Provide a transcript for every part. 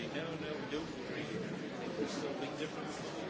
say, no, no, we don't agree. There's no big difference.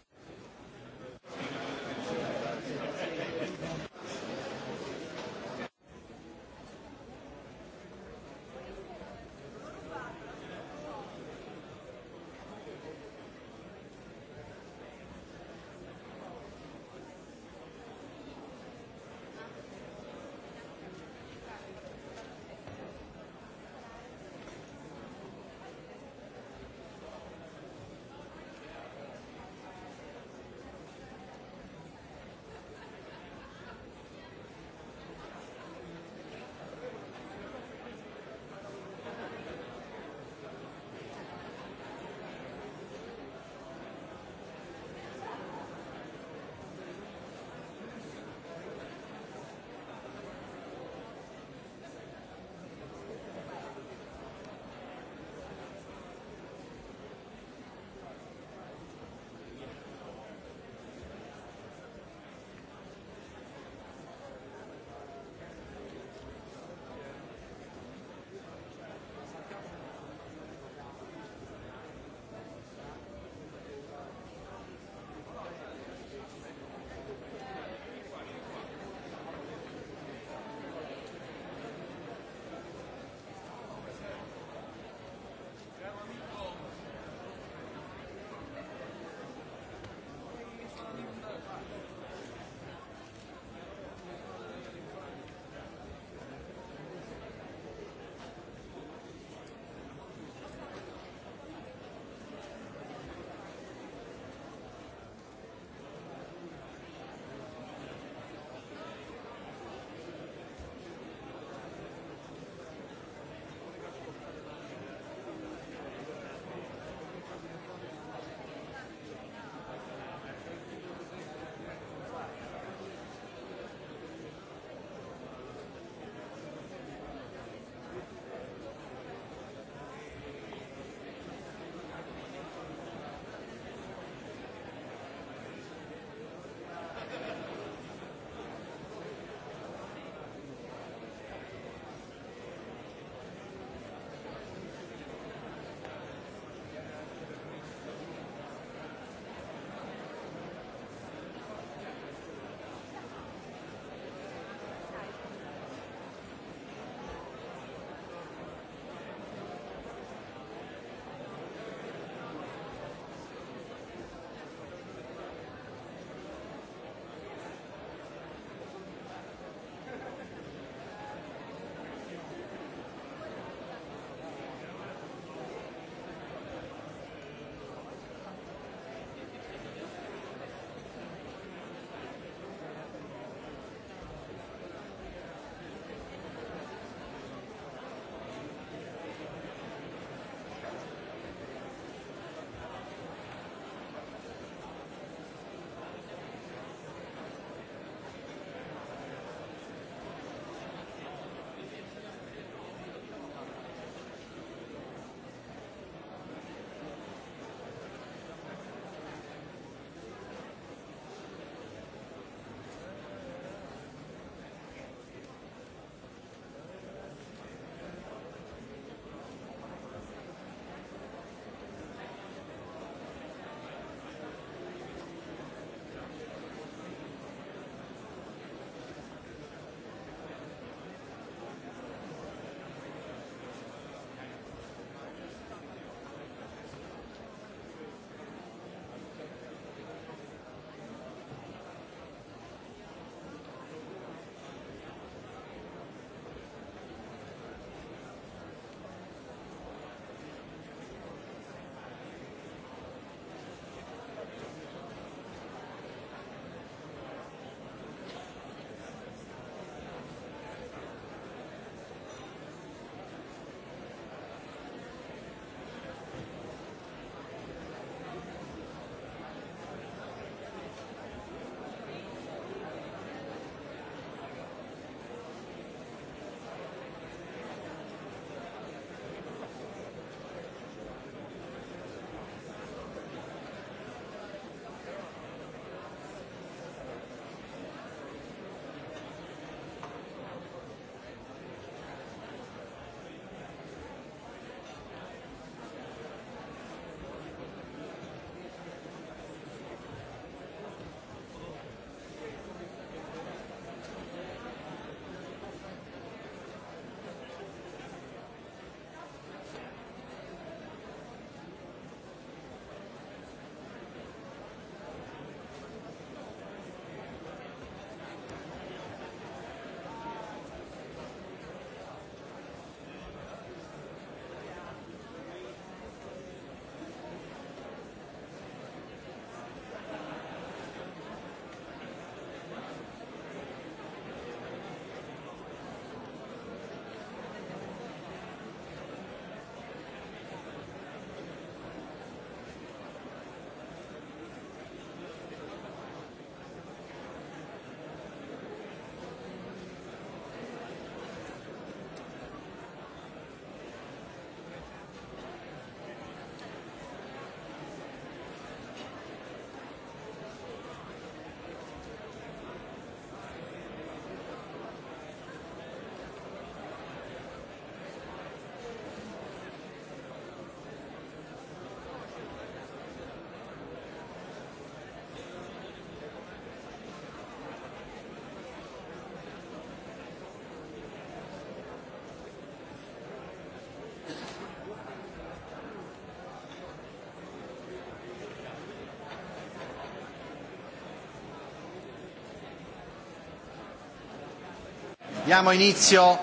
Diamo inizio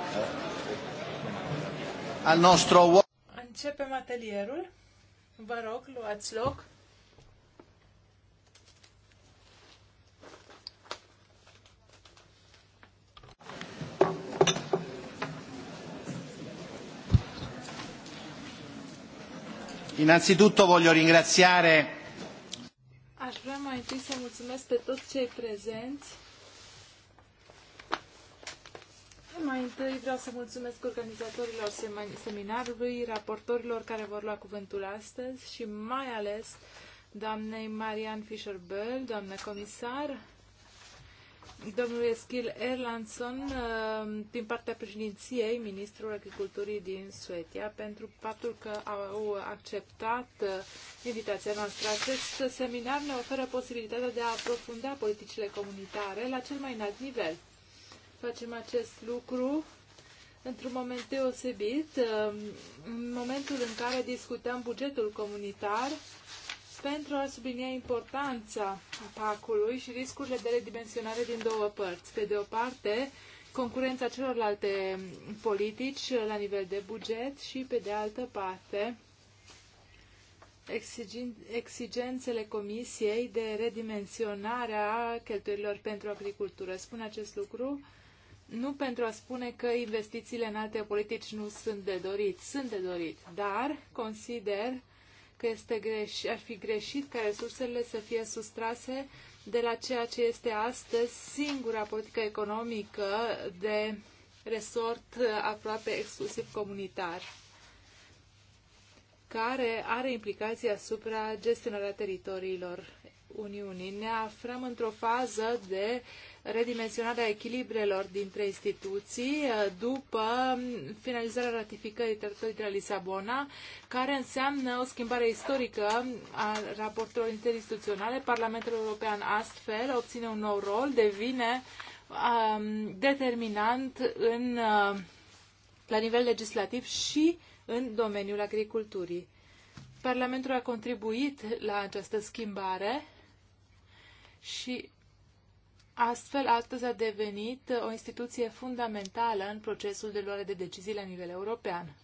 al nostro... Începem atelierul. Vă rog, luați loc. Innanzitutto voglio ringraziare Aș vrea mai întâi să mulțumesc pe toți cei prezenți întâi vreau să mulțumesc organizatorilor seminarului, raportorilor care vor lua cuvântul astăzi și mai ales doamnei Marian Fischer-Böll, doamnă comisar, domnul Eskil Erlandson, uh, din partea președinției, ministrul agriculturii din Suedia, pentru faptul că au acceptat uh, invitația noastră. Acest seminar ne oferă posibilitatea de a aprofunda politicile comunitare la cel mai înalt nivel facem acest lucru într-un moment deosebit, um, în momentul în care discutăm bugetul comunitar, pentru a sublinia importanța pacului și riscurile de redimensionare din două părți. Pe de o parte, concurența celorlalte politici la nivel de buget și, pe de altă parte, exigențele Comisiei de redimensionare a cheltuielilor pentru agricultură. Spun acest lucru nu pentru a spune că investițiile în alte politici nu sunt de dorit, sunt de dorit, dar consider că este greș, ar fi greșit ca resursele să fie sustrase de la ceea ce este astăzi singura politică economică de resort aproape exclusiv comunitar, care are implicații asupra gestionarea teritoriilor Uniunii. Ne aflăm într-o fază de uh, redimensionarea echilibrelor dintre instituții uh, după finalizarea ratificării Tratatului de la Lisabona, care înseamnă o schimbare istorică a raportelor interinstituționale. Parlamentul European astfel obține un nou rol, devine um, determinant în, uh, la nivel legislativ și în domeniul agriculturii. Parlamentul a contribuit la această schimbare și Astfel, astăzi a devenit o instituție fundamentală în procesul de luare de decizii la nivel european.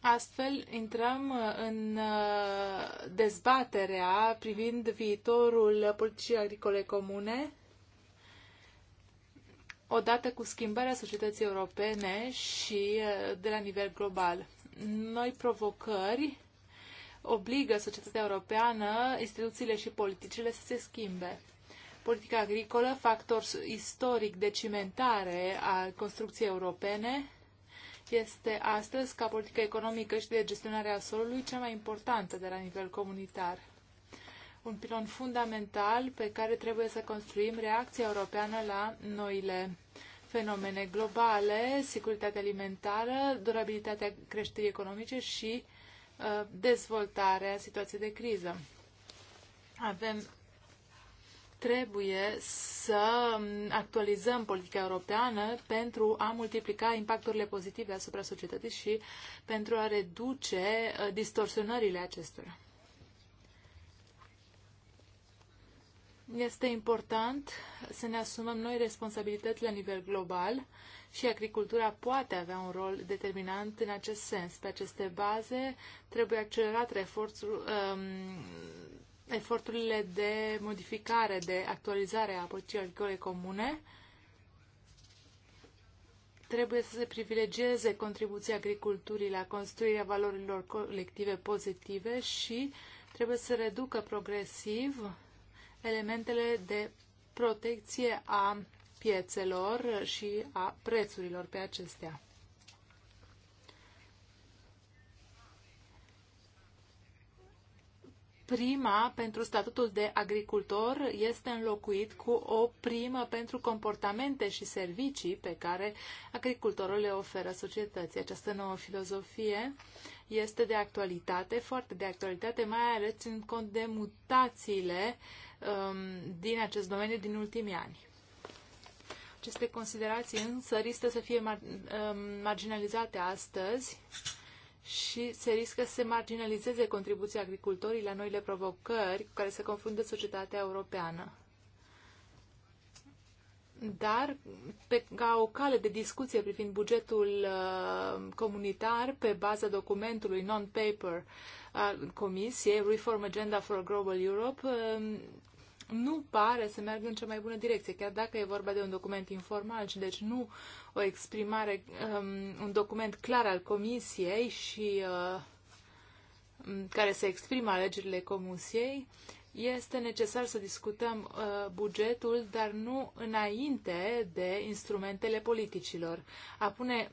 Astfel, intrăm în uh, dezbaterea privind viitorul politicii agricole comune, odată cu schimbarea societății europene și uh, de la nivel global. Noi provocări obligă societatea europeană, instituțiile și politicile să se schimbe. Politica agricolă, factor istoric de cimentare a construcției europene, este astăzi, ca politică economică și de gestionare a solului, cea mai importantă de la nivel comunitar. Un pilon fundamental pe care trebuie să construim reacția europeană la noile fenomene globale, securitatea alimentară, durabilitatea creșterii economice și uh, Uh, dezvoltarea situației de criză. Avem trebuie să actualizăm politica europeană pentru a multiplica impacturile pozitive asupra societății și pentru a reduce uh, distorsionările acestora. Este important să ne asumăm noi responsabilități la nivel global și agricultura poate avea un rol determinant în acest sens. Pe aceste baze trebuie accelerat efortul, um, eforturile de modificare, de actualizare a politicii agricole comune. Trebuie să se privilegieze contribuția agriculturii la construirea valorilor colective pozitive și trebuie să reducă progresiv elementele de protecție a piețelor și a prețurilor pe acestea. prima pentru statutul de agricultor este înlocuit cu o primă pentru comportamente și servicii pe care agricultorul le oferă societății. Această nouă filozofie este de actualitate, foarte de actualitate, mai ales în cont de mutațiile um, din acest domeniu din ultimii ani. Aceste considerații însă riscă să fie mar um, marginalizate astăzi și se riscă să se marginalizeze contribuția agricultorii la noile provocări cu care se confruntă societatea europeană. Dar, pe, ca o cale de discuție privind bugetul uh, comunitar, pe baza documentului non-paper al Comisiei, Reform Agenda for Global Europe, uh, nu pare să meargă în cea mai bună direcție, chiar dacă e vorba de un document informal și deci nu o exprimare, um, un document clar al comisiei și uh, care să exprimă alegerile comisiei, este necesar să discutăm uh, bugetul, dar nu înainte de instrumentele politicilor. A pune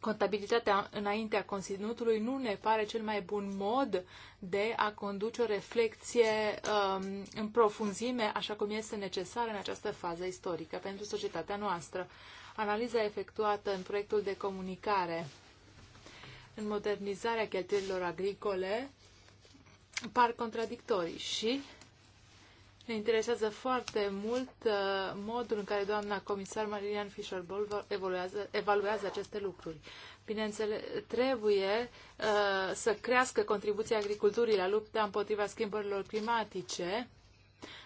contabilitatea înaintea conținutului nu ne pare cel mai bun mod de a conduce o reflexie um, în profunzime, așa cum este necesar în această fază istorică pentru societatea noastră. Analiza efectuată în proiectul de comunicare în modernizarea cheltuielilor agricole par contradictorii și ne interesează foarte mult uh, modul în care doamna comisar Marian fischer boll evaluează, evaluează aceste lucruri. Bineînțeles, trebuie uh, să crească contribuția agriculturii la lupta împotriva schimbărilor climatice,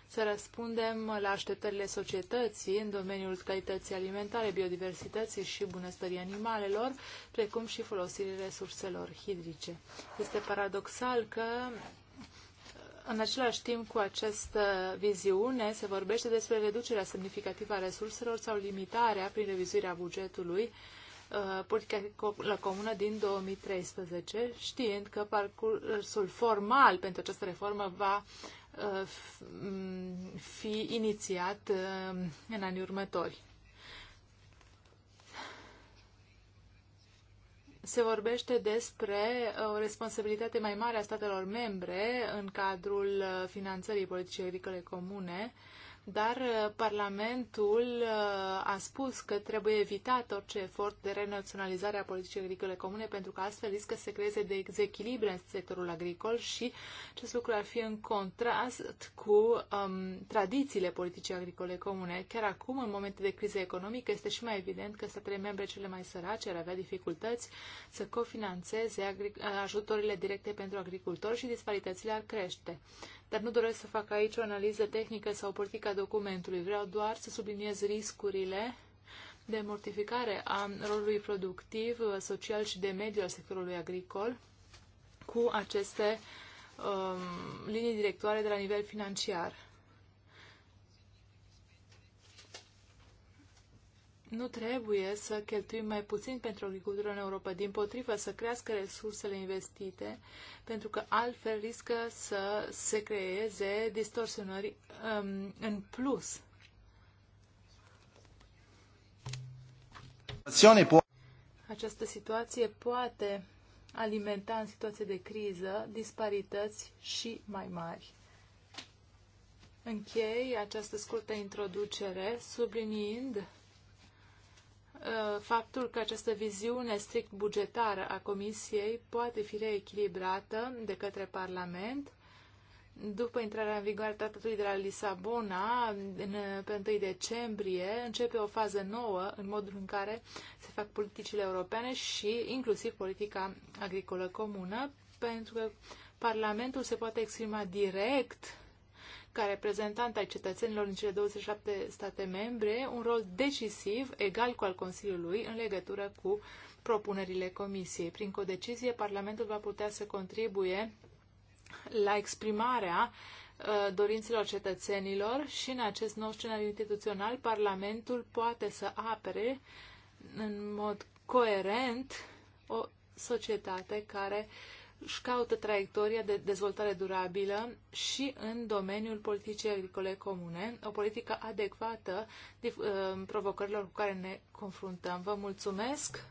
să răspundem la așteptările societății în domeniul calității alimentare, biodiversității și bunăstării animalelor, precum și folosirii resurselor hidrice. Este paradoxal că în același timp, cu această viziune, se vorbește despre reducerea semnificativă a resurselor sau limitarea, prin revizuirea bugetului, uh, politica la comună din 2013, știind că parcursul formal pentru această reformă va uh, fi inițiat uh, în anii următori. se vorbește despre uh, o responsabilitate mai mare a statelor membre în cadrul uh, finanțării politicii agricole comune dar uh, Parlamentul uh, a spus că trebuie evitat orice efort de renaționalizare a politicii agricole comune, pentru că astfel riscă să creeze dezechilibre în sectorul agricol și acest lucru ar fi în contrast cu um, tradițiile politicii agricole comune. Chiar acum, în momente de criză economică, este și mai evident că statele membre cele mai sărace ar avea dificultăți să cofinanțeze ajutorile directe pentru agricultori și disparitățile ar crește dar nu doresc să fac aici o analiză tehnică sau politică a documentului. Vreau doar să subliniez riscurile de mortificare a rolului productiv, social și de mediu al sectorului agricol cu aceste um, linii directoare de la nivel financiar. nu trebuie să cheltuim mai puțin pentru agricultură în Europa, din potrivă să crească resursele investite, pentru că altfel riscă să se creeze distorsionări um, în plus. Această situație poate alimenta în situație de criză disparități și mai mari. Închei această scurtă introducere subliniind Uh, faptul că această viziune strict bugetară a Comisiei poate fi reechilibrată de către Parlament după intrarea în vigoare tratatului de la Lisabona, în, uh, pe 1 decembrie, începe o fază nouă în modul în care se fac politicile europene și inclusiv politica agricolă comună, pentru că Parlamentul se poate exprima direct ca reprezentant ai cetățenilor în cele 27 state membre, un rol decisiv, egal cu al Consiliului, în legătură cu propunerile Comisiei. Prin codecizie, Parlamentul va putea să contribuie la exprimarea uh, dorințelor cetățenilor și în acest nou scenariu instituțional Parlamentul poate să apere în mod coerent o societate care uh, își caută traiectoria de dezvoltare durabilă și în domeniul politicii agricole comune, o politică adecvată uh, provocărilor cu care ne confruntăm. Vă mulțumesc!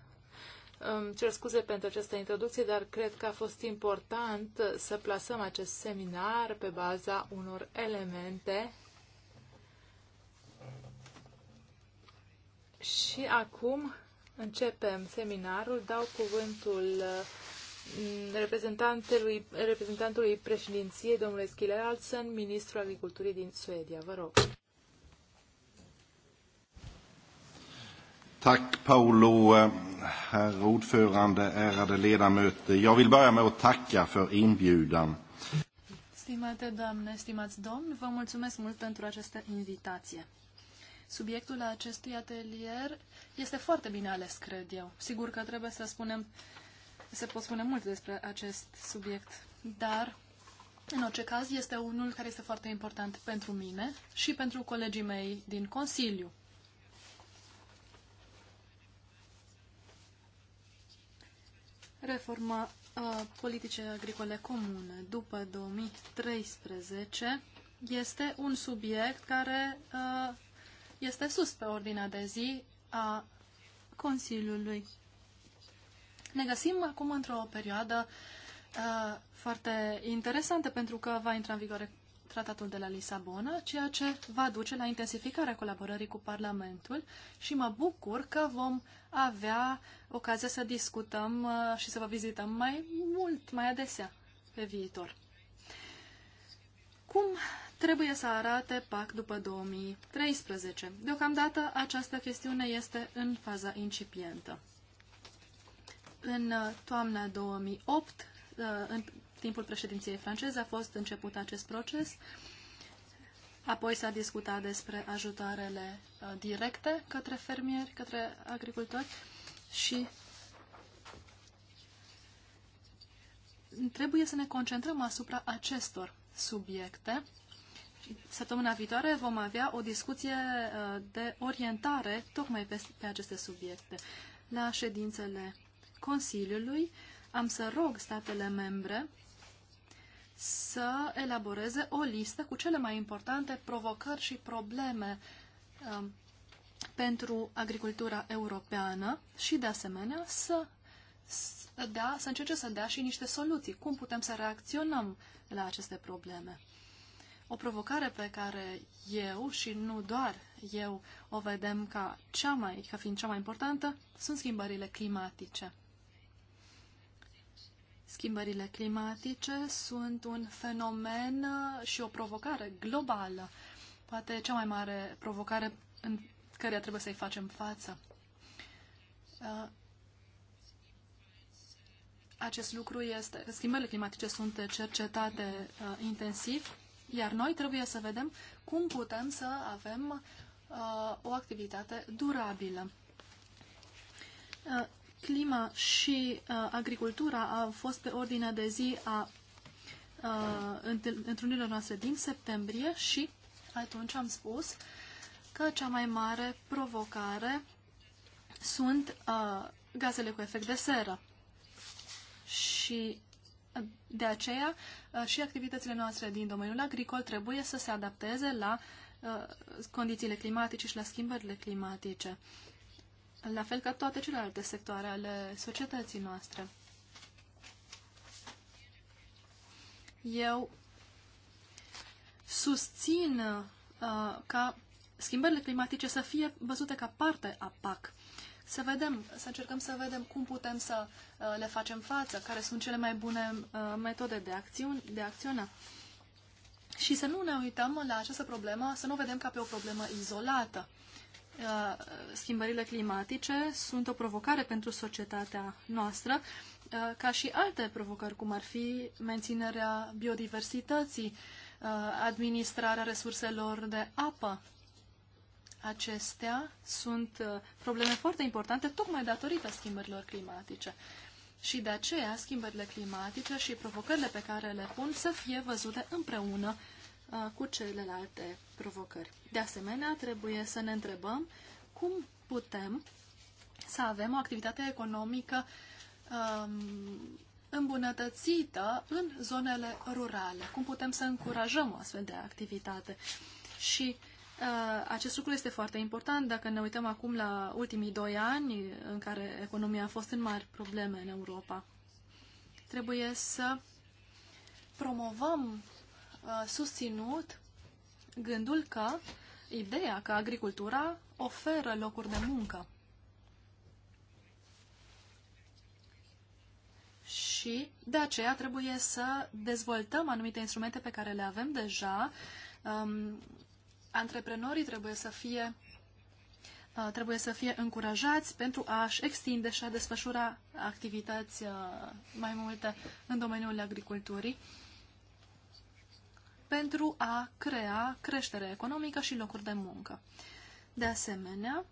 Îmi cer scuze pentru această introducție, dar cred că a fost important să plasăm acest seminar pe baza unor elemente. Și acum începem seminarul. Dau cuvântul uh, reprezentantului, reprezentantului președinției, domnule Schiller Alsen, ministrul agriculturii din Suedia. Vă rog. Tack Paolo, herr ordförande, ärade ledamöter. Jag vill börja med att tacka för inbjudan. Stimate doamne, stimați domni, vă mulțumesc mult pentru această invitație. Subiectul acestui atelier este foarte bine ales, cred eu. Sigur că trebuie să spunem se pot spune mult despre acest subiect, dar în orice caz este unul care este foarte important pentru mine și pentru colegii mei din Consiliu. Reforma uh, politice agricole comune după 2013 este un subiect care uh, este sus pe ordinea de zi a Consiliului ne găsim acum într-o perioadă uh, foarte interesantă pentru că va intra în vigoare tratatul de la Lisabona, ceea ce va duce la intensificarea colaborării cu Parlamentul și mă bucur că vom avea ocazia să discutăm uh, și să vă vizităm mai mult, mai adesea pe viitor. Cum trebuie să arate PAC după 2013? Deocamdată această chestiune este în faza incipientă. În uh, toamna 2008, uh, în timpul președinției franceze, a fost început acest proces. Apoi s-a discutat despre ajutoarele uh, directe către fermieri, către agricultori și trebuie să ne concentrăm asupra acestor subiecte. Săptămâna viitoare vom avea o discuție de orientare tocmai pe, aceste subiecte. La ședințele Consiliului, am să rog statele membre să elaboreze o listă cu cele mai importante provocări și probleme um, pentru agricultura europeană și, de asemenea, să, să, dea, să încerce să dea și niște soluții. Cum putem să reacționăm la aceste probleme? O provocare pe care eu și nu doar eu o vedem ca, cea mai, ca fiind cea mai importantă sunt schimbările climatice. Schimbările climatice sunt un fenomen uh, și o provocare globală, poate cea mai mare provocare în care trebuie să-i facem față. Uh, acest lucru este, schimbările climatice sunt cercetate uh, intensiv, iar noi trebuie să vedem cum putem să avem o activitate durabilă. Clima și uh, agricultura au fost pe ordinea de zi a uh, întrunirilor noastre din septembrie și atunci am spus că cea mai mare provocare sunt uh, gazele cu efect de seră. Și uh, de aceea uh, și activitățile noastre din domeniul agricol trebuie să se adapteze la uh, condițiile climatice și la schimbările climatice la fel ca toate celelalte sectoare ale societății noastre. Eu susțin uh, ca schimbările climatice să fie văzute ca parte a PAC. Să vedem, să încercăm să vedem cum putem să uh, le facem față, care sunt cele mai bune uh, metode de, acțiun, de acțiune. Și să nu ne uităm la această problemă, să nu o vedem ca pe o problemă izolată. Uh, schimbările climatice sunt o provocare pentru societatea noastră, uh, ca și alte provocări, cum ar fi menținerea biodiversității, uh, administrarea resurselor de apă. Acestea sunt probleme foarte importante tocmai datorită schimbărilor climatice. Și de aceea schimbările climatice și provocările pe care le pun să fie văzute împreună cu celelalte provocări. De asemenea, trebuie să ne întrebăm cum putem să avem o activitate economică îmbunătățită în zonele rurale. Cum putem să încurajăm o astfel de activitate? Și acest lucru este foarte important dacă ne uităm acum la ultimii doi ani în care economia a fost în mari probleme în Europa. Trebuie să promovăm Uh, susținut gândul că, ideea că agricultura oferă locuri de muncă. Și de aceea trebuie să dezvoltăm anumite instrumente pe care le avem deja. Um, antreprenorii trebuie să fie uh, trebuie să fie încurajați pentru a-și extinde și a desfășura activități uh, mai multe în domeniul agriculturii pentru a crea creștere economică și locuri de muncă. De asemenea,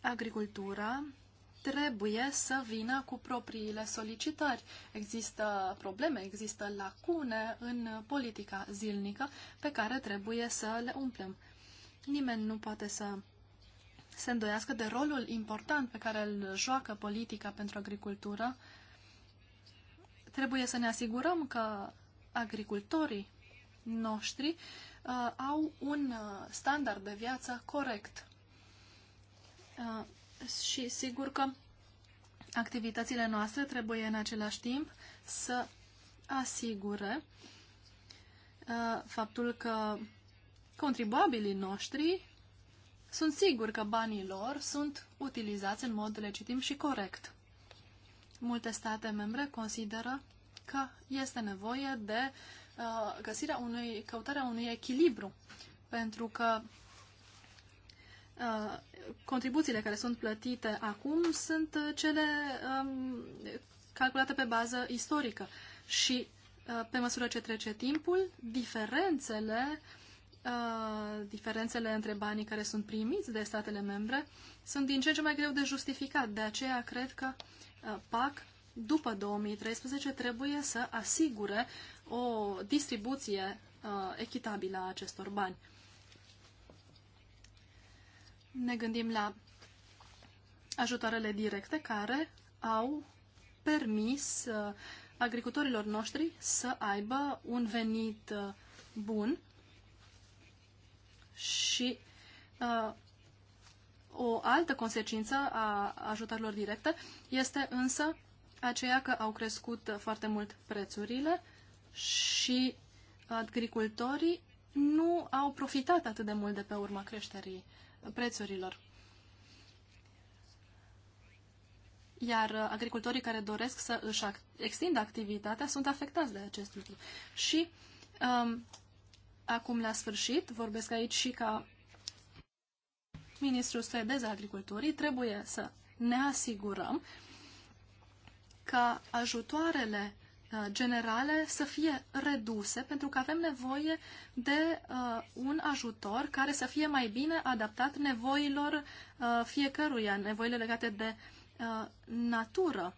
agricultura trebuie să vină cu propriile solicitări. Există probleme, există lacune în politica zilnică pe care trebuie să le umplem. Nimeni nu poate să se îndoiască de rolul important pe care îl joacă politica pentru agricultură. Trebuie să ne asigurăm că agricultorii noștri uh, au un uh, standard de viață corect. Uh, și sigur că activitățile noastre trebuie în același timp să asigure uh, faptul că contribuabilii noștri sunt siguri că banii lor sunt utilizați în mod legitim și corect. Multe state membre consideră că este nevoie de uh, găsirea unui, căutarea unui echilibru, pentru că uh, contribuțiile care sunt plătite acum sunt uh, cele um, calculate pe bază istorică și pe măsură ce trece timpul, diferențele diferențele între banii care sunt primiți de statele membre sunt din ce în ce mai greu de justificat. De aceea cred că PAC după 2013 trebuie să asigure o distribuție uh, echitabilă a acestor bani. Ne gândim la ajutoarele directe care au permis uh, agricultorilor noștri să aibă un venit uh, bun și uh, o altă consecință a ajutorilor directe este însă aceea că au crescut foarte mult prețurile și agricultorii nu au profitat atât de mult de pe urma creșterii prețurilor. Iar agricultorii care doresc să își extindă activitatea sunt afectați de acest lucru. Și um, acum, la sfârșit, vorbesc aici și ca ministrul suedez al agriculturii, trebuie să ne asigurăm uh, ca ajutoarele uh, generale să fie reduse, pentru că avem nevoie de uh, un ajutor care să fie mai bine adaptat nevoilor uh, fiecăruia, nevoile legate de uh, natură,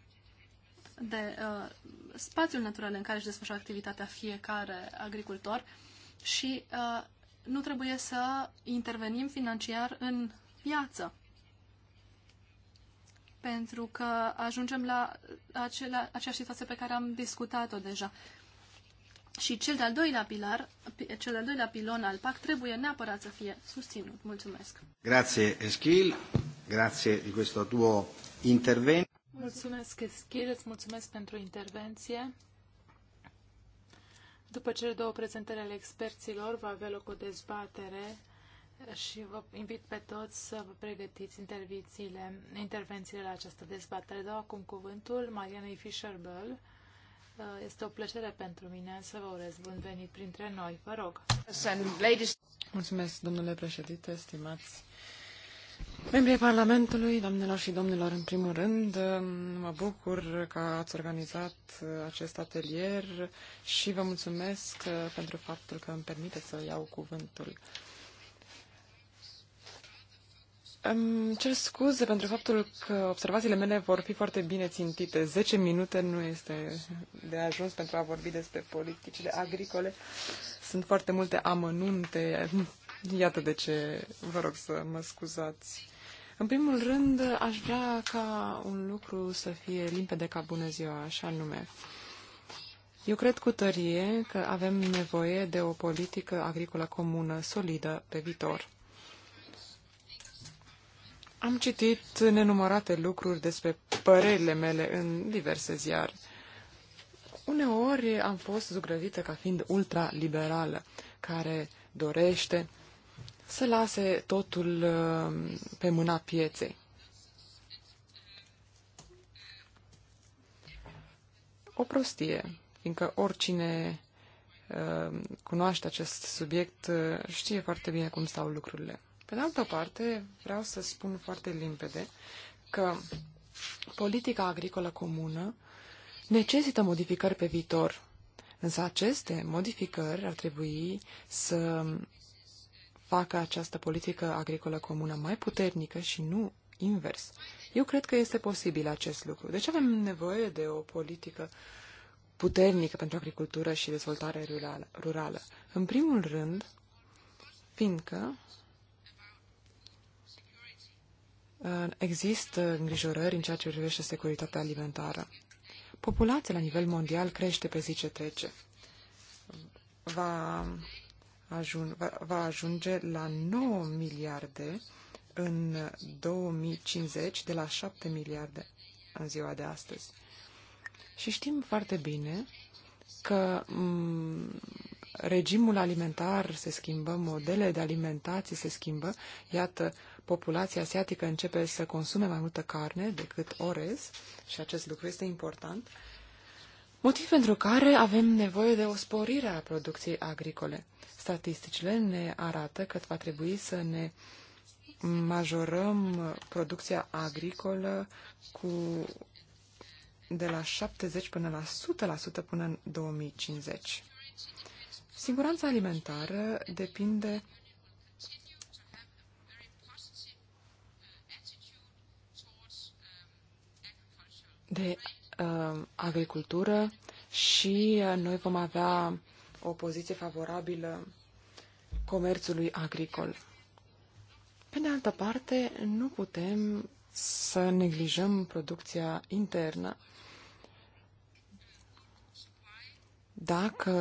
de uh, spațiul natural în care își desfășoară activitatea fiecare agricultor și uh, nu trebuie să intervenim financiar în piață pentru că ajungem la acela, aceeași situație pe care am discutat-o deja. Și cel de-al doilea pilar, cel de-al doilea pilon al PAC trebuie neapărat să fie susținut. Mulțumesc. Grazie, Eschil. Grazie di questo tuo intervento. Mulțumesc, Eschil. Îți mulțumesc pentru intervenție. După cele două prezentări ale experților, va avea loc o dezbatere și vă invit pe toți să vă pregătiți intervențiile, intervențiile la această dezbatere. Dau acum cuvântul Marianei fischer -Bell. Uh, este o plăcere pentru mine să vă urez bun venit printre noi. Vă rog. Mulțumesc, domnule președinte, stimați Membrii Parlamentului, doamnelor și domnilor, în primul rând, um, mă bucur că ați organizat uh, acest atelier și vă mulțumesc uh, pentru faptul că îmi permiteți să iau cuvântul. Îmi cer scuze pentru faptul că observațiile mele vor fi foarte bine țintite. 10 minute nu este de ajuns pentru a vorbi despre politicile agricole. Sunt foarte multe amănunte. Iată de ce vă rog să mă scuzați. În primul rând, aș vrea ca un lucru să fie limpede ca bună ziua, așa nume. Eu cred cu tărie că avem nevoie de o politică agricolă comună solidă pe viitor. Am citit nenumărate lucruri despre părerile mele în diverse ziare. Uneori am fost zugrăvită ca fiind ultraliberală, care dorește să lase totul uh, pe mâna pieței. O prostie, fiindcă oricine uh, cunoaște acest subiect uh, știe foarte bine cum stau lucrurile. Pe de altă parte, vreau să spun foarte limpede că politica agricolă comună necesită modificări pe viitor, însă aceste modificări ar trebui să facă această politică agricolă comună mai puternică și nu invers. Eu cred că este posibil acest lucru. Deci avem nevoie de o politică puternică pentru agricultură și dezvoltare rurală. rurală. În primul rând, fiindcă Uh, există îngrijorări în ceea ce privește securitatea alimentară. Populația la nivel mondial crește pe zi ce trece. Va, ajun, va, va ajunge la 9 miliarde în 2050, de la 7 miliarde în ziua de astăzi. Și știm foarte bine că mm, regimul alimentar se schimbă, modele de alimentație se schimbă. Iată, populația asiatică începe să consume mai multă carne decât orez, și acest lucru este important, motiv pentru care avem nevoie de o sporire a producției agricole. Statisticile ne arată că va trebui să ne majorăm producția agricolă cu de la 70 până la 100% până în 2050. Siguranța alimentară depinde de uh, agricultură și uh, noi vom avea o poziție favorabilă comerțului agricol. Pe de altă parte, nu putem să neglijăm producția internă dacă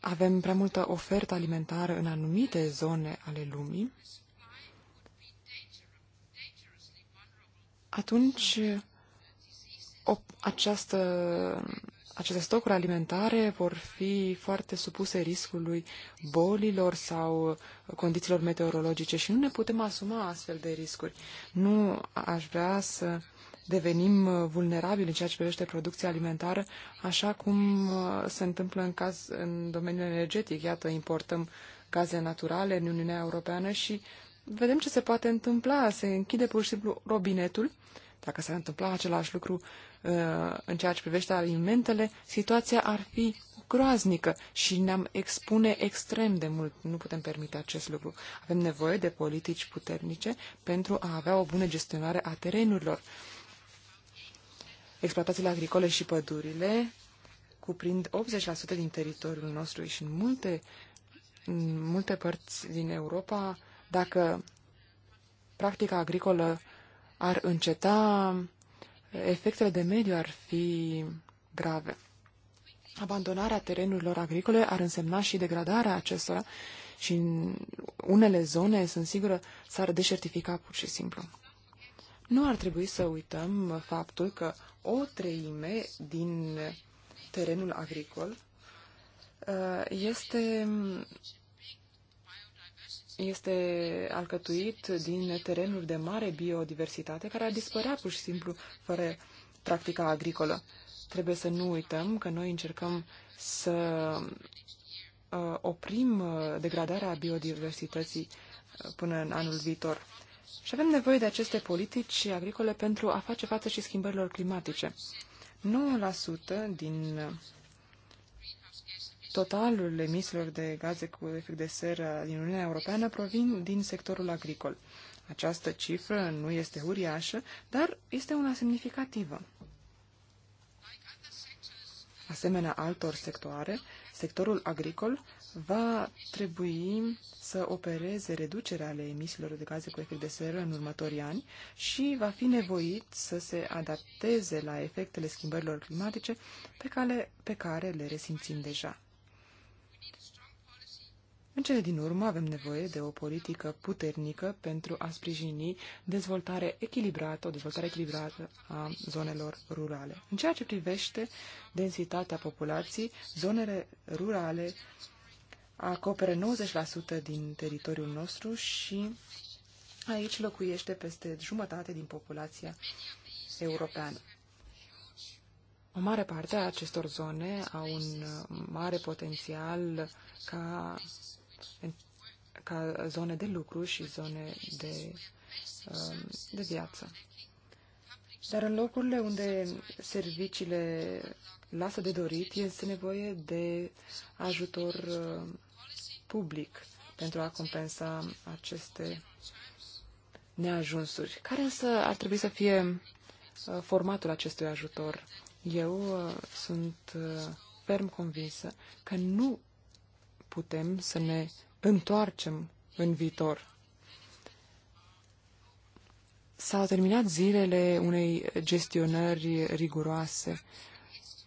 avem prea multă ofertă alimentară în anumite zone ale lumii, atunci o, această, aceste stocuri alimentare vor fi foarte supuse riscului bolilor sau condițiilor meteorologice și nu ne putem asuma astfel de riscuri. Nu aș vrea să devenim vulnerabili în ceea ce privește producția alimentară, așa cum uh, se întâmplă în, caz, în domeniul energetic. Iată, importăm gaze naturale în Uniunea Europeană și vedem ce se poate întâmpla. Se închide pur și simplu robinetul. Dacă s-ar întâmpla același lucru uh, în ceea ce privește alimentele, situația ar fi groaznică și ne-am expune extrem de mult. Nu putem permite acest lucru. Avem nevoie de politici puternice pentru a avea o bună gestionare a terenurilor. Exploatațiile agricole și pădurile cuprind 80% din teritoriul nostru și în multe, în multe părți din Europa dacă practica agricolă ar înceta, efectele de mediu ar fi grave. Abandonarea terenurilor agricole ar însemna și degradarea acestora și în unele zone, sunt sigură, s-ar deșertifica pur și simplu. Nu ar trebui să uităm faptul că o treime din terenul agricol uh, este este alcătuit din terenuri de mare biodiversitate care ar dispărea pur și simplu fără practica agricolă. Trebuie să nu uităm că noi încercăm să uh, oprim uh, degradarea biodiversității uh, până în anul viitor. Și avem nevoie de aceste politici agricole pentru a face față și schimbărilor climatice. 9% din totalul emisiilor de gaze cu efect de seră din Uniunea Europeană provin din sectorul agricol. Această cifră nu este uriașă, dar este una semnificativă. Asemenea altor sectoare, sectorul agricol va trebui să opereze reducerea ale emisiilor de gaze cu efect de seră în următorii ani și va fi nevoit să se adapteze la efectele schimbărilor climatice pe care, pe care le resimțim deja. În cele din urmă avem nevoie de o politică puternică pentru a sprijini dezvoltare echilibrată, o dezvoltare echilibrată a zonelor rurale. În ceea ce privește densitatea populației, zonele rurale acoperă 90% din teritoriul nostru și aici locuiește peste jumătate din populația europeană. O mare parte a acestor zone au un mare potențial ca ca zone de lucru și zone de, um, de viață. Dar în locurile unde serviciile lasă de dorit, este nevoie de ajutor uh, public pentru a compensa aceste neajunsuri. Care însă ar trebui să fie uh, formatul acestui ajutor? Eu uh, sunt ferm convinsă că nu putem să ne întoarcem în viitor. S-au terminat zilele unei gestionări riguroase.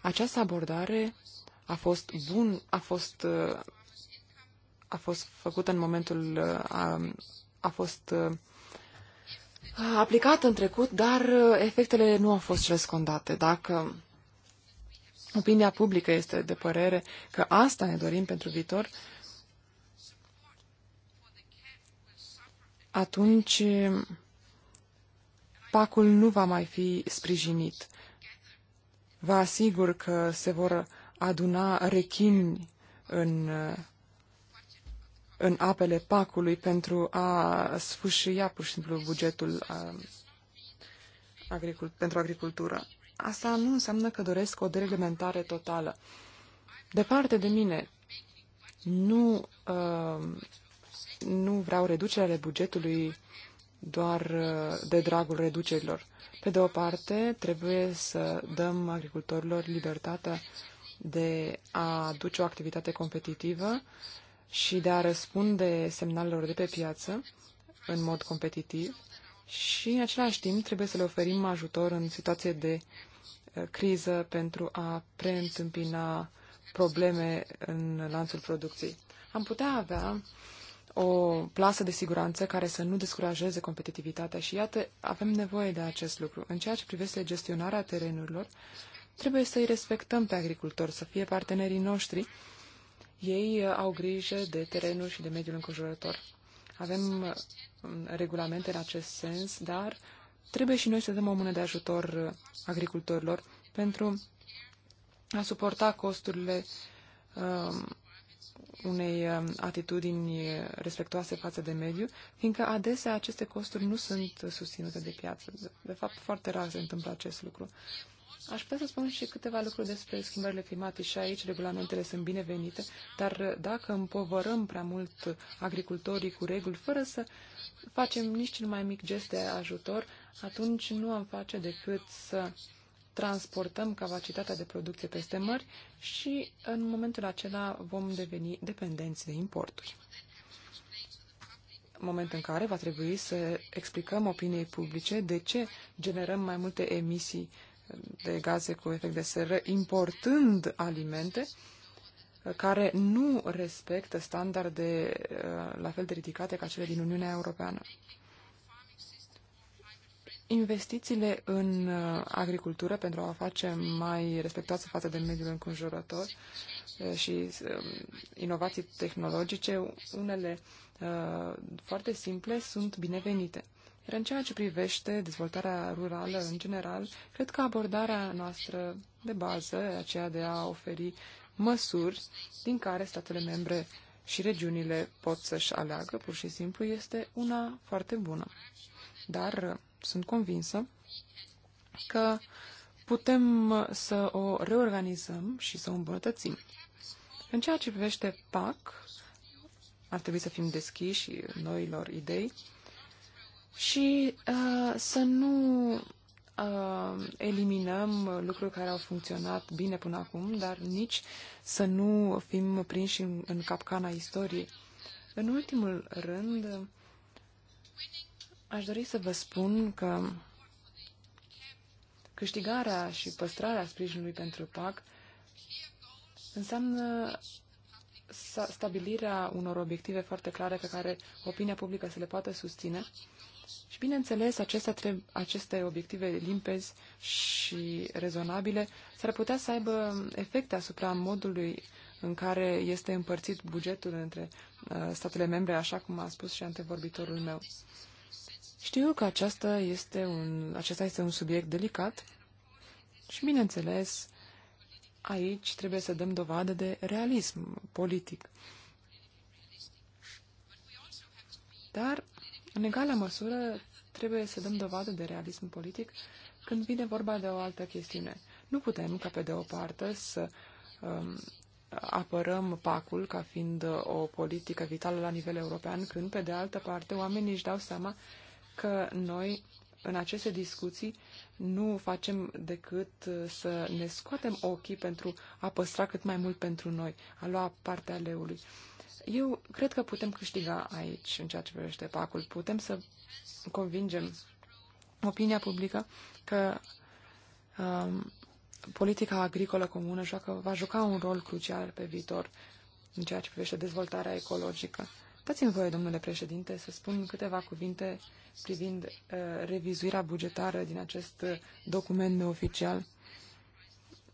Această abordare a fost bun, a fost, a fost făcută în momentul, a, a fost aplicată în trecut, dar efectele nu au fost răscondate. Dacă Opinia publică este de părere că asta ne dorim pentru viitor. Atunci pacul nu va mai fi sprijinit. Vă asigur că se vor aduna rechini în, în apele pacului pentru a sfâșia pur și simplu bugetul a, uh, agricult, pentru agricultură. Asta nu înseamnă că doresc o dereglementare totală. Departe de mine, nu, uh, nu vreau reducerea bugetului doar uh, de dragul reducerilor. Pe de o parte, trebuie să dăm agricultorilor libertatea de a duce o activitate competitivă și de a răspunde semnalelor de pe piață în mod competitiv și în același timp trebuie să le oferim ajutor în situație de uh, criză pentru a preîntâmpina probleme în lanțul producției. Am putea avea o plasă de siguranță care să nu descurajeze competitivitatea și iată, avem nevoie de acest lucru. În ceea ce privește gestionarea terenurilor, trebuie să-i respectăm pe agricultori, să fie partenerii noștri. Ei uh, au grijă de terenuri și de mediul înconjurător. Avem uh, regulamente în acest sens, dar trebuie și noi să dăm o mână de ajutor uh, agricultorilor pentru a suporta costurile um, unei um, atitudini respectoase față de mediu, fiindcă adesea aceste costuri nu sunt uh, susținute de piață. De fapt, foarte rar se întâmplă acest lucru. Aș putea să spun și câteva lucruri despre schimbările climatice și aici regulamentele sunt binevenite, dar dacă împovărăm prea mult agricultorii cu reguli fără să facem nici cel mai mic gest de ajutor, atunci nu am face decât să transportăm capacitatea de producție peste mări și în momentul acela vom deveni dependenți de importuri. Moment în care va trebui să explicăm opiniei publice de ce generăm mai multe emisii de gaze cu efect de seră, importând alimente care nu respectă standarde uh, la fel de ridicate ca cele din Uniunea Europeană. Investițiile în uh, agricultură pentru a o face mai respectoasă față de mediul înconjurător uh, și inovații tehnologice, unele foarte simple, sunt binevenite. Iar în ceea ce privește dezvoltarea rurală în general, cred că abordarea noastră de bază, aceea de a oferi măsuri din care statele membre și regiunile pot să-și aleagă, pur și simplu, este una foarte bună. Dar uh, sunt convinsă că putem uh, să o reorganizăm și să o îmbunătățim. În ceea ce privește PAC, ar trebui să fim deschiși noilor idei și uh, să nu uh, eliminăm lucruri care au funcționat bine până acum, dar nici să nu fim prinși în, în capcana istoriei. În ultimul rând, aș dori să vă spun că câștigarea și păstrarea sprijinului pentru PAC înseamnă stabilirea unor obiective foarte clare pe care opinia publică se le poate susține și bineînțeles, aceste, treb- aceste obiective limpezi și rezonabile s-ar putea să aibă efecte asupra modului în care este împărțit bugetul între uh, statele membre, așa cum a spus și antevorbitorul meu. Știu că aceasta este un, acesta este un subiect delicat și, bineînțeles, aici trebuie să dăm dovadă de realism politic. Dar în egală măsură, trebuie să dăm dovadă de realism politic când vine vorba de o altă chestiune. Nu putem, ca pe de o parte, să um, apărăm pacul ca fiind o politică vitală la nivel european, când, pe de altă parte, oamenii își dau seama că noi, în aceste discuții, nu facem decât să ne scoatem ochii pentru a păstra cât mai mult pentru noi, a lua partea leului. Eu cred că putem câștiga aici în ceea ce privește pacul. Putem să convingem opinia publică că um, politica agricolă comună joacă, va juca un rol crucial pe viitor în ceea ce privește dezvoltarea ecologică. Dați-mi voie, domnule președinte, să spun câteva cuvinte privind uh, revizuirea bugetară din acest document neoficial.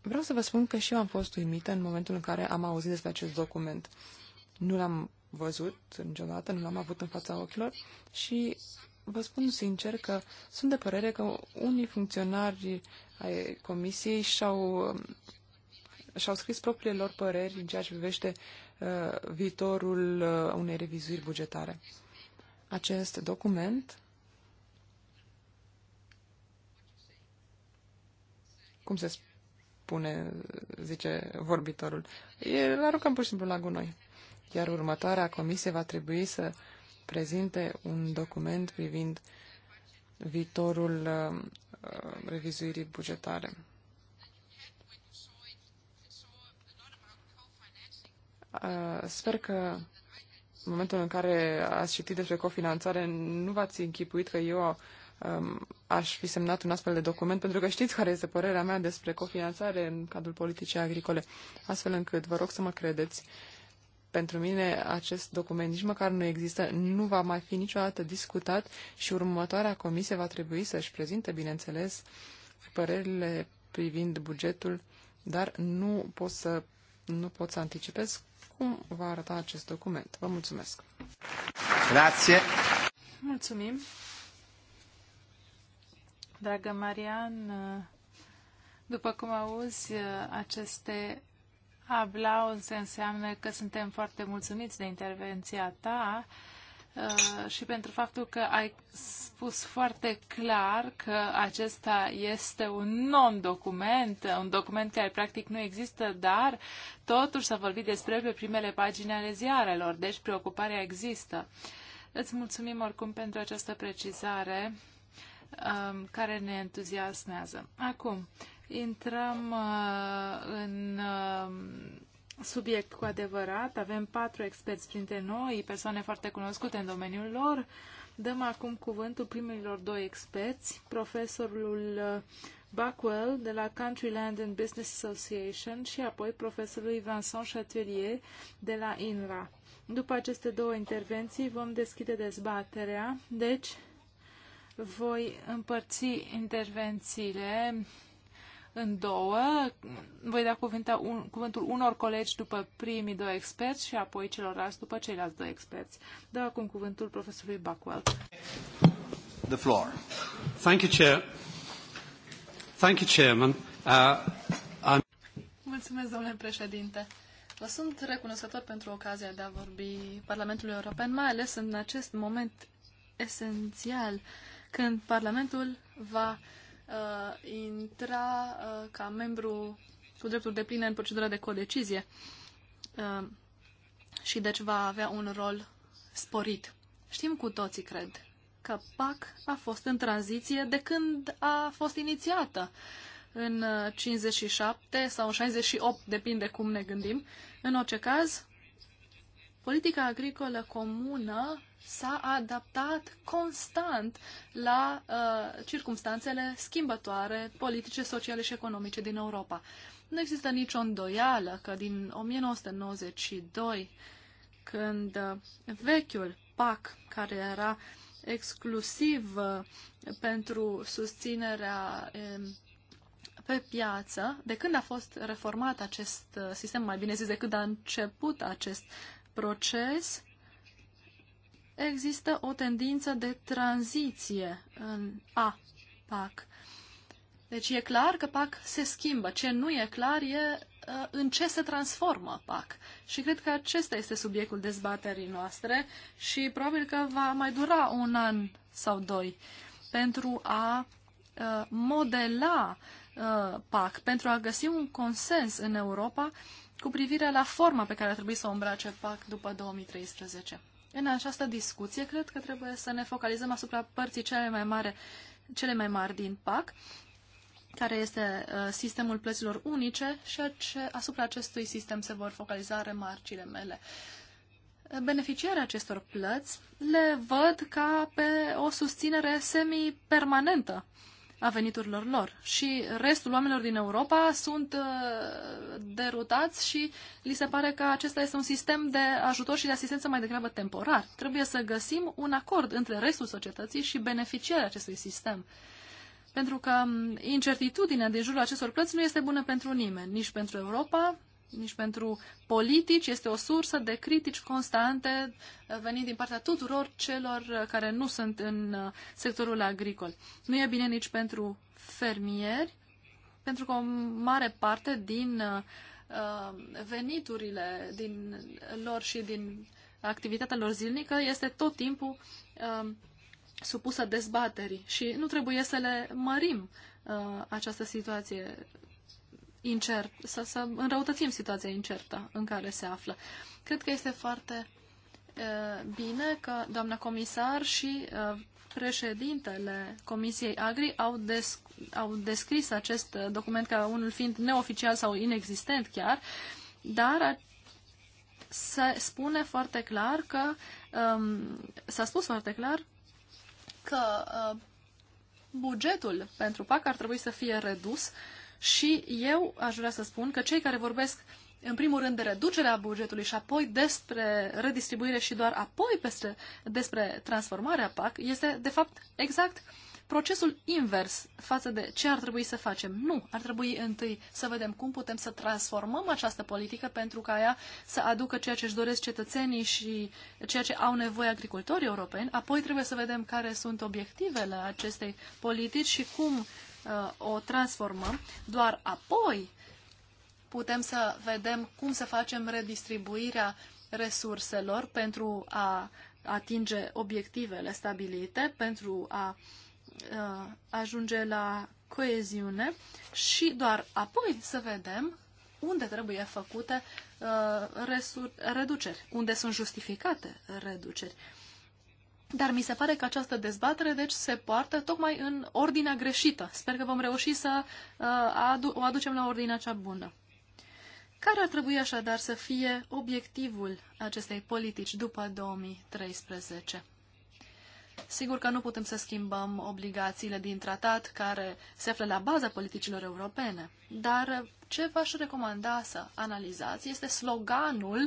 Vreau să vă spun că și eu am fost uimită în momentul în care am auzit despre acest document. Uh, nu l-am văzut niciodată, nu l-am avut în fața ochilor și vă spun sincer că sunt de părere că unii funcționari ai comisiei și-au și-au scris propriile lor păreri în ceea ce privește uh, viitorul uh, unei revizuiri bugetare. Acest document, cum se spune, zice vorbitorul, îl aruncăm pur și simplu la gunoi iar următoarea comisie va trebui să prezinte un document privind viitorul uh, uh revizuirii bugetare. Uh, sper că în momentul în care ați citit despre cofinanțare, nu v-ați închipuit că eu um, aș fi semnat un astfel de document, pentru că știți care este părerea mea despre cofinanțare în cadrul politicii agricole, astfel încât vă rog să mă credeți pentru mine acest document nici măcar nu există, nu va mai fi niciodată discutat și următoarea comisie va trebui să-și prezinte, bineînțeles, părerile privind bugetul, dar nu pot să, nu pot să anticipez cum va arăta acest document. Vă mulțumesc! Grație! Mulțumim! Dragă Marian, după cum auzi, aceste Aplauz înseamnă că suntem foarte mulțumiți de intervenția ta uh, și pentru faptul că ai spus foarte clar că acesta este un non-document, un document care practic nu există, dar totuși s-a vorbit despre pe primele pagini ale ziarelor, deci preocuparea există. Îți mulțumim oricum pentru această precizare um, care ne entuziasmează. Acum, Intrăm uh, în uh, subiect cu adevărat. Avem patru experți printre noi, persoane foarte cunoscute în domeniul lor. Dăm acum cuvântul primilor doi experți, profesorul uh, Buckwell de la Country Land and Business Association și apoi profesorului Vincent Chatelier de la INRA. După aceste două intervenții vom deschide dezbaterea, deci voi împărți intervențiile în două. Voi da un, cuvântul unor colegi după primii doi experți și apoi celorlalți după ceilalți doi experți. Dă acum cuvântul profesorului Buckwell. The floor. Thank you, Chair. Thank you, Chairman. Uh, I'm... Mulțumesc, domnule președinte. Vă sunt recunoscător pentru ocazia de a vorbi Parlamentului European, mai ales în acest moment esențial, când Parlamentul va uh, uh, intra uh, ca membru cu drepturi de pline în procedura de codecizie uh, și deci va avea un rol sporit. Știm cu toții, cred, că PAC a fost în tranziție de când a fost inițiată. În 57 uh, sau 68, depinde cum ne gândim. În orice caz, politica agricolă comună s-a adaptat constant la uh, circumstanțele schimbătoare politice, sociale și economice din Europa. Nu există nicio îndoială că din 1992, când uh, vechiul PAC, care era exclusiv uh, pentru susținerea um, pe piață, de când a fost reformat acest uh, sistem, mai bine zis, de când a început acest proces, există o tendință de tranziție în A, PAC. Deci e clar că PAC se schimbă. Ce nu e clar e uh, în ce se transformă PAC. Și cred că acesta este subiectul dezbaterii noastre și probabil că va mai dura un an sau doi pentru a uh, modela uh, PAC, pentru a găsi un consens în Europa cu privire la forma pe care ar trebui să o îmbrace PAC după 2013 în această discuție cred că trebuie să ne focalizăm asupra părții cele mai, mare, cele mai mari din PAC, care este uh, sistemul plăților unice și asupra acestui sistem se vor focaliza remarcile mele beneficiarii acestor plăți le văd ca pe o susținere semi-permanentă a veniturilor lor. Și restul oamenilor din Europa sunt uh, derutați și li se pare că acesta este un sistem de ajutor și de asistență mai degrabă temporar. Trebuie să găsim un acord între restul societății și beneficiarii acestui sistem. Pentru că mm, incertitudinea din jurul acestor plăți nu este bună pentru nimeni, nici pentru Europa, nici pentru politici, este o sursă de critici constante uh, venind din partea tuturor celor uh, care nu sunt în uh, sectorul agricol. Nu e bine nici pentru fermieri, pentru că o mare parte din veniturile din lor și din activitatea lor zilnică este tot timpul supusă dezbaterii și nu trebuie să le mărim această situație incert, să, să înrăutățim situația incertă în care se află. Cred că este foarte e, bine că doamna comisar și e, președintele Comisiei Agri au, des, au descris acest document ca unul fiind neoficial sau inexistent chiar, dar se spune foarte clar că um, s-a spus foarte clar că uh, bugetul pentru PAC ar trebui să fie redus uh, și eu aș vrea să spun că cei care vorbesc în primul rând de reducerea bugetului și apoi despre redistribuire și doar apoi peste, despre transformarea PAC, este de fapt exact procesul invers față de ce ar trebui să facem. Nu, ar trebui întâi să vedem cum putem să transformăm această politică pentru ca ea să aducă ceea ce își doresc cetățenii și ceea ce au nevoie agricultorii europeni, apoi trebuie să vedem care sunt obiectivele acestei politici și cum Uh, o transformăm, doar apoi putem să vedem cum să facem redistribuirea resurselor pentru a atinge obiectivele stabilite, pentru a uh, ajunge la coeziune și doar apoi să vedem unde trebuie făcute uh, reduceri, unde sunt justificate reduceri. Dar mi se pare că această dezbatere, deci, se poartă tocmai în ordinea greșită. Sper că vom reuși să uh, adu- o aducem la ordinea cea bună. Care ar trebui așadar să fie obiectivul acestei politici după 2013? Sigur că nu putem să schimbăm obligațiile din tratat care se află la baza politicilor europene, dar ce v-aș recomanda să analizați este sloganul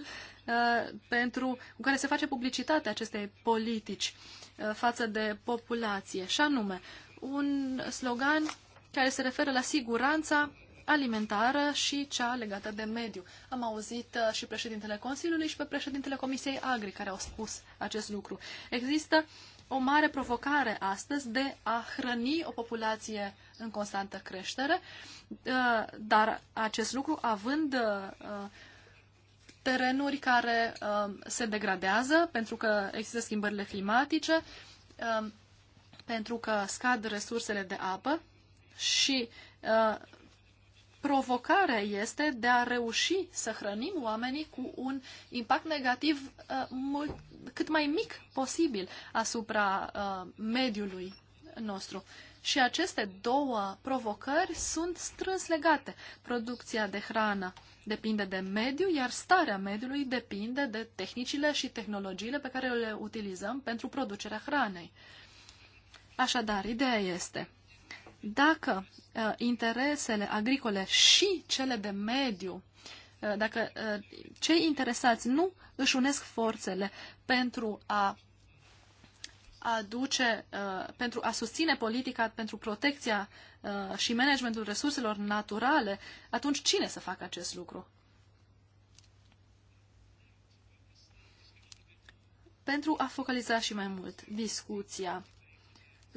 uh, pentru cu care se face publicitatea acestei politici uh, față de populație, și anume un slogan care se referă la siguranța alimentară și cea legată de mediu. Am auzit uh, și președintele Consiliului și pe președintele Comisiei Agri care au spus acest lucru. Există uh, o mare provocare astăzi de a hrăni o populație în constantă creștere, uh, dar acest lucru având uh, terenuri care uh, se degradează pentru că există schimbările climatice, pentru că scad resursele de apă și provocarea este de a reuși să hrănim oamenii cu un impact negativ uh, mult, cât mai mic posibil asupra uh, mediului nostru. Și aceste două provocări sunt strâns legate. Producția de hrană depinde de mediu, iar starea mediului depinde de tehnicile și tehnologiile pe care le utilizăm pentru producerea hranei. Așadar, ideea este dacă uh, interesele agricole și cele de mediu, uh, dacă uh, cei interesați nu își unesc forțele pentru a aduce, uh, pentru a susține politica pentru protecția uh, și managementul resurselor naturale, atunci cine să facă acest lucru? Pentru a focaliza și mai mult discuția,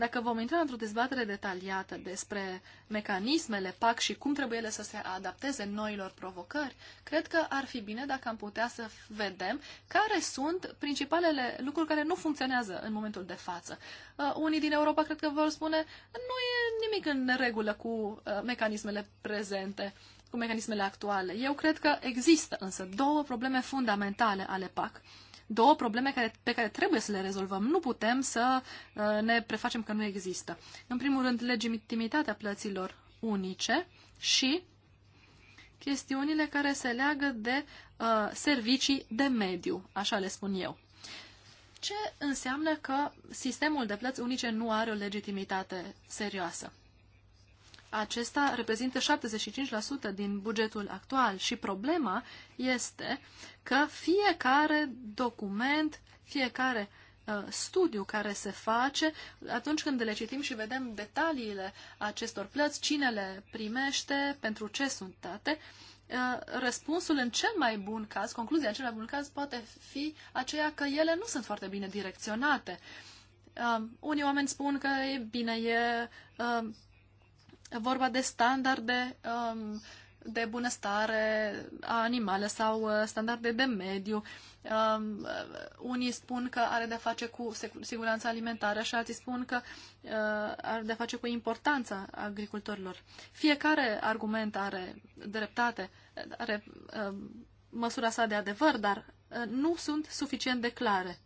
dacă vom intra într-o dezbatere detaliată despre mecanismele PAC și cum trebuie ele să se adapteze noilor provocări, cred că ar fi bine dacă am putea să vedem care sunt principalele lucruri care nu funcționează în momentul de față. Uh, unii din Europa cred că vor spune nu e nimic în regulă cu uh, mecanismele prezente cu mecanismele actuale. Eu cred că există însă două probleme fundamentale ale PAC. Uh, două probleme care, pe care trebuie să le rezolvăm. Nu putem să uh, ne prefacem că nu există. În primul rând, legitimitatea plăților unice și chestiunile care se leagă de uh, servicii de mediu, așa le spun eu. Ce înseamnă că sistemul de plăți unice nu are o legitimitate serioasă? acesta reprezintă 75% din bugetul actual și problema este că fiecare document, fiecare uh, studiu care se face, atunci când le citim și vedem detaliile acestor plăți, cine le primește, pentru ce sunt date, uh, răspunsul în cel mai bun caz, concluzia în cel mai bun caz poate fi aceea că ele nu sunt foarte bine direcționate. Uh, unii oameni spun că e bine, e uh, vorba de standarde um, de bunăstare a animale sau uh, standarde de mediu. Um, uh, unii spun că are de-a face cu siguranța alimentară și alții spun că uh, are de-a face cu importanța agricultorilor. Fiecare argument are dreptate, are uh, măsura sa de adevăr, dar uh, nu sunt suficient de clare.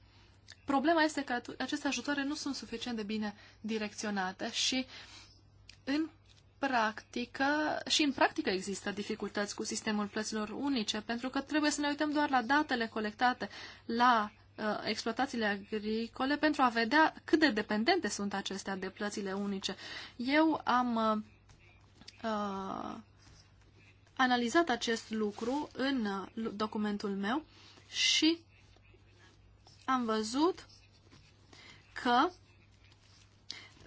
Problema este că aceste ajutoare nu sunt suficient de bine direcționate și în practică, și în practică există dificultăți cu sistemul plăților unice, pentru că trebuie să ne uităm doar la datele colectate la uh, exploatațiile agricole pentru a vedea cât de dependente sunt acestea de plățile unice. Eu am uh, uh, analizat acest lucru în uh, documentul meu și am văzut că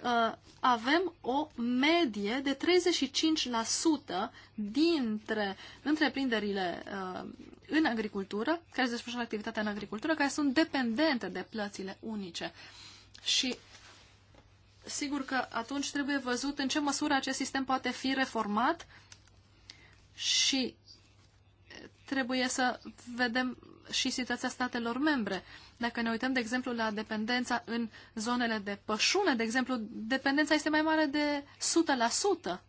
Uh, avem o medie de 35% dintre întreprinderile uh, în agricultură, care se desfășoară activitatea în agricultură, care sunt dependente de plățile unice. Și sigur că atunci trebuie văzut în ce măsură acest sistem poate fi reformat și trebuie să vedem și situația statelor membre. Uh, dacă ne uităm, de exemplu, la dependența în zonele de pășune, de exemplu, dependența este mai mare de 100%,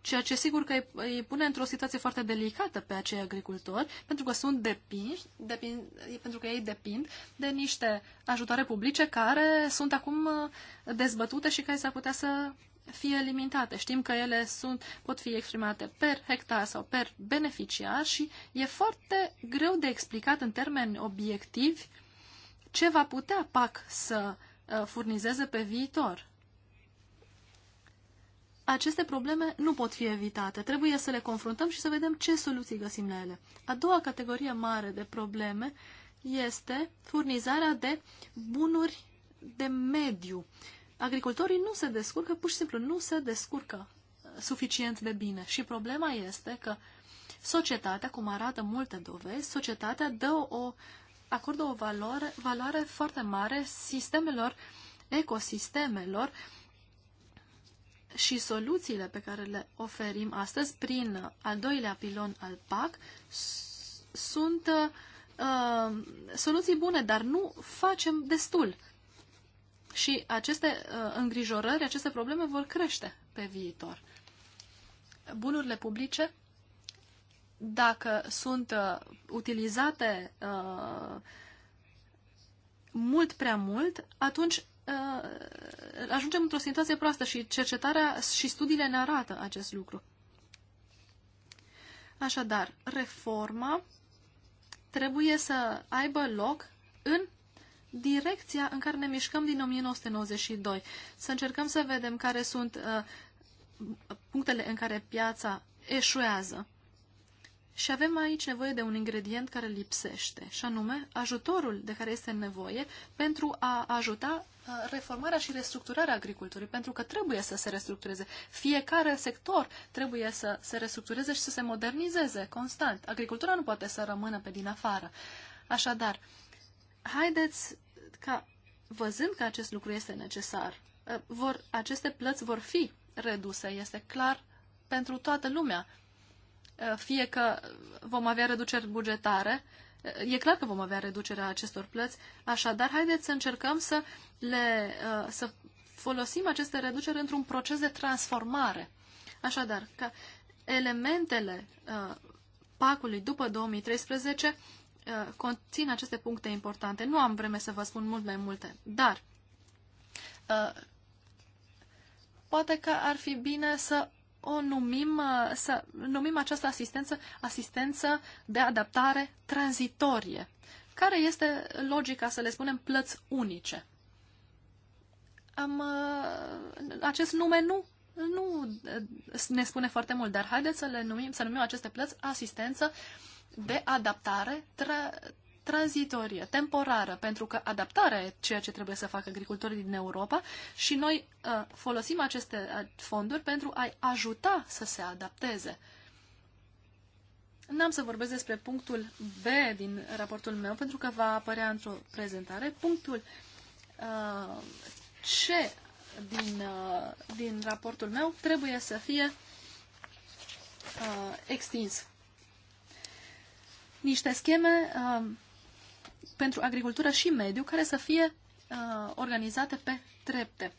ceea ce sigur că îi pune într-o situație foarte delicată pe acei agricultori, pentru că sunt depinși, depin, pentru că ei depind de niște ajutoare publice care sunt acum uh, dezbătute și care s-ar putea să fie limitate. Știm că ele sunt, pot fi exprimate per hectar sau per beneficiar și e foarte greu de explicat în termeni obiectivi uh, ce va putea PAC să uh, furnizeze pe viitor. Aceste probleme nu pot fi evitate. Trebuie să le confruntăm și să vedem ce soluții găsim la ele. A doua categorie mare de probleme este furnizarea de bunuri de mediu. Agricultorii nu se descurcă, pur și simplu nu se descurcă uh, suficient de bine. Și problema este că societatea, cum arată multe dovezi, societatea dă o acordă o valoare, valoare foarte mare sistemelor, ecosistemelor și soluțiile pe care le oferim astăzi prin al doilea pilon al PAC sunt uh, soluții bune, dar nu facem destul. Și aceste uh, îngrijorări, aceste probleme vor crește pe viitor. Bunurile publice dacă sunt uh, utilizate uh, mult prea mult, atunci uh, ajungem într-o situație proastă și cercetarea și studiile ne arată acest lucru. Așadar, reforma trebuie să aibă loc în direcția în care ne mișcăm din 1992. Să încercăm să vedem care sunt uh, punctele în care piața eșuează și avem aici nevoie de un ingredient care lipsește, și anume ajutorul de care este nevoie pentru a ajuta uh, reformarea și restructurarea agriculturii, pentru că trebuie să se restructureze. Fiecare sector trebuie să se restructureze și să se modernizeze constant. Agricultura nu poate să rămână pe din afară. Așadar, haideți ca, văzând că acest lucru este necesar, uh, vor, aceste plăți vor fi reduse, este clar pentru toată lumea Eh, fie că vom avea reduceri bugetare, eh, e clar că vom avea reducerea acestor plăți, așadar haideți să încercăm să, le, eh, să folosim aceste reduceri într-un proces de transformare. Așadar, ca elementele pacului după 2013 conțin aceste puncte importante. Nu am vreme să vă spun mult mai multe, dar poate că ar fi bine să o numim, uh, să numim această asistență asistență de adaptare tranzitorie. Care este logica, să le spunem, plăți unice? Am, uh, acest nume nu, nu uh, ne spune foarte mult, dar haideți să le numim, să numim aceste plăți asistență de adaptare tra- tranzitorie, temporară, pentru că adaptarea e ceea ce trebuie să facă agricultorii din Europa și noi uh, folosim aceste uh, fonduri pentru a-i ajuta să se adapteze. N-am să vorbesc despre punctul B din raportul meu, pentru că va apărea într-o prezentare. Punctul uh, C din, uh, din raportul meu trebuie să fie uh, extins niște scheme uh, pentru agricultură și mediu care să fie uh, organizate pe trepte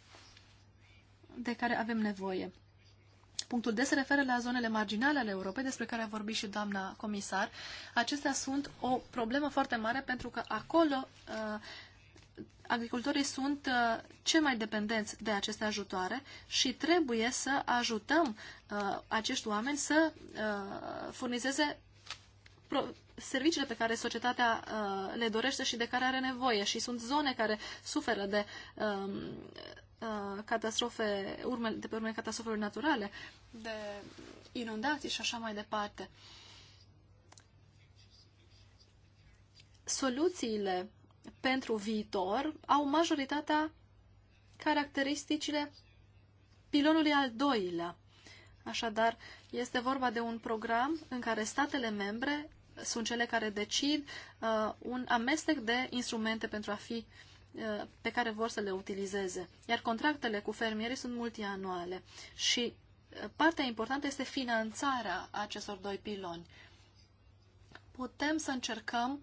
de care avem nevoie. Punctul D se referă la zonele marginale ale Europei, despre care a vorbit și doamna comisar. Acestea sunt o problemă foarte mare pentru că acolo uh, agricultorii sunt uh, cei mai dependenți de aceste ajutoare și trebuie să ajutăm uh, acești oameni să uh, furnizeze serviciile pe care societatea uh, le dorește și de care are nevoie. Și sunt zone care suferă de uh, uh, catastrofe, urme, de pe urmele catastrofelor naturale, de inundații și așa mai departe. Soluțiile pentru viitor au majoritatea caracteristicile pilonului al doilea. Așadar, este vorba de un program în care statele membre sunt cele care decid uh, un amestec de instrumente pentru a fi uh, pe care vor să le utilizeze. Iar contractele cu fermierii sunt multianuale și uh, partea importantă este finanțarea acestor doi piloni. Putem să încercăm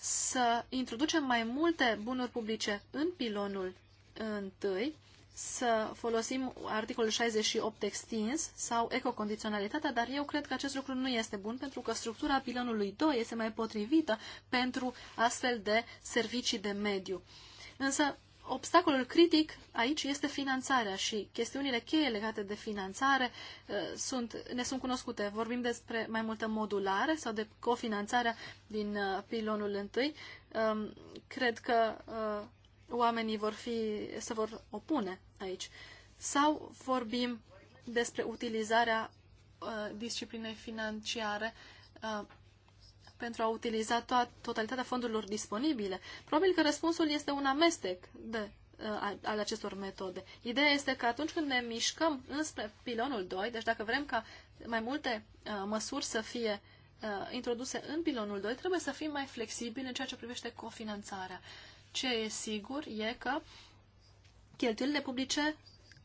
să introducem mai multe bunuri publice în pilonul întâi să folosim articolul 68 extins sau ecocondiționalitatea, dar eu cred că acest lucru nu este bun pentru că structura pilonului 2 este mai potrivită pentru astfel de servicii de mediu. Însă, obstacolul critic aici este finanțarea și chestiunile cheie legate de finanțare uh, sunt, ne sunt cunoscute. Vorbim despre mai multă modulare sau de cofinanțarea din uh, pilonul 1. Um, cred că uh, oamenii vor fi, se vor opune aici. Sau vorbim despre utilizarea uh, disciplinei financiare uh, pentru a utiliza toat, totalitatea fondurilor disponibile? Probabil că răspunsul este un amestec de, uh, al acestor metode. Ideea este că atunci când ne mișcăm înspre pilonul 2, deci dacă vrem ca mai multe uh, măsuri să fie uh, introduse în pilonul 2, trebuie să fim mai flexibili în ceea ce privește cofinanțarea. Ce e sigur e că cheltuielile publice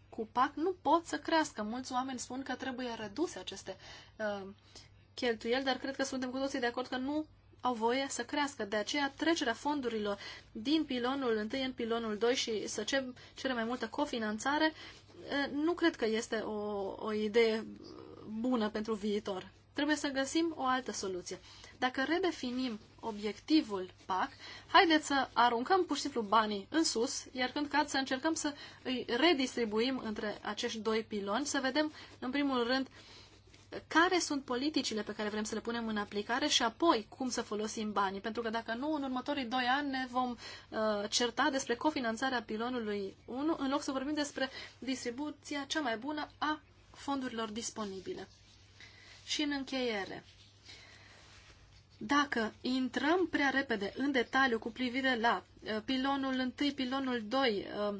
cu PAC nu pot să crească. Mulți oameni spun că trebuie reduse aceste uh, cheltuieli, dar cred că suntem cu toții de acord că nu au voie să crească. De aceea, trecerea fondurilor din pilonul 1 în pilonul 2 și să cere mai multă cofinanțare, uh, nu cred că este o, o idee bună pentru viitor. Trebuie să găsim o altă soluție dacă redefinim obiectivul PAC, haideți să aruncăm pur și simplu banii în sus, iar când cad să încercăm să îi redistribuim între acești doi piloni, să vedem, în primul rând, care sunt politicile pe care vrem să le punem în aplicare și apoi cum să folosim banii. Pentru că dacă nu, în următorii doi ani ne vom uh, certa despre cofinanțarea pilonului 1, în loc să vorbim despre distribuția cea mai bună a fondurilor disponibile. Și în încheiere, dacă intrăm prea repede în detaliu cu privire la uh, pilonul 1, pilonul 2 uh,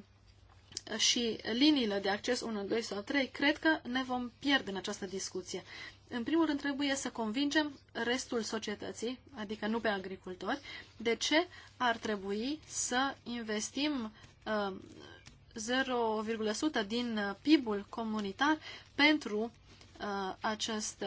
și liniile de acces 1, 2 sau 3, cred că ne vom pierde în această discuție. În primul rând trebuie să convingem restul societății, adică nu pe agricultori, de ce ar trebui să investim 0,1% uh, din PIB-ul comunitar pentru acest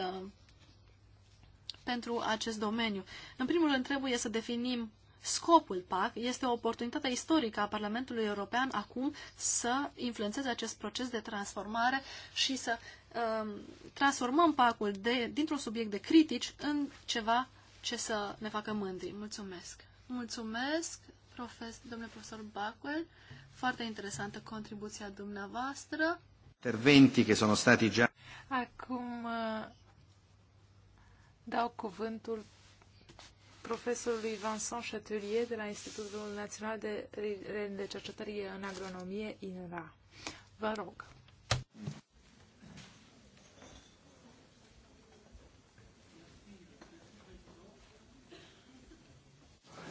pentru acest domeniu. În primul rând, trebuie să definim scopul PAC. Este o oportunitate istorică a Parlamentului European acum să influențeze acest proces de transformare și să um, transformăm PAC-ul dintr-un subiect de critici în ceva ce să ne facă mândri. Mulțumesc! Mulțumesc, profes, domnule profesor Bacuel. Foarte interesantă contribuția dumneavoastră. Interventi care sono stati già. Acum uh, Dau cuvântul profesorului Vincent Chatelier de la Institutul Național de, de Cercetări în Agronomie, INRA. Vă rog.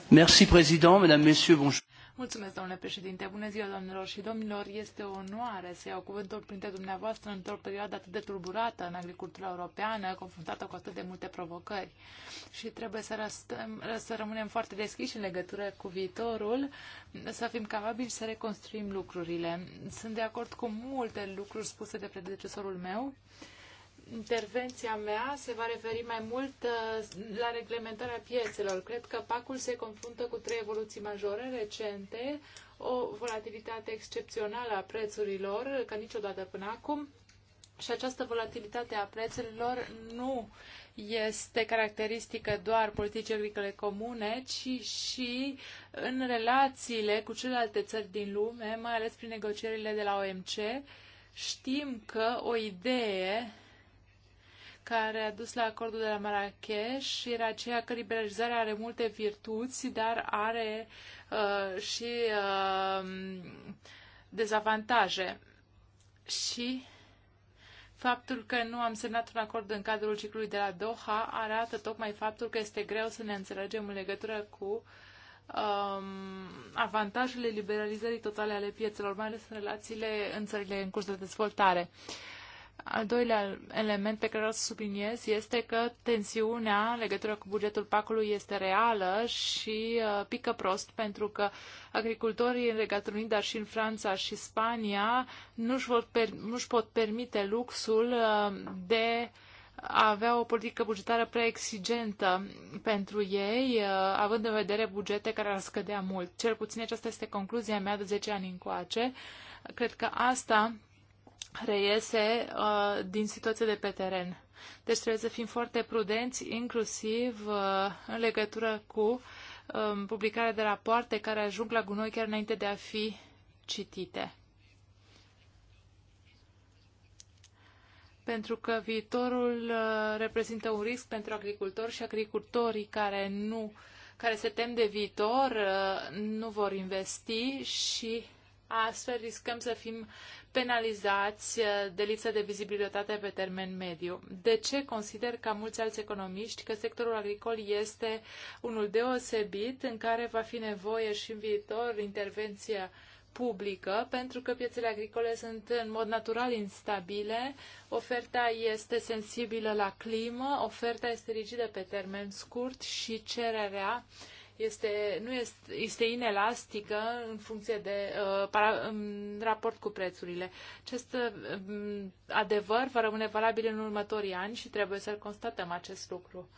Merci, président, mesdames, messieurs, bonjour. Mulțumesc, domnule președinte. Bună ziua, domnilor și domnilor. Este o onoare să iau cuvântul printre dumneavoastră într-o perioadă atât de tulburată în agricultura europeană, confruntată cu atât de multe provocări. Și trebuie să, răstăm, să rămânem foarte deschiși în legătură cu viitorul, să fim capabili să reconstruim lucrurile. Sunt de acord cu multe lucruri spuse de predecesorul meu intervenția mea se va referi mai mult uh, la reglementarea piețelor. Cred că PAC-ul se confruntă cu trei evoluții majore recente, o volatilitate excepțională a prețurilor, ca niciodată până acum, și această volatilitate a prețurilor nu este caracteristică doar politicii agricole comune, ci și în relațiile cu celelalte țări din lume, mai ales prin negocierile de la OMC. Știm că o idee care a dus la acordul de la Marrakesh era aceea că liberalizarea are multe virtuți, dar are uh, și uh, dezavantaje. Și faptul că nu am semnat un acord în cadrul ciclului de la Doha arată tocmai faptul că este greu să ne înțelegem în legătură cu um, avantajele liberalizării totale ale piețelor, mai ales în relațiile în țările în curs de dezvoltare. Uh, al doilea element pe care vreau să subliniez este că tensiunea în legătură cu bugetul PAC-ului este reală și uh, pică prost pentru că agricultorii în Regatul Unit, dar și în Franța și Spania nu-și, vor per- nu-și pot permite luxul uh, de a avea o politică bugetară prea exigentă pentru ei, uh, având în vedere bugete care ar scădea mult. Cel puțin aceasta este concluzia mea de 10 ani încoace. Cred că asta reiese uh, din situația de pe teren. Deci trebuie să fim foarte prudenți, inclusiv uh, în legătură cu uh, publicarea de rapoarte care ajung la gunoi chiar înainte de a fi citite. Pentru că viitorul uh, reprezintă un risc pentru agricultori și agricultorii care nu care se tem de viitor, uh, nu vor investi și Astfel riscăm să fim penalizați uh, de lipsă de vizibilitate pe termen mediu. De ce consider ca mulți alți economiști că sectorul agricol este unul deosebit în care va fi nevoie și în viitor intervenția publică, pentru că piețele agricole sunt în mod natural instabile, oferta este sensibilă la climă, oferta este rigidă pe termen scurt și cererea uh, este, nu este, este inelastică în funcție de uh, para, în raport cu prețurile. Acest uh, mm, adevăr va rămâne valabil în următorii ani și trebuie să-l constatăm acest lucru.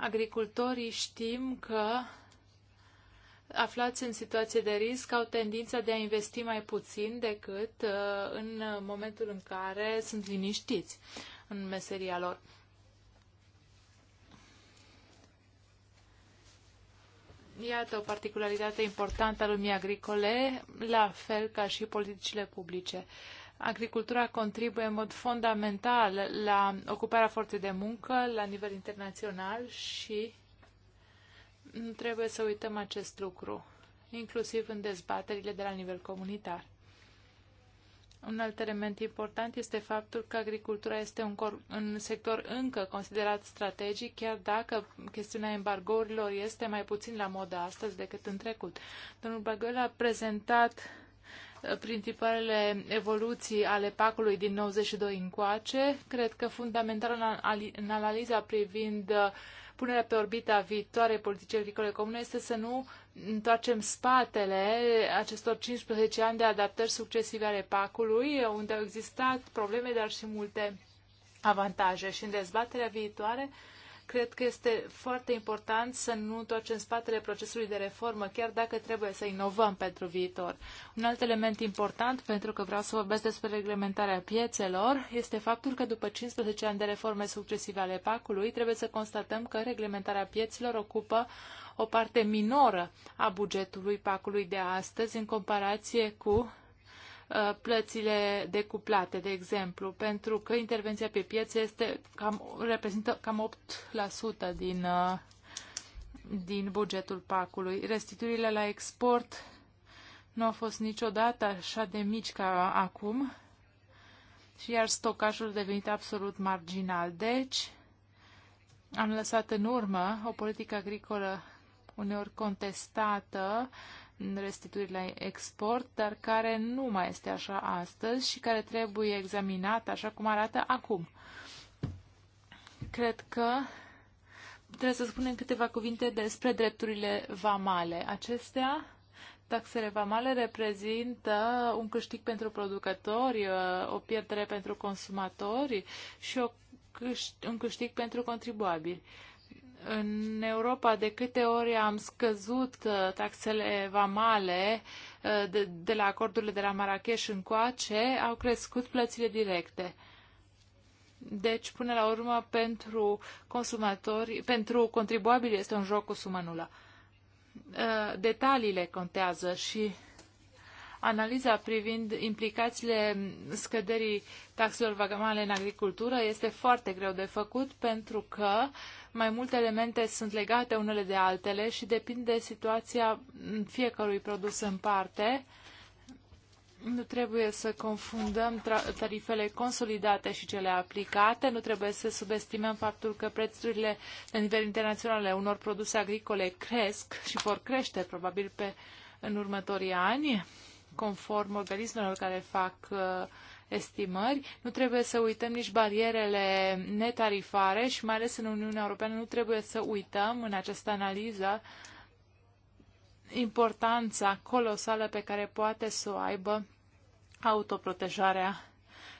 Agricultorii știm că aflați în situație de risc au tendința de a investi mai puțin decât uh, în momentul în care sunt liniștiți în meseria lor. Iată o particularitate importantă a lumii agricole, la fel ca și politicile publice. Agricultura contribuie în mod fundamental la ocuparea forței de muncă la nivel internațional și nu trebuie să uităm acest lucru, inclusiv în dezbaterile de la nivel comunitar. Un alt element important este faptul că agricultura este un, cor- un sector încă considerat strategic, chiar dacă chestiunea embargourilor este mai puțin la modă astăzi decât în trecut. Domnul Bagăl a prezentat uh, principalele evoluții ale pacului din 92 încoace. Cred că fundamental în analiza privind uh, punerea pe orbita viitoare politice agricole comune este să nu întoarcem spatele acestor 15 ani de adaptări succesive ale PAC-ului, unde au existat probleme, dar și multe avantaje. Și în dezbaterea viitoare, Cred că este foarte important să nu întoarcem spatele procesului de reformă, chiar dacă trebuie să inovăm pentru viitor. Un alt element important, pentru că vreau să vorbesc despre reglementarea piețelor, este faptul că după 15 ani de reforme succesive ale PAC-ului, trebuie să constatăm că reglementarea piețelor ocupă o parte minoră a bugetului PAC-ului de astăzi în comparație cu Uh, plățile decuplate, de exemplu, pentru că intervenția pe piețe este cam, reprezintă cam 8% din, uh, din bugetul PAC-ului. Restituirile la export nu au fost niciodată așa de mici ca acum și iar stocajul devenit absolut marginal. Deci, am lăsat în urmă o politică agricolă uneori contestată, restituiri la export, dar care nu mai este așa astăzi și care trebuie examinat așa cum arată acum. Cred că trebuie să spunem câteva cuvinte despre drepturile vamale. Acestea, taxele vamale, reprezintă un câștig pentru producători, o pierdere pentru consumatori și o un câștig pentru contribuabili. Uh, în Europa, de câte ori am scăzut uh, taxele vamale uh, de, de la acordurile de la Marrakesh încoace, au crescut plățile directe. Deci, până la urmă, pentru consumatori, pentru contribuabili este un joc cu sumă nulă. Uh, detaliile contează și analiza privind implicațiile scăderii taxelor vagamale în agricultură este foarte greu de făcut pentru că uh, mai multe elemente sunt legate unele de altele și depinde de situația fiecărui produs în parte. Nu trebuie să confundăm tarifele consolidate și cele aplicate, nu trebuie să subestimăm faptul că prețurile la nivel internațional ale unor produse agricole cresc și vor crește probabil pe, în următorii ani, conform organismelor care fac uh, estimări. Nu trebuie să uităm nici barierele netarifare și mai ales în Uniunea Europeană nu trebuie să uităm în această analiză importanța colosală pe care poate să o aibă autoprotejarea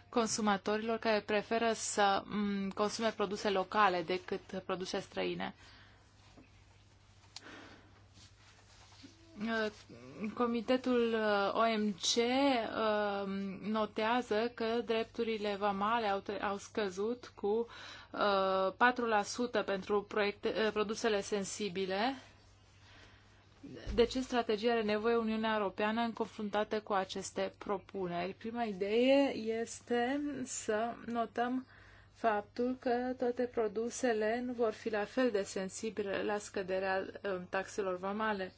consumatorilor care preferă să mm, consume produse locale decât produse străine Comitetul uh, OMC uh, notează că drepturile vamale au, au scăzut cu 4% uh, pentru proiecte, produsele sensibile. De ce strategia are nevoie Uniunea Europeană în confruntată cu aceste propuneri? Prima idee este să notăm faptul că toate produsele nu vor fi la fel de sensibile la scăderea taxelor vamale.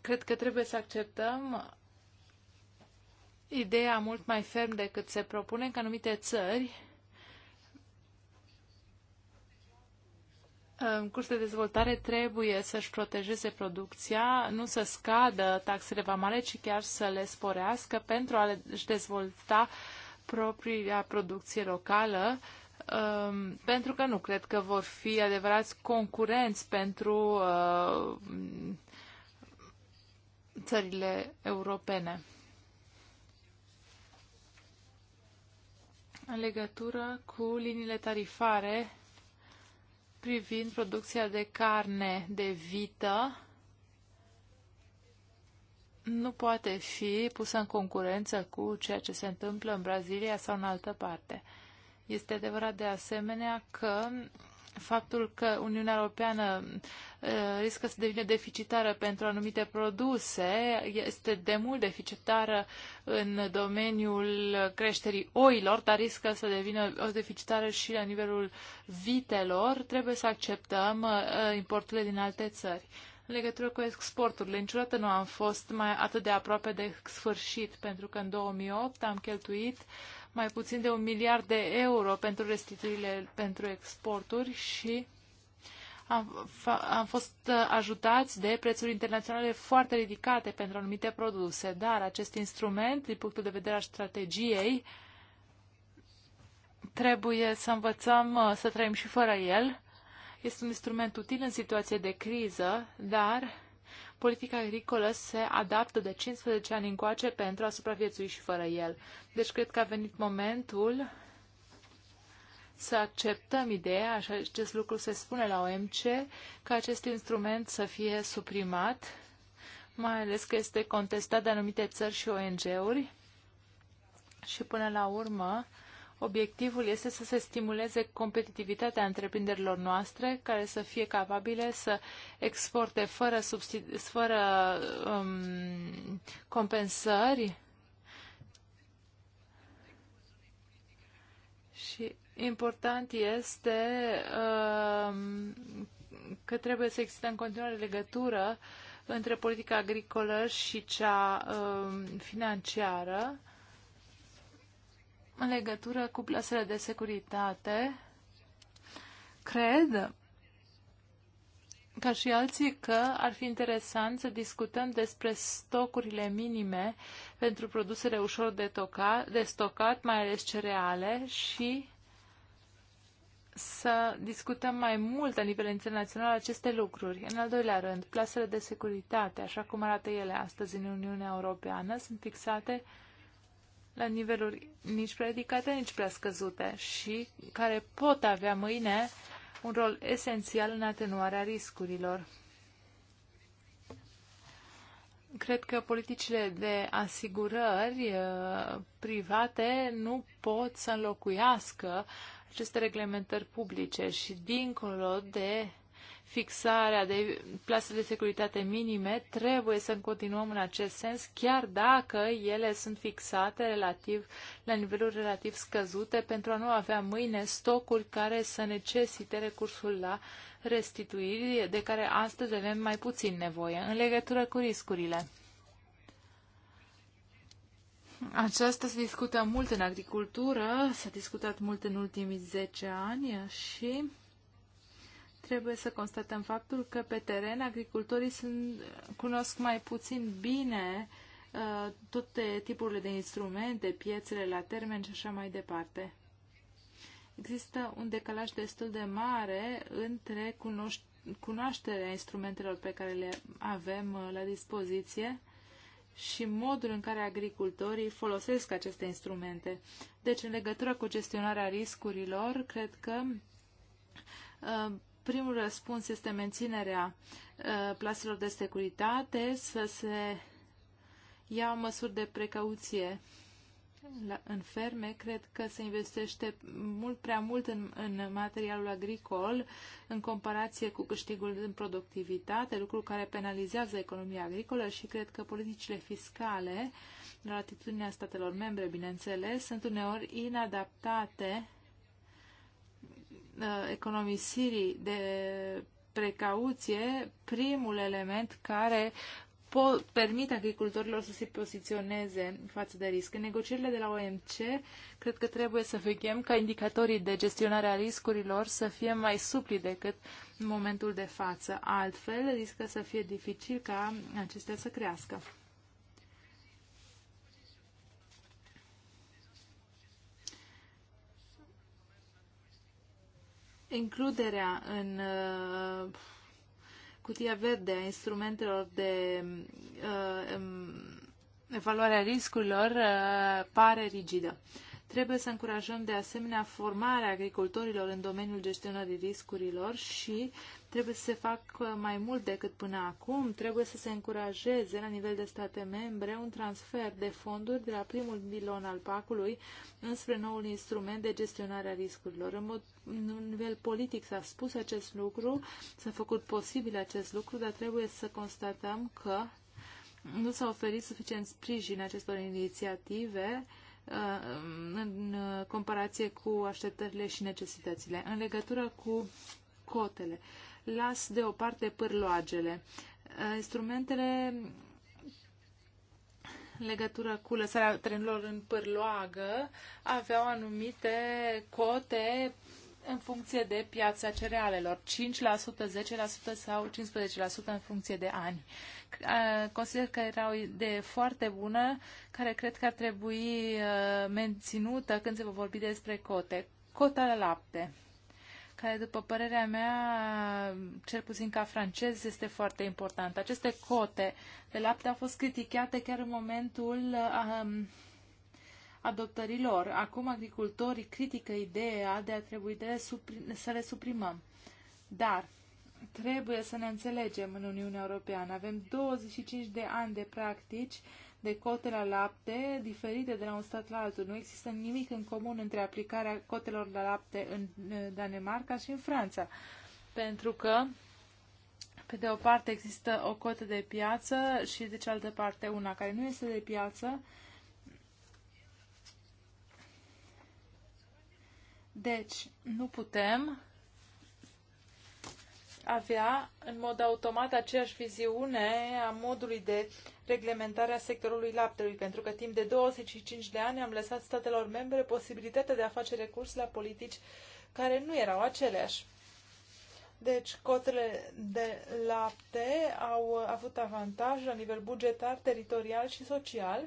Cred că trebuie să acceptăm ideea mult mai ferm decât se propune că anumite țări în curs de dezvoltare trebuie să-și protejeze producția, nu să scadă taxele vamale, ci chiar să le sporească pentru a-și dezvolta propria producție locală, um, pentru că nu cred că vor fi adevărați concurenți pentru uh, țările europene. În legătură cu liniile tarifare privind producția de carne de vită, nu poate fi pusă în concurență cu ceea ce se întâmplă în Brazilia sau în altă parte. Este adevărat de asemenea că faptul că Uniunea Europeană riscă să devină deficitară pentru anumite produse, este de mult deficitară în domeniul creșterii oilor, dar riscă să devină o deficitară și la nivelul vitelor, trebuie să acceptăm importurile din alte țări. În legătură cu exporturile, niciodată nu am fost mai atât de aproape de sfârșit, pentru că în 2008 am cheltuit uh, mai puțin de un miliard de euro pentru restituirile pentru exporturi și am, am fost uh, ajutați de prețuri internaționale foarte ridicate pentru anumite produse, dar acest instrument, din punctul de vedere al strategiei, trebuie să învățăm uh, să trăim și fără el. Este un instrument util în situație de criză, dar politica agricolă se adaptă de 15 ani încoace pentru a supraviețui și fără el. Deci cred că a venit momentul să acceptăm ideea, așa acest lucru se spune la OMC, că acest instrument să fie suprimat, mai ales că este contestat de anumite țări și ONG-uri. Și până la urmă, Obiectivul este să se stimuleze competitivitatea întreprinderilor noastre, care să fie capabile să exporte fără, fără um, compensări și important este um, că trebuie să existe în continuare legătură între politica agricolă și cea um, financiară în legătură cu plasele de securitate, cred, ca și alții, că ar fi interesant să discutăm despre stocurile minime pentru produsele ușor de, toca, de stocat, mai ales cereale, și să discutăm mai mult la nivel internațional aceste lucruri. În al doilea rând, plasele de securitate, așa cum arată ele astăzi în Uniunea Europeană, sunt fixate uh, la niveluri nici prea ridicate, nici prea scăzute și care pot avea mâine un rol esențial în atenuarea riscurilor. Cred că politicile de asigurări uh, private nu pot să înlocuiască aceste reglementări publice și dincolo de fixarea de plase de securitate minime, trebuie să continuăm în acest sens, chiar dacă ele sunt fixate relativ, la niveluri relativ scăzute, pentru a nu avea mâine stocuri care să necesite recursul la restituiri, de care astăzi avem mai puțin nevoie, în legătură cu riscurile. Aceasta se discută mult în agricultură, s-a discutat mult în ultimii 10 ani și trebuie să constatăm faptul că pe teren agricultorii sunt, cunosc mai puțin bine uh, toate tipurile de instrumente, piețele la termen și așa mai departe. Există un decalaj destul de mare între cunoș- cunoașterea instrumentelor pe care le avem uh, la dispoziție și modul în care agricultorii folosesc aceste instrumente. Deci, în legătură cu gestionarea riscurilor, cred că uh, Primul răspuns este menținerea uh, plaselor de securitate, să se iau măsuri de precauție în ferme, cred că se investește mult prea mult în, în materialul agricol în comparație cu câștigul în productivitate, lucru care penalizează economia agricolă și cred că politicile fiscale, la atitudinea statelor membre, bineînțeles, sunt uneori inadaptate Uh, economisirii de precauție, primul element care pot, permite agricultorilor să se poziționeze față de risc. În negocierile de la OMC, cred că trebuie să veghem ca indicatorii de gestionare a riscurilor să fie mai supli decât în momentul de față. Altfel, riscă să fie dificil ca acestea să crească. includerea în uh, cutia verde a instrumentelor de uh, um, evaluare a riscurilor uh, pare rigidă. Trebuie să încurajăm de asemenea formarea agricultorilor în domeniul gestionării riscurilor și Trebuie să se facă mai mult decât până acum, trebuie să se încurajeze la nivel de state membre un transfer de fonduri de la primul bilon al pacului înspre noul instrument de gestionare a riscurilor. În, mod, în nivel politic s-a spus acest lucru, s-a făcut posibil acest lucru, dar trebuie să constatăm că nu s-a oferit suficient sprijin acestor inițiative uh, în comparație cu așteptările și necesitățile. În legătură cu cotele, las deoparte pârloagele. Uh, instrumentele legătură cu lăsarea terenurilor în pârloagă aveau anumite cote în funcție de piața cerealelor, 5%, 10% sau 15% în funcție de ani. Uh, consider că era o idee foarte bună, care cred că ar trebui uh, menținută când se va vorbi despre cote. Cota la lapte care, după părerea mea, cel puțin ca francez, este foarte important. Aceste cote de lapte au fost criticate chiar în momentul um, adoptării lor. Acum agricultorii critică ideea de a trebui de să le suprimăm. Dar trebuie să ne înțelegem în Uniunea Europeană. Avem 25 de ani de practici uh, de cote la lapte diferite de la un stat la altul. Nu există nimic în comun între aplicarea cotelor la lapte în Danemarca și în Franța, pentru că pe de o parte există o cotă de piață și de cealaltă parte una care nu este de piață. Deci, nu putem avea în mod automat aceeași viziune a modului de reglementare a sectorului laptelui, pentru că timp de 25 de ani am lăsat statelor membre posibilitatea de a face recurs la politici care nu erau aceleași. Deci, cotele de lapte au avut avantaj la nivel bugetar, teritorial și social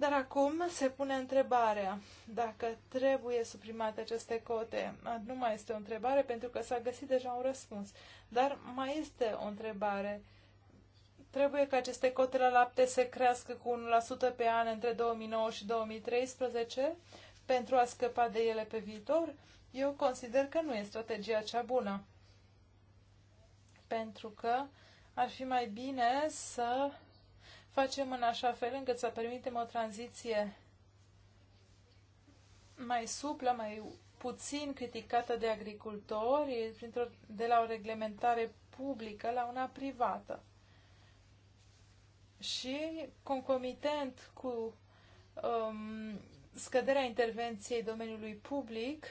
dar acum se pune întrebarea dacă trebuie suprimate aceste cote. Nu mai este o întrebare pentru că s-a găsit deja un răspuns. Dar mai este o întrebare. Trebuie ca aceste cote la lapte să crească cu 1% pe an între 2009 și 2013 pentru a scăpa de ele pe viitor? Eu consider că nu e strategia cea bună. Pentru că ar fi mai bine să facem în așa fel încât să permitem o tranziție mai suplă, mai puțin criticată de agricultori, de la o reglementare publică la una privată. Și concomitent cu um, scăderea intervenției domeniului public,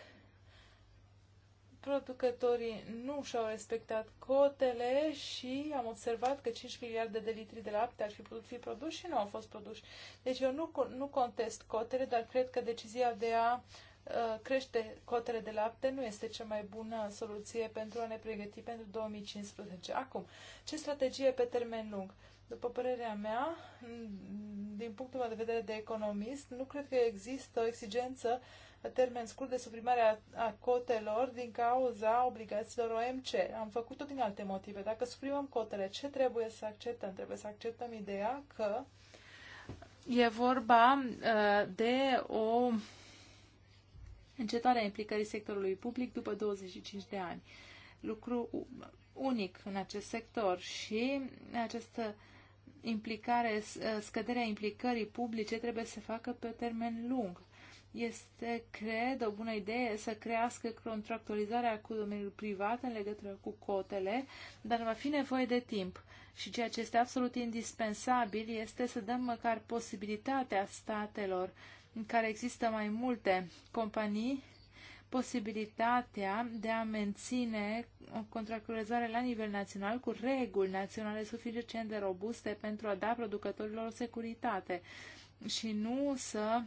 producătorii nu și-au respectat cotele și am observat că 5 miliarde de litri de lapte ar fi putut fi produși și nu au fost produși. Deci eu nu, nu contest cotele, dar cred că decizia de a uh, crește cotele de lapte nu este cea mai bună soluție pentru a ne pregăti pentru 2015. Acum, ce strategie pe termen lung? După părerea mea, din punctul meu de vedere de economist, nu cred că există o exigență uh, termen scurt de suprimare a, a cotelor din cauza obligațiilor OMC. Am făcut-o din alte motive. Dacă suprimăm cotele, ce trebuie să acceptăm? Trebuie să acceptăm ideea că e vorba uh, de o încetare a implicării sectorului public după 25 de ani. Lucru unic în acest sector și această implicare, uh, scăderea implicării publice trebuie să se facă pe termen lung. Este, cred, o bună idee să crească contractualizarea cu domeniul privat în legătură cu cotele, dar va fi nevoie de timp. Și ceea ce este absolut indispensabil este să dăm măcar posibilitatea statelor în care există mai multe companii posibilitatea de a menține o contractualizare la nivel național cu reguli naționale suficient de robuste pentru a da producătorilor securitate și nu să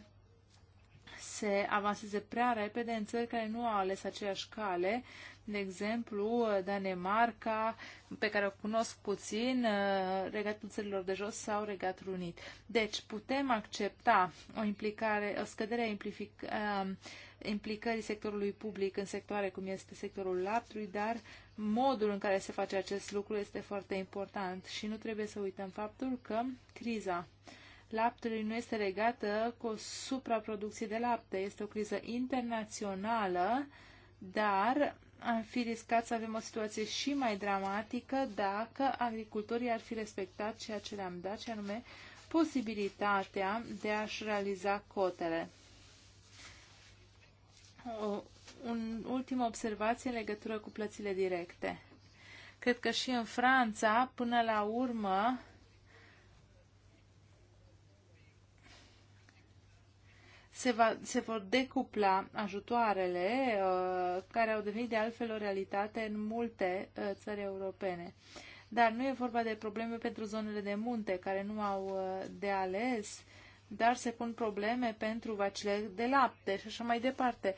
se avanseze prea repede în țări care nu au ales aceeași cale, de exemplu Danemarca, pe care o cunosc puțin, uh, Regatul Țărilor de Jos sau Regatul Unit. Deci putem accepta o, implicare, o scădere a implicării sectorului public în sectoare cum este sectorul laptului, dar modul în care se face acest lucru este foarte important și nu trebuie să uităm faptul că criza laptelui nu este legată cu o supraproducție de lapte. Este o criză internațională, dar am fi riscat să avem o situație și mai dramatică dacă agricultorii ar fi respectat ceea ce le-am dat, ce anume posibilitatea de a-și realiza cotele. O un, ultimă observație în legătură cu plățile directe. Cred că și în Franța, până la urmă, se, va, se vor decupla ajutoarele uh, care au devenit de altfel o realitate în multe uh, țări europene. Dar nu e vorba de probleme pentru zonele de munte care nu au uh, de ales, dar se pun probleme pentru vacile de lapte și așa mai departe,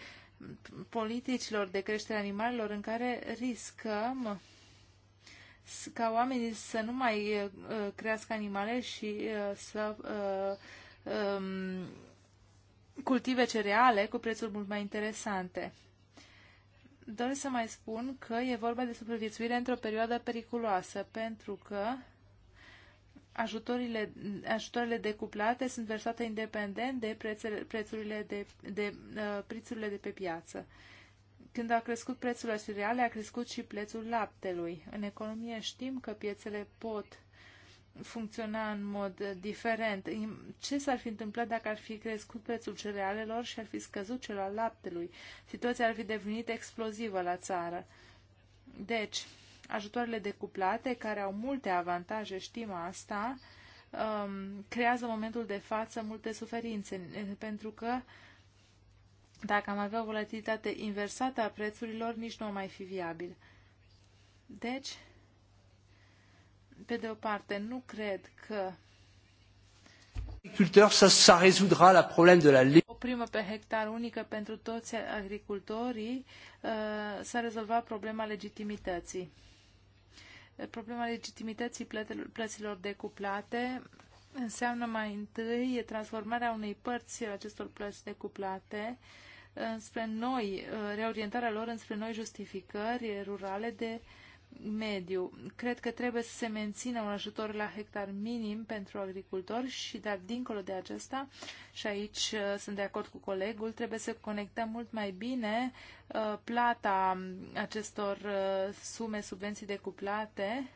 politicilor de creștere animalelor în care riscăm ca oamenii să nu mai uh, crească animale și uh, să uh, um, cultive cereale cu prețuri mult mai interesante. Doresc să mai spun că e vorba de supraviețuire într-o perioadă periculoasă, pentru că ajutorile, ajutoarele decuplate sunt versate independent de prețele, prețurile de, de, uh, prețurile de pe piață. Când a crescut prețul la cereale, a crescut și prețul laptelui. În economie știm că piețele pot funcționa în mod diferent. Ce s-ar fi întâmplat dacă ar fi crescut prețul cerealelor și ar fi scăzut cel al laptelui? Situația ar fi devenit explozivă la țară. Deci, ajutoarele decuplate, care au multe avantaje, știm asta, um, creează în momentul de față multe suferințe, pentru că dacă am avea o volatilitate inversată a prețurilor, nici nu ar mai fi viabil. Deci, pe de o parte, nu cred că ça, ça résoudra la problème de la O primă pe hectar unică pentru toți agricultorii uh, s-a rezolvat problema legitimității. Problema legitimității plăților decuplate înseamnă mai întâi transformarea unei părți acestor plăți decuplate spre noi, uh, reorientarea lor înspre noi justificări rurale de uh, mediu. Cred că trebuie să se mențină un ajutor la hectar minim pentru agricultori și, dar dincolo de acesta, și aici uh, sunt de acord cu colegul, trebuie să conectăm mult mai bine uh, plata acestor uh, sume, subvenții decuplate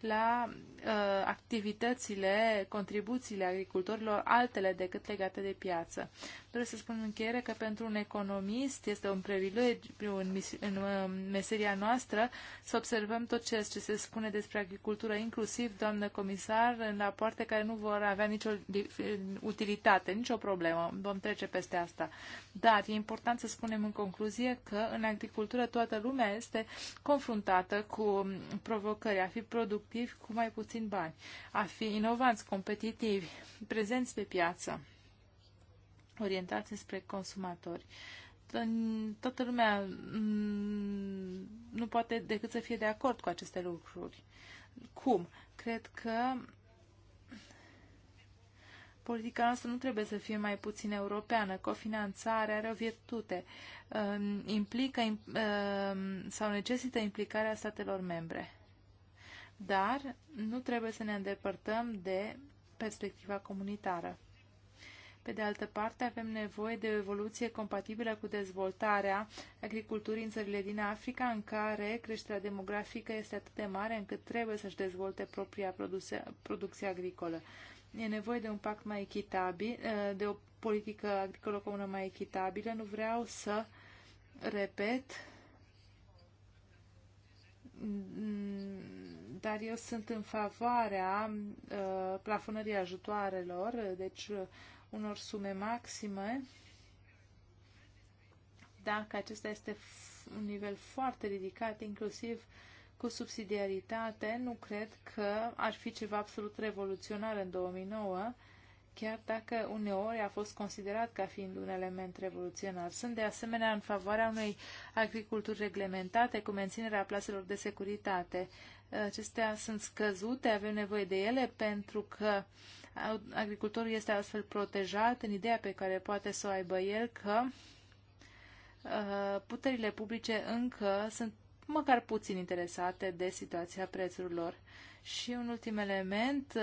la uh, activitățile, contribuțiile agricultorilor altele decât legate de piață trebuie să spun în încheiere că pentru un economist este un privilegiu în, în uh, meseria noastră să observăm tot ceea ce se spune despre agricultură, inclusiv, doamnă comisar, în rapoarte care nu vor avea nicio utilitate, nicio problemă. Vom trece peste asta. Dar e important să spunem în concluzie că în agricultură toată lumea este confruntată cu provocări, a fi productiv cu mai puțin bani, a fi inovanți, competitivi, prezenți pe piață orientați spre consumatori. Toată lumea mm, nu poate decât să fie de acord cu aceste lucruri. Cum? Cred că politica noastră nu trebuie să fie mai puțin europeană. Cofinanțarea are o virtute. Implică sau necesită implicarea statelor membre. Dar nu trebuie să ne îndepărtăm de perspectiva comunitară. Pe de altă parte, avem nevoie de o evoluție compatibilă cu dezvoltarea agriculturii în țările din Africa, în care creșterea demografică este atât de mare încât trebuie să-și dezvolte propria produse, producție agricolă. E nevoie de un pact mai echitabil, eh, de o politică agricolă comună mai echitabilă. Nu vreau să repet mm, dar eu sunt în favoarea eh, plafonării ajutoarelor, deci unor sume maxime, dacă acesta este un nivel foarte ridicat, inclusiv cu subsidiaritate, nu cred că ar fi ceva absolut revoluționar în 2009, chiar dacă uneori a fost considerat ca fiind un element revoluționar. Sunt de asemenea în favoarea unei agriculturi reglementate cu menținerea plaselor de securitate. Acestea sunt scăzute, avem nevoie de ele pentru că Agricultorul este astfel protejat în ideea pe care poate să o aibă el că uh, puterile publice încă sunt măcar puțin interesate de situația prețurilor. Și un ultim element, uh,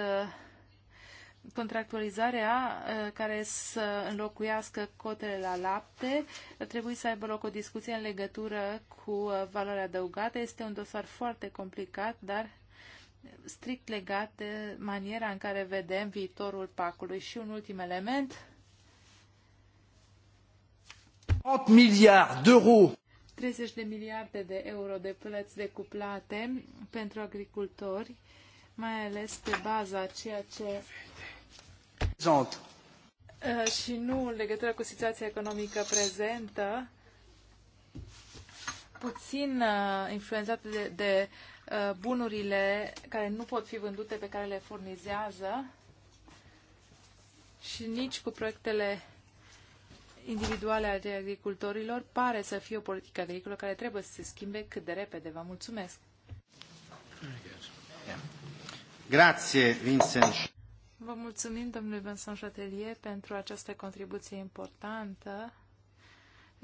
contractualizarea uh, care să înlocuiască cotele la lapte. Trebuie să aibă loc o discuție în legătură cu valoarea adăugată. Este un dosar foarte complicat, dar strict legat de maniera în care vedem viitorul pacului. Și un ultim element. 30 miliarde de 30 de miliarde de euro de plăți decuplate pentru agricultori, mai ales pe baza ceea ce Zont. Uh, și nu în legătură cu situația economică prezentă, puțin uh, influențată de, de Uh, bunurile care nu pot fi vândute, pe care le furnizează și nici cu proiectele individuale ale agricultorilor pare să fie o politică agricolă care trebuie să se schimbe cât de repede. Vă mulțumesc! Grazie, Vincent. Vă mulțumim, domnule Vincent Chatelier, pentru această contribuție importantă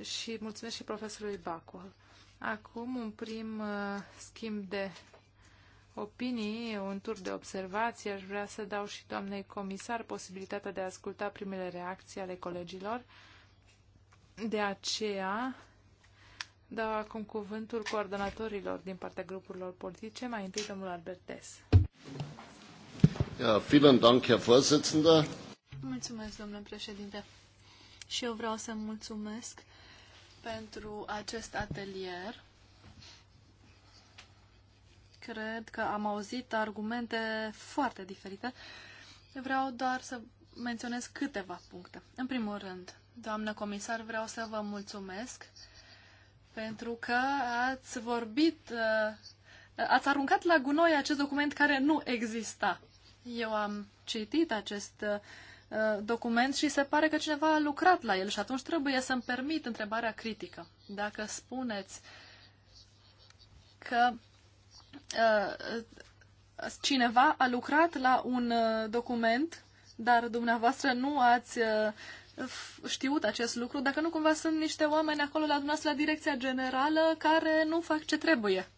și mulțumesc și profesorului Bacol. Acum un prim uh, schimb de opinii, un tur de observații. Aș vrea să dau și doamnei comisar posibilitatea de a asculta primele reacții ale colegilor. De aceea dau acum cuvântul coordonatorilor din partea grupurilor politice. Mai întâi domnul Albertes. Ja, vielen Dank, Herr Vorsitzender. Mulțumesc, domnule președinte. Și eu vreau să mulțumesc pentru acest atelier. Cred că am auzit argumente foarte diferite. Vreau doar să menționez câteva puncte. În primul rând, doamnă comisar, vreau să vă mulțumesc pentru că ați vorbit, uh, ați aruncat la gunoi acest document care nu exista. Eu am citit acest uh, Uh, document și se pare că cineva a lucrat la el și atunci trebuie să-mi permit întrebarea critică. Dacă spuneți că uh, cineva a lucrat la un uh, document, dar dumneavoastră nu ați știut acest lucru, dacă nu cumva sunt niște oameni acolo la dumneavoastră la direcția generală care nu fac ce trebuie.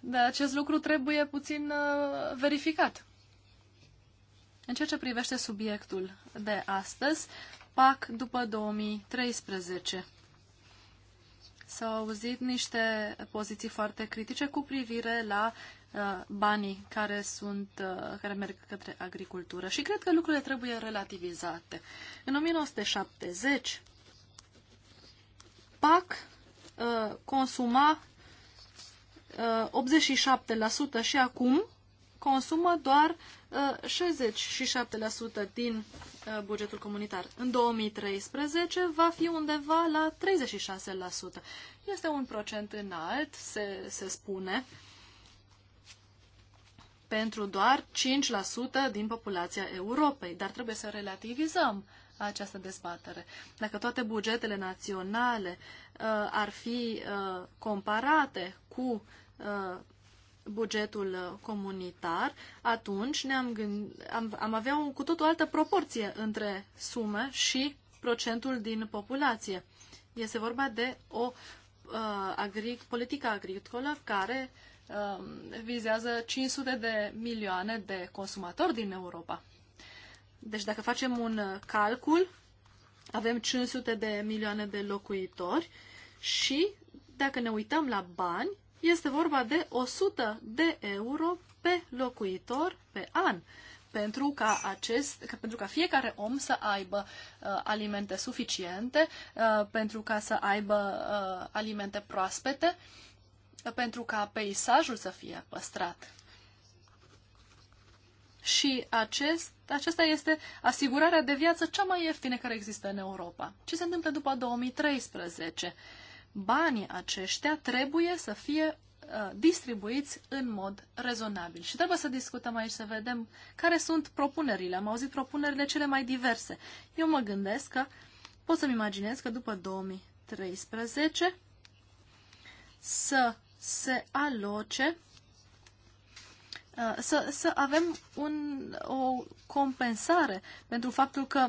De acest lucru trebuie puțin verificat. În ceea ce privește subiectul de astăzi, PAC după 2013. S-au auzit niște poziții foarte critice cu privire la uh, banii care, sunt, uh, care merg către agricultură și cred că lucrurile trebuie relativizate. În 1970, PAC uh, consuma uh, 87% și acum consumă doar uh, 67% din uh, bugetul comunitar. În 2013 va fi undeva la 36%. Este un procent înalt, se, se spune, pentru doar 5% din populația Europei, dar trebuie să relativizăm această dezbatere. Dacă toate bugetele naționale uh, ar fi uh, comparate cu uh, bugetul uh, comunitar, atunci ne-am gând- am, am avea o cu tot o altă proporție între sume și procentul din populație. Este vorba de o uh, agric, politică agricolă care uh, vizează 500 de milioane de consumatori din Europa. Deci dacă facem un uh, calcul, avem 500 de milioane de locuitori și dacă ne uităm la bani, este vorba de 100 de euro pe locuitor pe an pentru ca, acest, ca, pentru ca fiecare om să aibă uh, alimente suficiente, uh, pentru ca să aibă uh, alimente proaspete, uh, pentru ca peisajul să fie păstrat. Și acest, acesta este asigurarea de viață cea mai ieftină care există în Europa. Ce se întâmplă după 2013? Uh, banii aceștia trebuie să fie uh, distribuiți în mod rezonabil. Și trebuie să discutăm aici, să vedem care sunt propunerile. Am auzit propunerile cele mai diverse. Eu mă gândesc că pot să-mi imaginez că după 2013 să se aloce uh, să, să avem un, o compensare pentru faptul că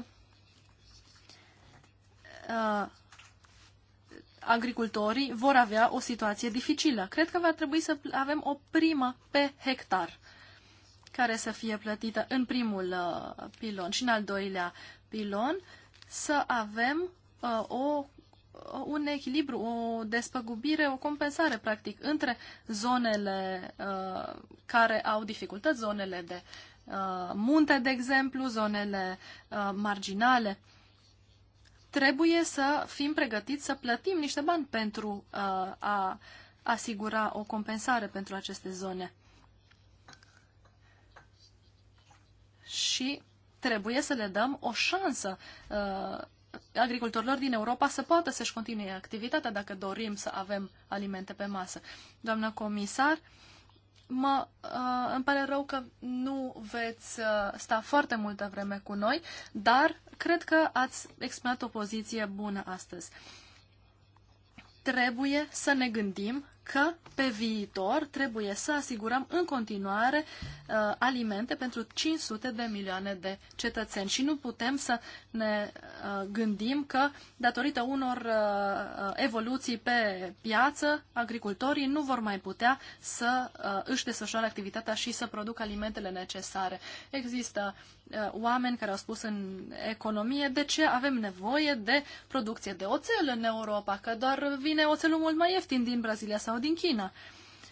uh, agricultorii vor avea o situație dificilă. Cred că va trebui să avem o primă pe hectar care să fie plătită în primul uh, pilon și în al doilea pilon, să avem uh, o, uh, un echilibru, o despăgubire, o compensare, practic, între zonele uh, care au dificultăți, zonele de uh, munte, de exemplu, zonele uh, marginale. Uh, trebuie să fim pregătiți să plătim niște bani pentru uh, a asigura o compensare pentru aceste zone. Și trebuie să le dăm o șansă uh, agricultorilor din Europa să poată să-și continue activitatea dacă dorim să avem alimente pe masă. Doamna comisar, uh, Mă uh, îmi pare rău că nu veți uh, sta foarte multă vreme cu noi, dar cred că ați exprimat o poziție bună astăzi. Trebuie să ne gândim că pe viitor trebuie să asigurăm în continuare uh, alimente pentru 500 de milioane de cetățeni și nu putem să ne uh, gândim că datorită unor uh, uh, evoluții pe piață, agricultorii nu vor mai putea să uh, își desfășoare activitatea și să producă alimentele necesare. Există uh, oameni care au spus în economie de ce avem nevoie de producție de oțel în Europa, că doar vine oțelul mult mai ieftin din Brazilia sau sau din China.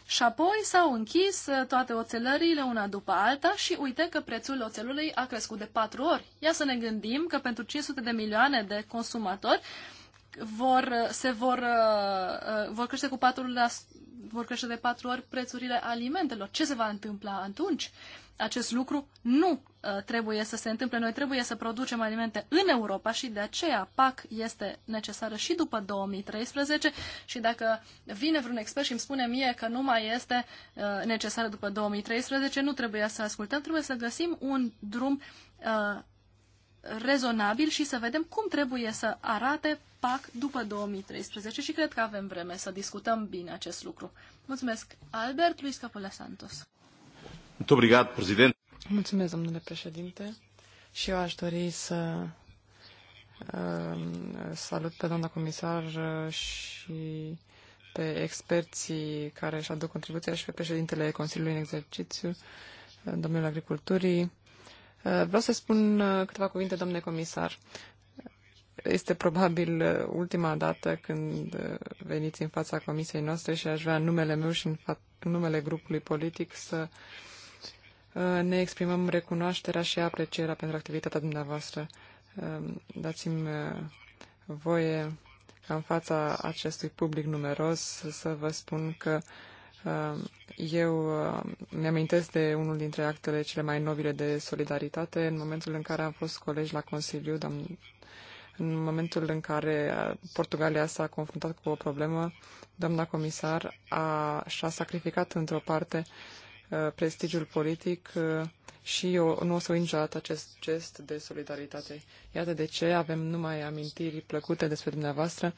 Și apoi s-au închis uh, toate oțelările una după alta și uite că prețul oțelului a crescut de patru ori. Ia să ne gândim că pentru 500 de milioane de consumatori vor, uh, se vor, uh, vor crește cu 4 la, vor crește de patru ori prețurile alimentelor. Ce se va întâmpla atunci? Acest lucru nu Uh, trebuie să se întâmple. Noi trebuie să producem alimente în Europa și de aceea PAC este necesară și după 2013 și dacă vine vreun expert și îmi spune mie că nu mai este uh, necesară după 2013, nu trebuie să ascultăm, trebuie să găsim un drum uh, rezonabil și să vedem cum trebuie să arate PAC după 2013 și cred că avem vreme să discutăm bine acest lucru. Mulțumesc, Albert Luis Capola Santos. Muito obrigado, Presidente. Mulțumesc, domnule președinte. Și eu aș dori să um, salut pe doamna comisar uh, și pe experții care își aduc contribuția și pe președintele Consiliului în exercițiu, uh, domnul agriculturii. Uh, vreau să spun câteva cuvinte, domnule comisar. Este probabil ultima dată când veniți în fața comisiei noastre și aș vrea numele meu și în, numele grupului politic să uh, Uh, ne exprimăm recunoașterea și aprecierea pentru activitatea dumneavoastră. Um, dați-mi uh, voie ca în fața acestui public numeros să vă spun că um, eu uh, mi-amintesc de unul dintre actele cele mai nobile de solidaritate în momentul în care am fost colegi la Consiliu, în momentul în care Portugalia s-a confruntat cu o problemă, doamna comisar a, și-a sacrificat într-o parte uh, Uh, prestigiul politic uh, și eu nu o să uit niciodată acest gest de solidaritate. Iată de ce avem numai amintiri plăcute despre dumneavoastră,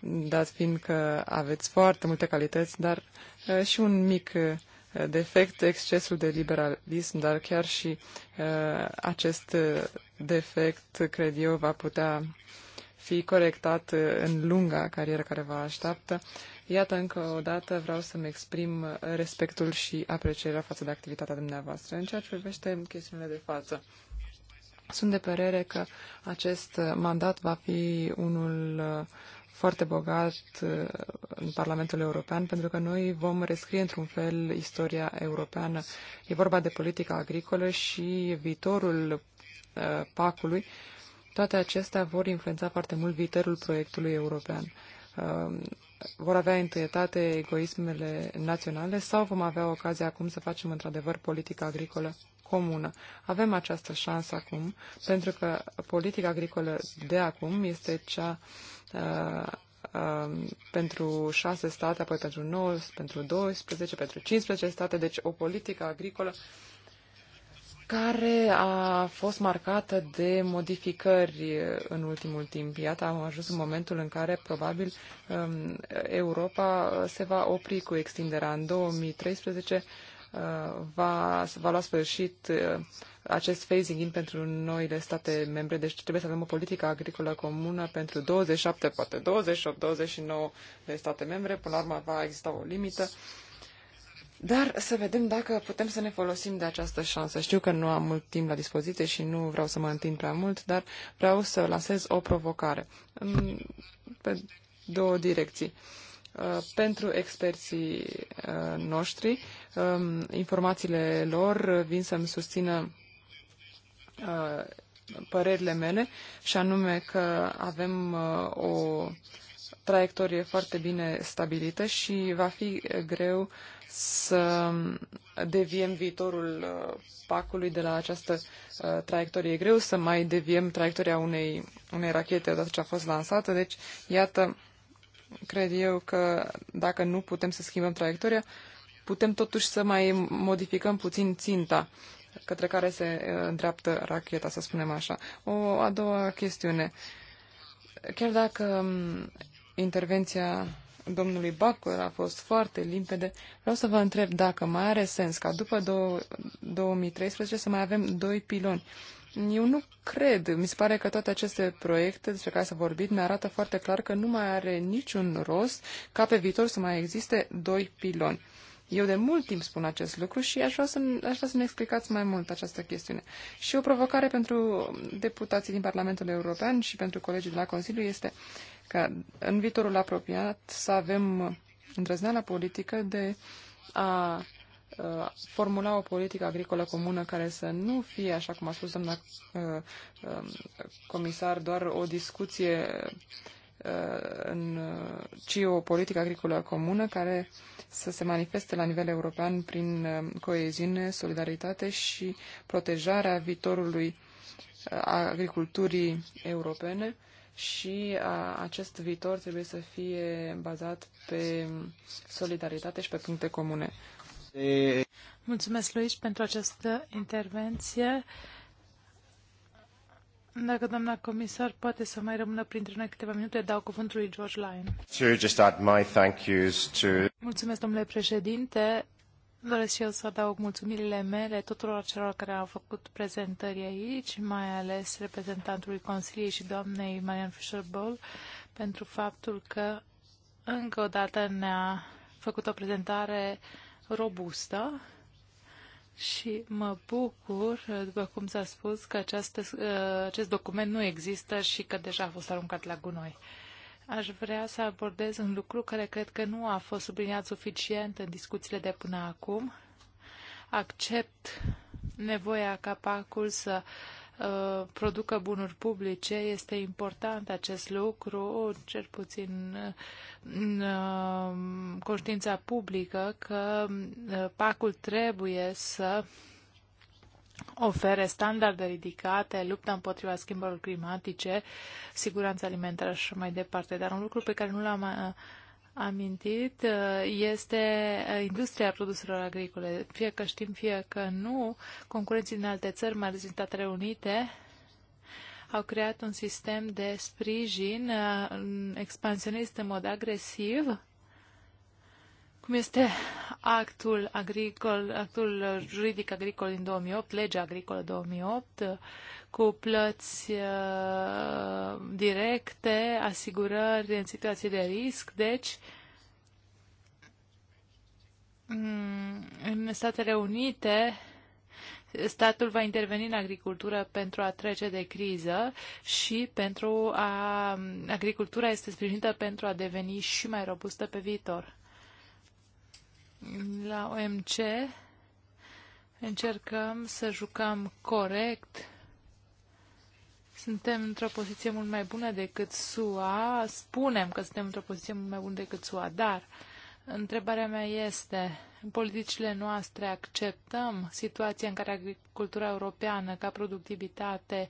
dat fiind că aveți foarte multe calități, dar uh, și un mic defect, excesul de liberalism, dar chiar și acest defect, cred eu, va putea fi corectat uh, în lunga carieră care vă așteaptă. Iată, încă o dată vreau să-mi exprim uh, respectul și aprecierea față de activitatea dumneavoastră. În ceea ce privește chestiunile de față, sunt de părere că acest uh, mandat va fi unul foarte bogat în Parlamentul European, pentru că noi vom rescrie într-un fel istoria europeană. E vorba de politica agricolă și viitorul pacului. Uh, toate acestea vor influența foarte mult viitorul proiectului european. Um, vor avea întâietate egoismele naționale sau vom avea ocazia acum să facem într-adevăr politică agricolă comună. Avem această șansă acum, pentru că politica agricolă de acum este cea uh, uh, pentru șase state, apoi pentru 9, pentru 12, pentru 15 state, deci o politică agricolă uh, care a fost marcată de modificări în ultimul timp. Iată, am ajuns în momentul în care probabil um, Europa se va opri cu extinderea. În 2013 uh, va, va lua sfârșit uh, acest phasing in pentru noile state membre, deci trebuie să avem o politică agricolă comună pentru 27, poate 28, 29 de state membre, până la urmă va exista o limită dar să vedem dacă putem să ne folosim de această șansă. Știu că nu am mult timp la dispoziție și nu vreau să mă întind prea mult, dar vreau să lansez o provocare pe două direcții. Uh, pentru experții uh, noștri, um, informațiile lor vin să-mi susțină uh, părerile mele și anume că avem o traiectorie foarte bine stabilită și va fi greu să deviem viitorul uh, pacului de la această uh, traiectorie. E greu să mai deviem traiectoria unei, unei rachete odată ce a fost lansată, deci iată, cred eu că dacă nu putem să schimbăm traiectoria, putem totuși să mai modificăm puțin ținta către care se uh, îndreaptă racheta, să spunem așa. O a doua chestiune. Chiar dacă um, intervenția domnului Bacur a fost foarte limpede. Vreau să vă întreb dacă mai are sens ca după 2013 să mai avem doi piloni. Eu nu cred. Mi se pare că toate aceste proiecte despre care s-a vorbit ne arată foarte clar că nu mai are niciun rost ca pe viitor să mai existe doi piloni. Eu de mult timp spun acest lucru și aș vrea, să, aș vrea să-mi explicați mai mult această chestiune. Și o provocare pentru deputații din Parlamentul European și pentru colegii de la Consiliu este ca în viitorul apropiat să avem îndrăzneala politică de a formula o politică agricolă comună care să nu fie, așa cum a spus doamna comisar, doar o discuție, în, ci o politică agricolă comună care să se manifeste la nivel european prin coeziune, solidaritate și protejarea viitorului agriculturii europene și a, acest viitor trebuie să fie bazat pe solidaritate și pe puncte comune. Mulțumesc, Luis, pentru această intervenție. Dacă doamna comisar poate să mai rămână printre noi câteva minute, dau cuvântul lui George Lyon. Mulțumesc, domnule președinte. Doresc și eu să adaug mulțumirile mele tuturor celor care au făcut prezentări aici, mai ales reprezentantului Consiliei și doamnei Marian Fischer-Boll, pentru faptul că încă o dată ne-a făcut o prezentare robustă și mă bucur, după cum s-a spus, că această, uh, acest document nu există și că deja a fost aruncat la gunoi aș vrea să abordez un lucru care cred că nu a fost subliniat suficient în discuțiile de până acum. Accept nevoia ca pacul să uh, producă bunuri publice. Este important acest lucru, cel puțin uh, în uh, conștiința publică, că uh, pacul trebuie să uh, ofere standarde ridicate, lupta împotriva schimbărilor climatice, siguranța alimentară și mai departe. Dar un lucru pe care nu l-am uh, amintit uh, este uh, industria produselor agricole. Fie că știm, fie că nu, concurenții din alte țări, mai ales din Statele Unite, au creat un sistem de sprijin expansionist în mod agresiv cum este actul agricol, actul juridic agricol din 2008, legea agricolă 2008, cu plăți uh, directe, asigurări în situații de risc, deci mm, în Statele Unite statul va interveni în agricultură pentru a trece de criză și pentru a agricultura este sprijinită pentru a deveni și mai robustă pe viitor. La OMC încercăm să jucăm corect. Suntem într-o poziție mult mai bună decât SUA. Spunem că suntem într-o poziție mult mai bună decât SUA, dar întrebarea mea este, în politicile noastre acceptăm situația în care agricultura europeană ca productivitate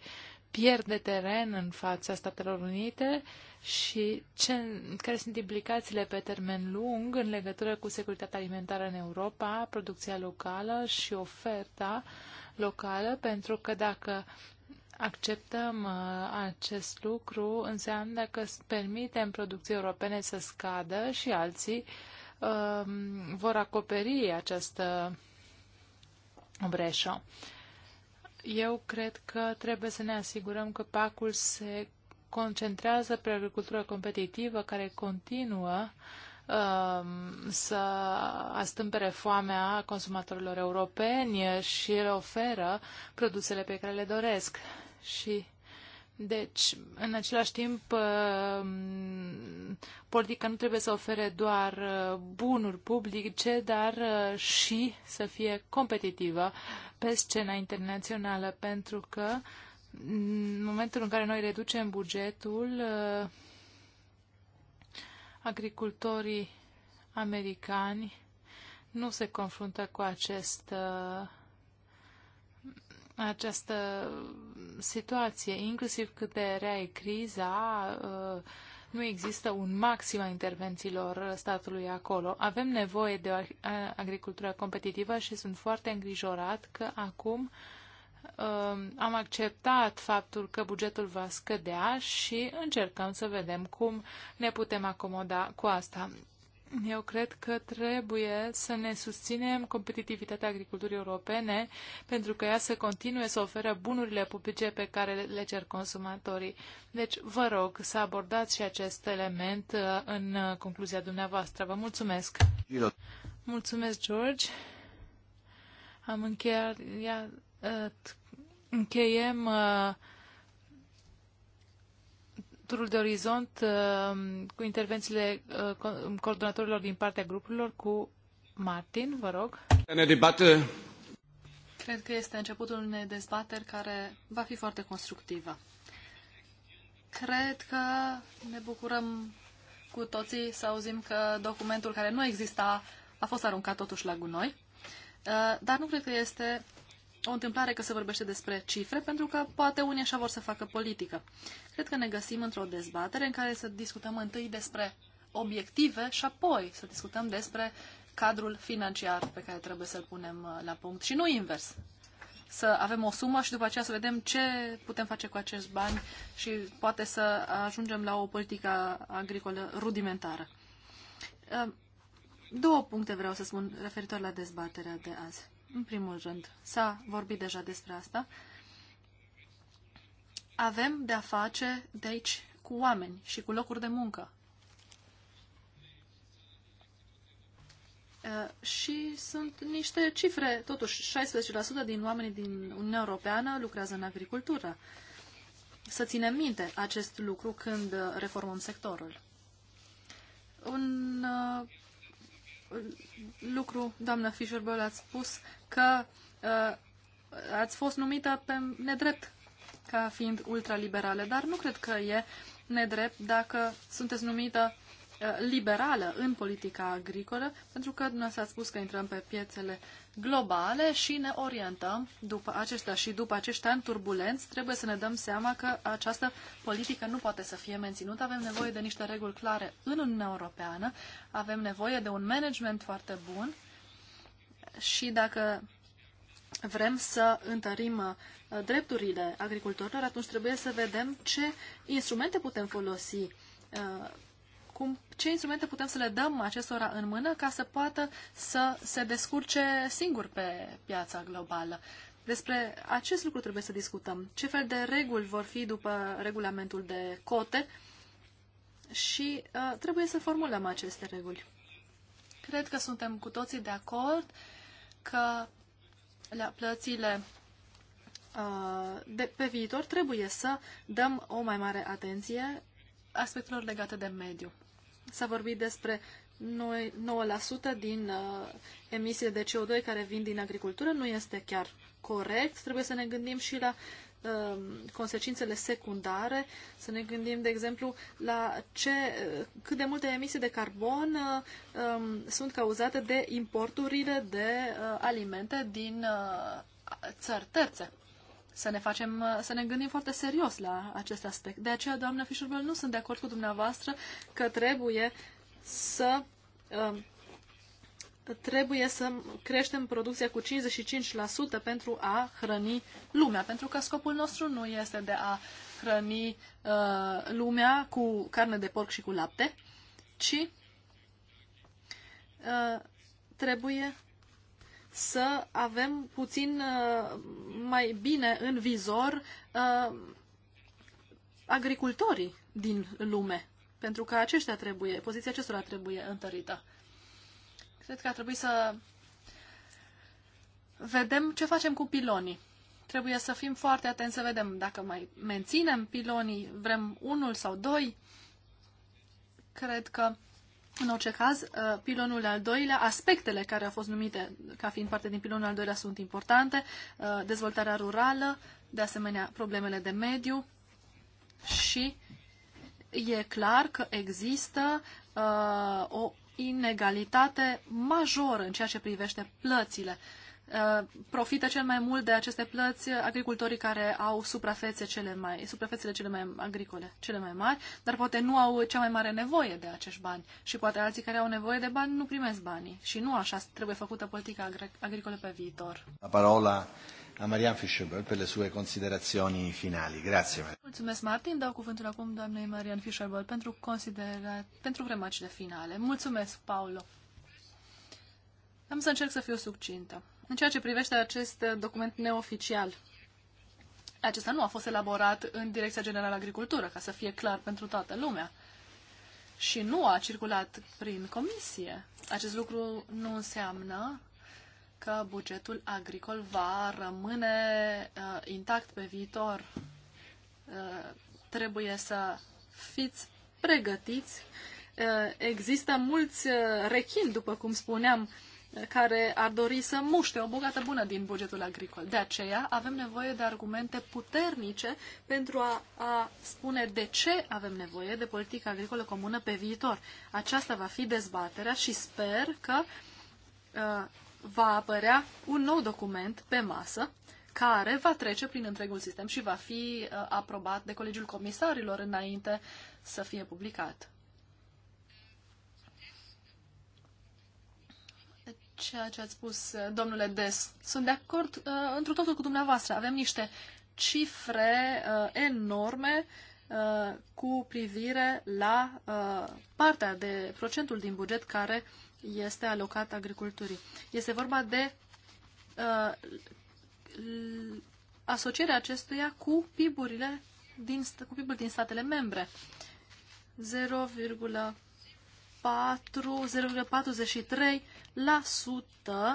pierde teren în fața Statelor Unite și ce, care sunt implicațiile pe termen lung în legătură cu securitatea alimentară în Europa, producția locală și oferta locală, pentru că dacă acceptăm uh, acest lucru, înseamnă că permitem producției europene să scadă și alții um, vor acoperi această breșă. Uh, eu cred că trebuie să ne asigurăm că pacul se concentrează pe agricultura competitivă care continuă um, să astâmpere foamea consumatorilor europeni și le oferă produsele pe care le doresc. Și deci, în același timp, um, politica nu trebuie să ofere doar uh, bunuri publice, dar uh, și să fie competitivă pe scena internațională, pentru că în momentul în care noi reducem bugetul, uh, agricultorii americani nu se confruntă cu acest, uh, această situație, inclusiv cât de rea e criza, uh, nu există un maxim a intervențiilor statului acolo. Avem nevoie de o agricultură competitivă și sunt foarte îngrijorat că acum um, am acceptat faptul că bugetul va scădea și încercăm să vedem cum ne putem acomoda cu asta. Eu cred că trebuie să ne susținem competitivitatea agriculturii europene pentru că ea să continue să oferă bunurile publice pe care le cer consumatorii. Deci vă rog să abordați și acest element uh, în uh, concluzia dumneavoastră. Vă mulțumesc! Mulțumesc, George! Am încheiat... Uh, încheiem turul de orizont uh, cu intervențiile uh, coordonatorilor din partea grupurilor cu Martin, vă rog. Cred că este începutul unei dezbateri care va fi foarte constructivă. Cred că ne bucurăm cu toții să auzim că documentul care nu exista a fost aruncat totuși la gunoi, uh, dar nu cred că este o întâmplare că se vorbește despre cifre, pentru că poate unii așa vor să facă politică. Cred că ne găsim într-o dezbatere în care să discutăm întâi despre obiective și apoi să discutăm despre cadrul financiar pe care trebuie să-l punem uh, la punct și nu invers. Să avem o sumă și după aceea să vedem ce putem face cu acești bani și poate să ajungem la o politică agricolă rudimentară. Uh, Două puncte vreau să spun referitor la dezbaterea de azi. În primul rând, s-a vorbit deja despre asta. Avem de-a face de aici cu oameni și cu locuri de muncă. Și sunt niște cifre, totuși 16% din oamenii din Uniunea Europeană lucrează în agricultură. Să ținem minte acest lucru când reformăm sectorul. Un lucru, doamna Fischer-Böll, ați spus că uh, ați fost numită pe nedrept ca fiind ultraliberală, dar nu cred că e nedrept dacă sunteți numită uh, liberală în politica agricolă, pentru că s-a spus că intrăm pe piețele globale și ne orientăm după aceștia și după acești ani turbulenți, trebuie să ne dăm seama că această politică nu poate să fie menținută. Avem nevoie de niște reguli clare în Uniunea Europeană, avem nevoie de un management foarte bun și dacă vrem să întărim uh, drepturile agricultorilor, atunci trebuie să vedem ce instrumente putem folosi, uh, cum, ce instrumente putem să le dăm acestora în mână ca să poată să se descurce singur pe piața globală. Despre acest lucru trebuie să discutăm. Ce fel de reguli vor fi după regulamentul de cote și uh, trebuie să formulăm aceste reguli. Cred că suntem cu toții de acord uh, că la plățile uh, de, pe viitor trebuie să dăm o mai mare atenție aspectelor legate de mediu. S-a vorbit despre 9% din uh, emisiile de CO2 care vin din agricultură nu este chiar corect. Trebuie să ne gândim și la Um, consecințele secundare, să ne gândim, de exemplu, la ce, cât de multe emisii de carbon uh, um, sunt cauzate de importurile de uh, alimente din uh, țări terțe. Să ne, facem, să ne gândim foarte serios la acest aspect. De aceea, doamna Fischerville, nu sunt de acord cu dumneavoastră că trebuie să um, trebuie să creștem producția cu 55% pentru a hrăni lumea, pentru că scopul nostru nu este de a hrăni uh, lumea cu carne de porc și cu lapte, ci uh, trebuie să avem puțin uh, mai bine în vizor uh, agricultorii din lume, pentru că aceștia trebuie, poziția acestora trebuie întărită. Cred că ar trebui să vedem ce facem cu pilonii. Trebuie să fim foarte atenți să vedem dacă mai menținem pilonii, vrem unul sau doi. Cred că, în orice caz, uh, pilonul al doilea, aspectele care au fost numite ca fiind parte din pilonul al doilea sunt importante, uh, dezvoltarea rurală, de asemenea problemele de mediu și e clar că există uh, o inegalitate majoră în ceea ce privește plățile. Uh, profită cel mai mult de aceste plăți agricultorii care au suprafețe cele mai, suprafețele cele mai agricole, cele mai mari, dar poate nu au cea mai mare nevoie de acești bani. Și poate alții care au nevoie de bani nu primesc banii. Și nu așa trebuie făcută politica agricolă pe viitor. La parola a Marian Fischerberg per le sue considerazioni finali. Grazie. Mulțumesc, Martin. Dau cuvântul acum doamnei Marian Fischerberg pentru, considera... pentru remarcile finale. Mulțumesc, Paolo. Am să încerc să fiu succintă. În ceea ce privește acest document neoficial, acesta nu a fost elaborat în Direcția Generală Agricultură, ca să fie clar pentru toată lumea. Și nu a circulat prin comisie. Acest lucru nu înseamnă că bugetul agricol va rămâne uh, intact pe viitor. Uh, trebuie să fiți pregătiți. Uh, există mulți uh, rechin, după cum spuneam, uh, care ar dori să muște o bogată bună din bugetul agricol. De aceea avem nevoie de argumente puternice pentru a, a spune de ce avem nevoie de politică agricolă comună pe viitor. Aceasta va fi dezbaterea și sper că uh, va apărea un nou document pe masă care va trece prin întregul sistem și va fi uh, aprobat de Colegiul Comisarilor înainte să fie publicat. Ceea ce ați spus, uh, domnule Des, sunt de acord uh, întru totul cu dumneavoastră. Avem niște cifre uh, enorme uh, cu privire la uh, partea de procentul din buget care uh, este alocat agriculturii. Este vorba de uh, asocierea acestuia cu PIB-urile din, cu PIB-ul din statele membre. 0,43%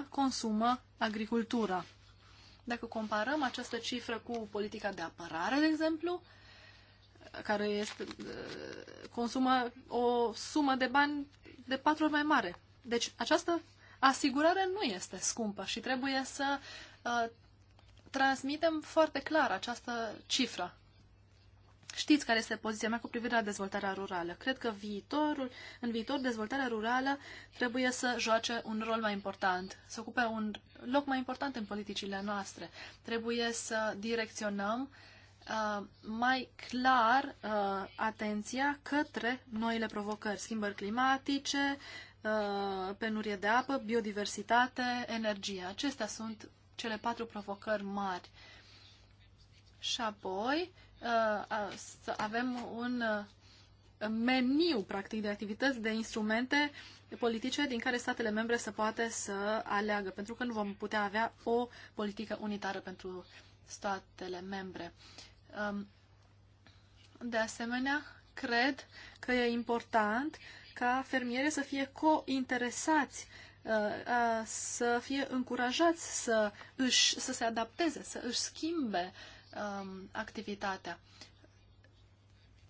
consumă agricultura. Dacă comparăm această cifră cu politica de apărare, de exemplu, care este, uh, consumă o sumă de bani de patru ori mai mare. Deci această asigurare nu este scumpă și trebuie să uh, transmitem foarte clar această cifră. Știți care este poziția mea cu privire la dezvoltarea rurală. Cred că viitorul, în viitor dezvoltarea rurală trebuie să joace un rol mai important, să ocupe un loc mai important în politicile noastre. Trebuie să direcționăm uh, mai clar uh, atenția către noile provocări, schimbări climatice, Uh, penurie de apă, biodiversitate, energie. Acestea sunt cele patru provocări mari. Și apoi uh, să avem un uh, meniu, practic, de activități, de instrumente politice din care statele membre să poate să aleagă, pentru că nu vom putea avea o politică unitară pentru statele membre. Um, de asemenea, cred că e important uh, ca fermiere să fie co uh, uh, să fie încurajați să, își, să se adapteze, să își schimbe um, activitatea.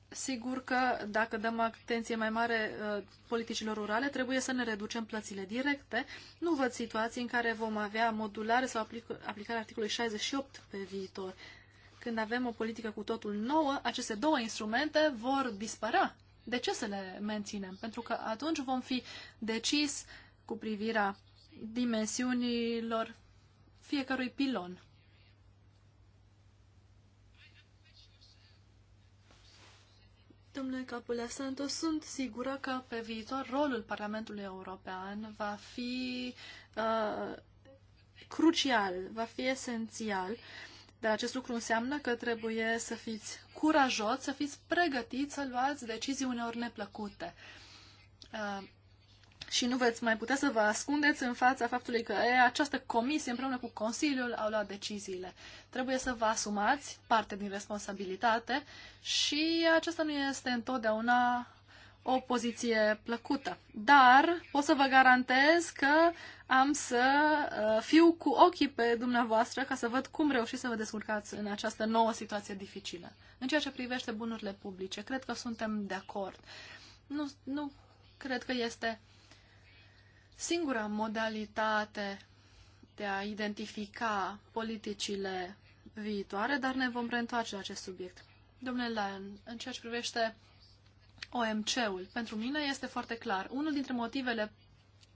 Sigur că dacă dăm atenție mai mare uh, politicilor rurale, trebuie să ne reducem plățile directe. Nu văd situații în care vom avea modulare sau aplic- aplicarea articolului 68 pe viitor. Când avem o politică cu totul nouă, aceste două instrumente vor dispărea de ce să le menținem? Pentru că atunci vom fi decis cu privirea dimensiunilor fiecărui pilon. Domnule Capulea Santos, sunt sigură că pe viitor rolul Parlamentului European va fi uh, crucial, va fi esențial. Uh, dar acest lucru înseamnă că trebuie să fiți curajos, să fiți pregătiți să luați decizii uneori neplăcute. Uh, și nu veți mai putea să vă ascundeți în fața faptului că e, această comisie împreună cu Consiliul au luat deciziile. Trebuie să vă asumați parte din responsabilitate și aceasta nu este întotdeauna o poziție plăcută. Dar pot să vă garantez că am să uh, fiu cu ochii pe dumneavoastră ca să văd cum reușiți să vă descurcați în această nouă situație dificilă. În ceea ce privește bunurile publice, cred că suntem de acord. Nu, nu cred că este singura modalitate de a identifica politicile viitoare, dar ne vom reîntoarce la acest subiect. Domnule Lyon, în ceea ce privește OMC-ul. Pentru mine este foarte clar. Unul dintre motivele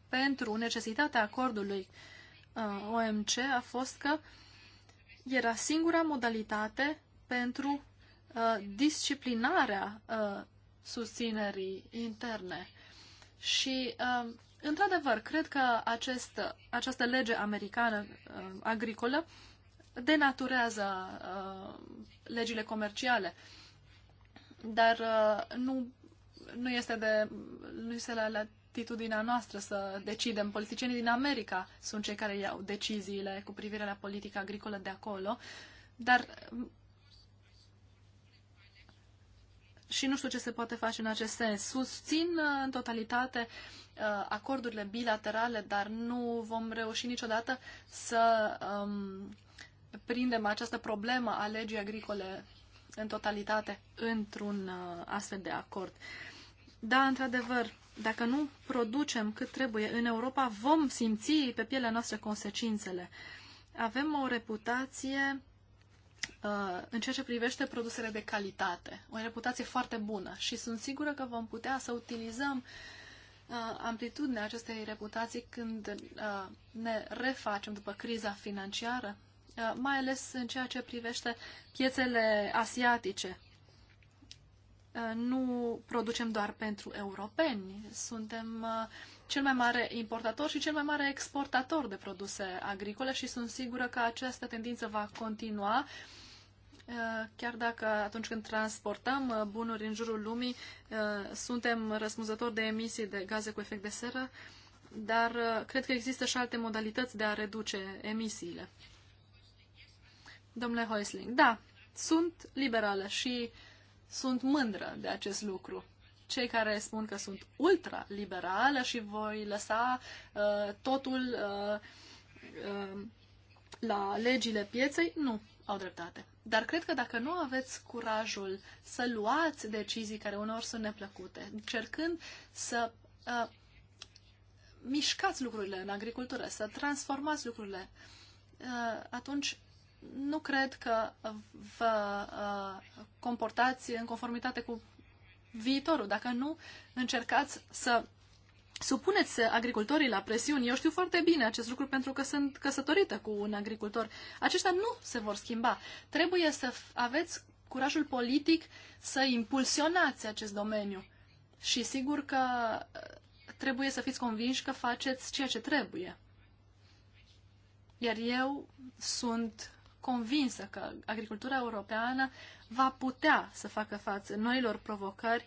pentru necesitatea acordului uh, OMC a fost că era singura modalitate pentru uh, disciplinarea uh, susținerii interne. Și, uh, într-adevăr, cred că acest, această lege americană uh, agricolă denaturează uh, legile comerciale, dar uh, nu nu este, de, nu este la latitudinea noastră să decidem. Politicienii din America sunt cei care iau deciziile cu privire la politica agricolă de acolo, dar mm, și nu știu ce se poate face în acest sens. Susțin uh, în totalitate uh, acordurile bilaterale, dar nu vom reuși niciodată să um, prindem această problemă a legii agricole în totalitate într-un uh, astfel de acord. Da, într-adevăr, dacă nu producem cât trebuie în Europa, vom simți pe pielea noastră consecințele. Avem o reputație uh, în ceea ce privește produsele de calitate, o reputație foarte bună și sunt sigură că vom putea să utilizăm uh, amplitudinea acestei reputații când uh, ne refacem după criza financiară, mai ales în ceea ce privește piețele asiatice. Uh, nu producem doar pentru europeni. Suntem uh, cel mai mare importator și cel mai mare exportator de produse agricole și sunt sigură că această tendință va continua uh, chiar dacă atunci când transportăm bunuri în jurul lumii suntem răspunzători de emisii de gaze cu efect de seră, dar cred că există și alte modalități de a reduce emisiile. Domnule Heusling, da, sunt liberală și uh, sunt mândră de acest lucru. Cei care spun că sunt ultraliberală și voi lăsa uh, totul uh, uh, la legile pieței, nu au dreptate. Dar cred că dacă nu aveți curajul să luați decizii care uneori sunt neplăcute, încercând să uh, mișcați lucrurile în agricultură, să transformați lucrurile, uh, atunci nu cred că vă uh, comportați în conformitate cu viitorul. Dacă nu, încercați să supuneți agricultorii la presiuni. Eu știu foarte bine acest lucru pentru că sunt căsătorită cu un agricultor. Aceștia nu se vor schimba. Trebuie să aveți curajul politic să impulsionați acest domeniu. Și sigur că uh, trebuie să fiți convinși că faceți ceea ce trebuie. Iar eu sunt convinsă că agricultura europeană va putea să facă față noilor provocări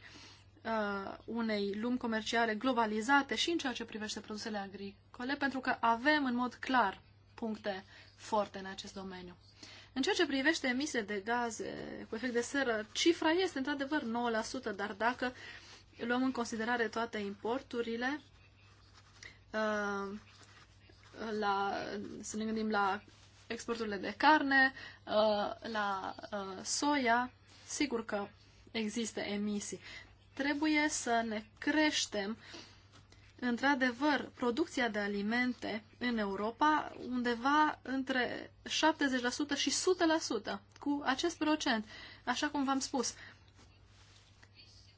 uh, unei lumi comerciale globalizate și în ceea ce privește produsele agricole, pentru că avem în mod clar puncte forte în acest domeniu. În ceea ce privește emisiile de gaze cu efect de seră, cifra este într-adevăr 9%, dar dacă luăm în considerare toate importurile, uh, la, să ne gândim la exporturile de carne, uh, la uh, soia, sigur că există emisii. Trebuie să ne creștem într-adevăr producția de alimente în Europa undeva între 70% și 100% cu acest procent. Așa cum v-am spus,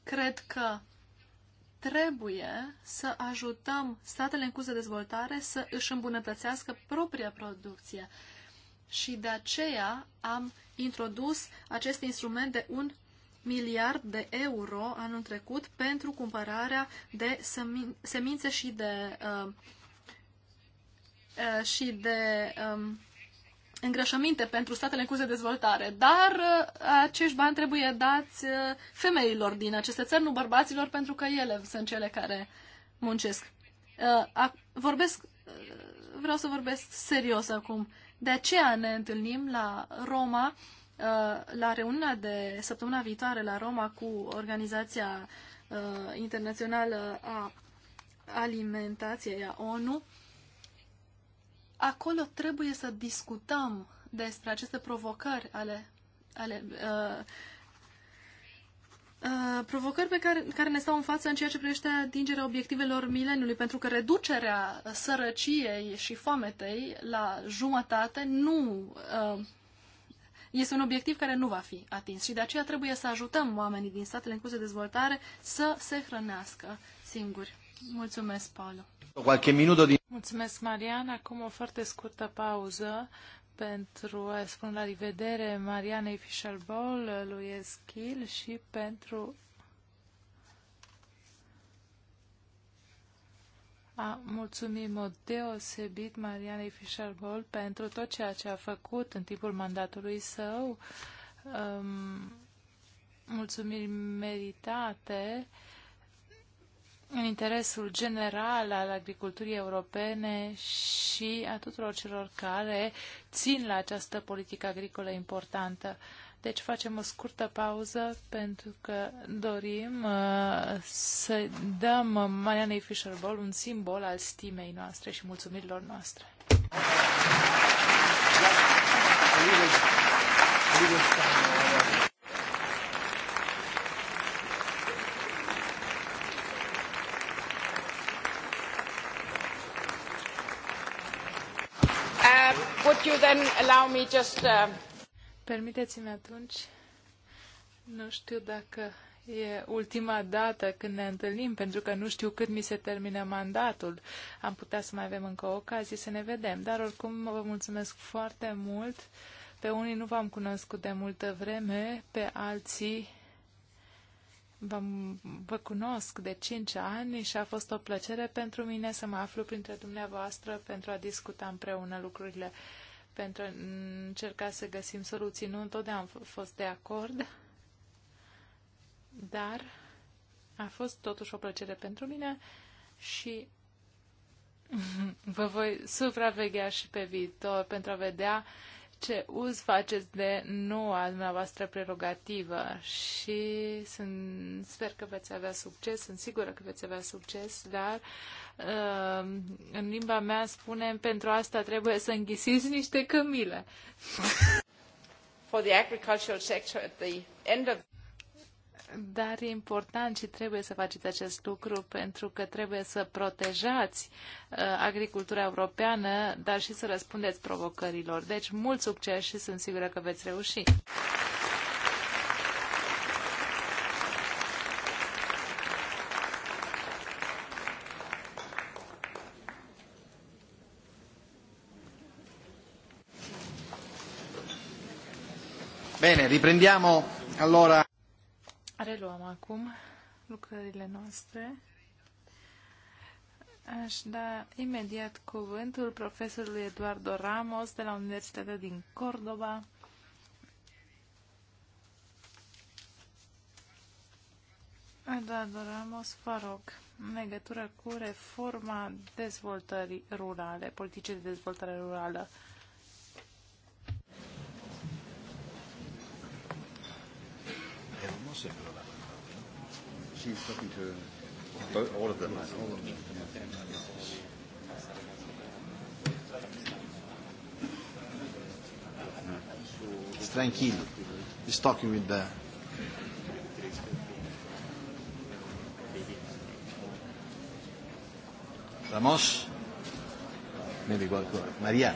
cred că trebuie să ajutăm statele în curs de dezvoltare să își îmbunătățească propria producție și de aceea am introdus acest instrument de un miliard de euro anul trecut pentru cumpărarea de semințe și de, uh, uh, și de um, îngrășăminte pentru statele în curs de dezvoltare, dar uh, acești bani trebuie dați uh, femeilor din aceste țări, nu bărbaților, pentru că ele sunt cele care muncesc. Uh, vorbesc, vreau să vorbesc serios acum. De aceea ne întâlnim la Roma, uh, la reuniunea de săptămâna viitoare la Roma cu Organizația uh, Internațională a Alimentației, a ONU. Acolo trebuie să discutăm despre aceste provocări ale, ale uh, Uh, provocări pe care, care ne stau în față în ceea ce privește atingerea obiectivelor mileniului, pentru că reducerea sărăciei și foametei la jumătate nu uh, este un obiectiv care nu va fi atins și de aceea trebuie să ajutăm oamenii din statele în curs de dezvoltare să se hrănească singuri. Mulțumesc, Paolo. Mulțumesc, Marian. Acum o foarte scurtă pauză pentru a spune la revedere Marianei fischer Ball, lui Eschil și pentru a mulțumi în mod deosebit Marianei fischer Ball pentru tot ceea ce a făcut în timpul mandatului său. Um, mulțumiri meritate în interesul general al agriculturii europene și a tuturor celor care țin la această politică agricolă importantă. Deci facem o scurtă pauză pentru că dorim uh, să dăm Marianei Fisher Ball un simbol al stimei noastre și mulțumirilor noastre. Uh, Permiteți-mi atunci, nu știu dacă e ultima dată când ne întâlnim, pentru că nu știu cât mi se termină mandatul. Am putea să mai avem încă o ocazie să ne vedem, dar oricum vă mulțumesc foarte mult. Pe unii nu v-am cunoscut de multă vreme, pe alții vă, vă cunosc de 5 ani și a fost o plăcere pentru mine să mă aflu printre dumneavoastră pentru a discuta împreună lucrurile pentru a încerca să găsim soluții. Nu întotdeauna am fost de acord, dar a fost totuși o plăcere pentru mine și vă voi supraveghea și pe viitor pentru a vedea ce uz faceți de noua dumneavoastră prerogativă și sunt, sper că veți avea succes, sunt sigură că veți avea succes, dar uh, în limba mea spunem pentru asta trebuie să înghisiți niște cămile. For the agricultural sector at the end of dar e important și trebuie să faceți acest lucru pentru că trebuie să protejați uh, agricultura europeană, dar și să răspundeți provocărilor. Deci, mult succes și sunt sigură că veți reuși. Bene, riprendiamo allora. Reluăm acum lucrările noastre. Aș da imediat cuvântul profesorului Eduardo Ramos de la Universitatea din Cordoba. Eduardo Ramos, vă rog, în legătură cu reforma dezvoltării rurale, politicii de dezvoltare rurală. She's talking to all of them. All of them. It's tranquilo. He's talking with the Ramos. Maybe Maria.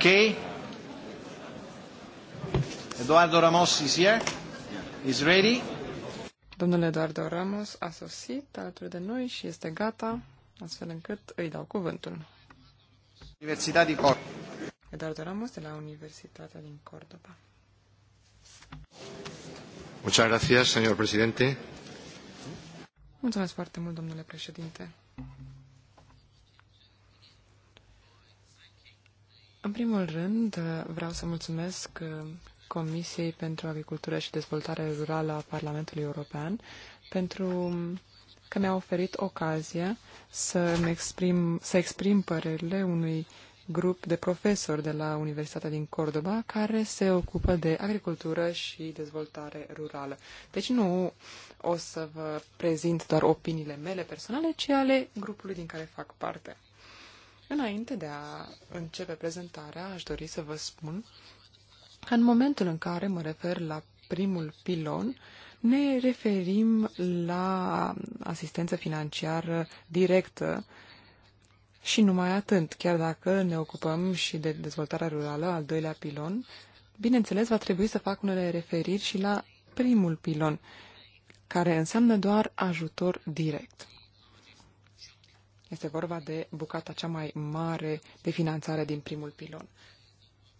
Ok. Eduardo Ramos is here. Is ready. Domnul Eduardo Ramos a sosit alături de noi și este gata, astfel încât îi dau cuvântul. Universitatea din Cordoba. Eduardo Ramos de la Universitatea din Cordoba. Muchas gracias, señor presidente. Mulțumesc foarte mult, domnule președinte. În primul rând, vreau să mulțumesc uh, Comisiei pentru Agricultură și Dezvoltare Rurală a Parlamentului European pentru că mi-a oferit ocazia să, exprim, să exprim părerile unui grup de profesori de la Universitatea din Cordoba care se ocupă de agricultură și dezvoltare rurală. Deci nu o să vă prezint doar opiniile mele personale, ci ale grupului din care fac parte. Înainte de a începe prezentarea, aș dori să vă spun că în momentul în care mă refer la primul pilon, ne referim la asistență financiară directă și numai atât, chiar dacă ne ocupăm și de dezvoltarea rurală, al doilea pilon, bineînțeles va trebui să fac unele referiri și la primul pilon, care înseamnă doar ajutor direct. Este vorba de bucata cea mai mare de finanțare din primul pilon.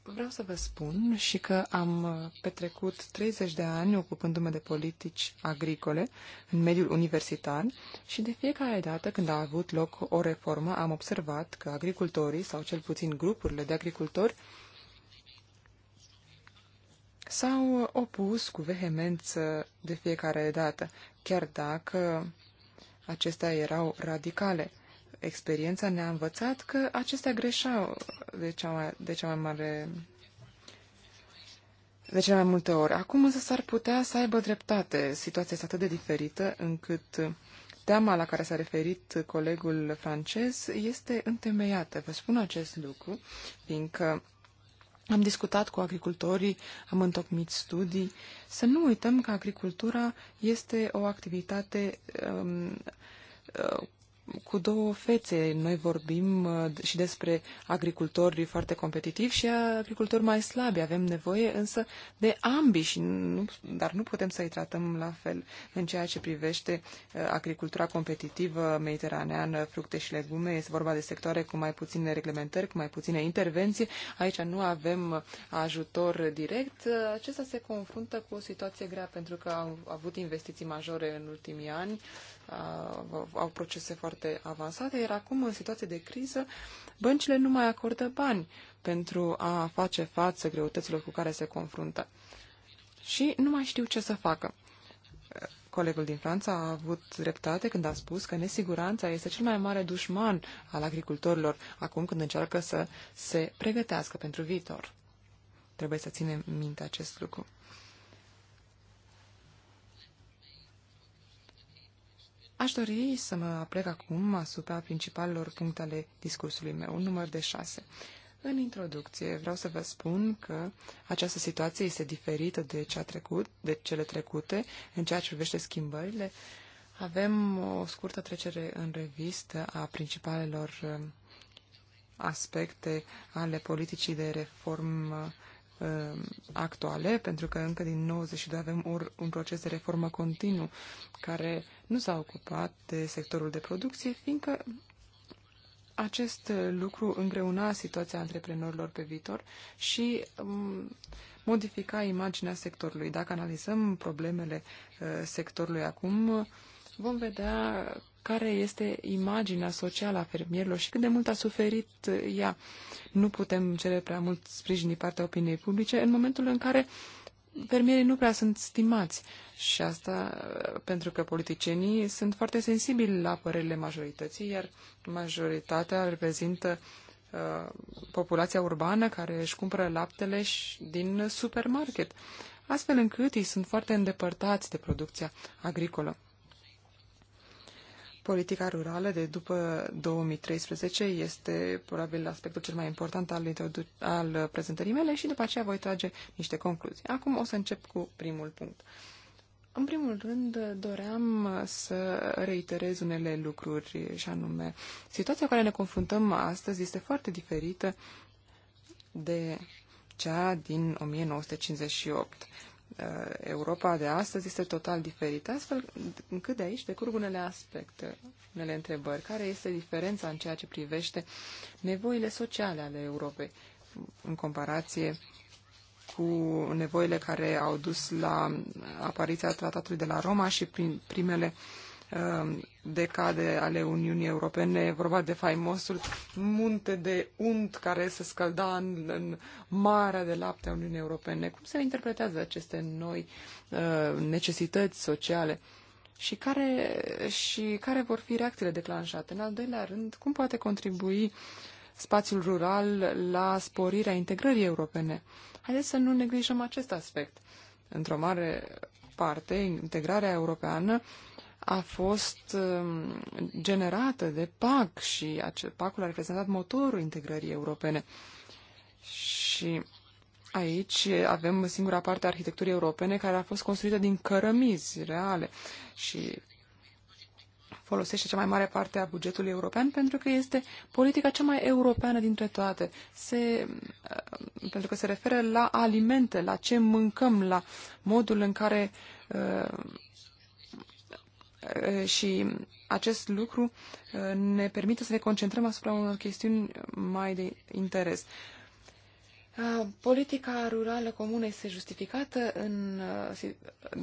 Vreau să vă spun și că am petrecut 30 de ani ocupându-mă de politici agricole în mediul universitar și de fiecare dată când a avut loc o reformă am observat că agricultorii sau cel puțin grupurile de agricultori s-au opus cu vehemență de fiecare dată, chiar dacă acestea erau radicale experiența ne-a învățat că acestea greșeau de cea mai, de cea mai mare de cele mai multe ori. Acum însă s-ar putea să aibă dreptate. Situația este atât de diferită încât teama la care s-a referit colegul francez este întemeiată. Vă spun acest lucru, fiindcă am discutat cu agricultorii, am întocmit studii. Să nu uităm că agricultura este o activitate um, uh, cu două fețe. Noi vorbim uh, și despre agricultori foarte competitivi și agricultori mai slabi. Avem nevoie însă de ambii, și nu, dar nu putem să-i tratăm la fel în ceea ce privește uh, agricultura competitivă mediteraneană, fructe și legume. Este vorba de sectoare cu mai puține reglementări, cu mai puține intervenții. Aici nu avem uh, ajutor direct. Acesta se confruntă cu o situație grea pentru că au avut investiții majore în ultimii ani au procese foarte avansate, iar acum, în situație de criză, băncile nu mai acordă bani pentru a face față greutăților cu care se confruntă. Și nu mai știu ce să facă. Colegul din Franța a avut dreptate când a spus că nesiguranța este cel mai mare dușman al agricultorilor acum când încearcă să se pregătească pentru viitor. Trebuie să ținem minte acest lucru. Aș dori să mă aplec acum asupra principalelor puncte ale discursului meu, număr de șase. În introducție vreau să vă spun că această situație este diferită de, cea trecut, de cele trecute în ceea ce privește schimbările. Avem o scurtă trecere în revistă a principalelor um, aspecte ale politicii de reformă Uh, actuale, pentru că încă din 92 avem or, un proces de reformă continuu care nu s-a ocupat de sectorul de producție, fiindcă acest lucru îngreuna situația antreprenorilor pe viitor și um, modifica imaginea sectorului. Dacă analizăm problemele uh, sectorului acum, vom vedea care este imaginea socială a fermierilor și cât de mult a suferit uh, ea. Nu putem cere prea mult sprijin din partea opiniei publice în momentul în care fermierii nu prea sunt stimați și asta uh, pentru că politicienii sunt foarte sensibili la părerile majorității, iar majoritatea reprezintă uh, populația urbană care își cumpără laptele din supermarket, astfel încât ei sunt foarte îndepărtați de producția agricolă. Politica rurală de după 2013 este probabil aspectul cel mai important al, al prezentării mele și după aceea voi trage niște concluzii. Acum o să încep cu primul punct. În primul rând, doream să reiterez unele lucruri, și anume, situația cu care ne confruntăm astăzi este foarte diferită de cea din 1958. Uh, Europa de astăzi este total diferită, astfel încât de aici decurg unele aspecte, unele întrebări. Care este diferența în ceea ce privește nevoile sociale ale Europei în comparație cu nevoile care au dus la apariția tratatului de la Roma și prin primele uh, decade ale Uniunii Europene. E vorba de faimosul munte de unt care se scălda în, în marea de lapte a Uniunii Europene. Cum se interpretează aceste noi uh, necesități sociale? Și care, și care vor fi reacțiile declanșate? În al doilea rând, cum poate contribui spațiul rural la sporirea integrării europene? Haideți să nu neglijăm acest aspect. Într-o mare parte, integrarea europeană uh, a fost um, generată de PAC și acel PAC-ul a reprezentat motorul integrării europene. Și aici avem singura parte a arhitecturii europene care a fost construită din cărămizi reale și folosește cea mai mare parte a bugetului european pentru că este politica cea mai europeană dintre toate. Se, uh, pentru că se referă la alimente, la ce mâncăm, la modul în care uh, Eh, și acest lucru eh, ne permite să ne concentrăm asupra unor chestiuni mai de interes. Eh, politica rurală comună este justificată în,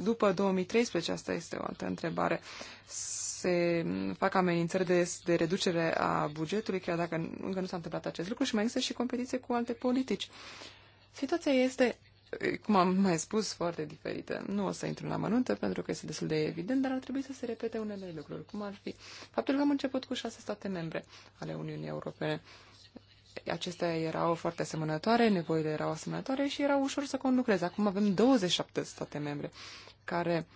după 2013? Asta este o altă întrebare. Se fac amenințări de, de reducere a bugetului, chiar dacă încă nu s-a întâmplat acest lucru și mai există și competiție cu alte politici. Situația este cum am mai spus, foarte diferite. Nu o să intru la mănuntă pentru că este destul de evident, dar ar trebui să se repete unele lucruri, cum ar fi faptul că am început cu șase state membre ale Uniunii Europene. Acestea erau foarte asemănătoare, nevoile erau asemănătoare și era ușor să conlucreze. Acum avem 27 state membre care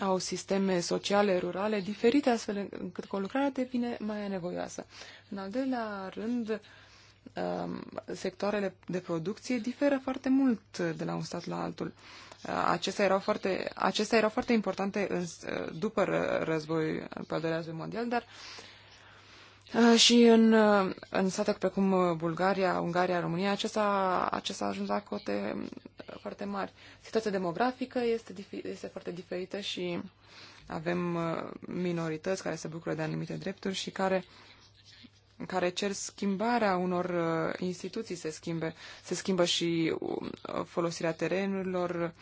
au sisteme sociale, rurale, diferite, astfel încât conlucrarea devine mai nevoioasă. În al doilea rând, uh, Um, sectoarele de producție diferă foarte mult de la un stat la altul. Uh, acestea erau foarte, acestea erau foarte importante în, uh, după război, după al doilea război mondial, dar uh, și în, în state precum Bulgaria, Ungaria, România, acesta, acesta a ajuns la cote foarte mari. Situația demografică este, este foarte diferită și avem minorități care se bucură de anumite drepturi și care uh, care cer schimbarea unor uh, instituții se schimbe. Se schimbă și um, folosirea terenurilor,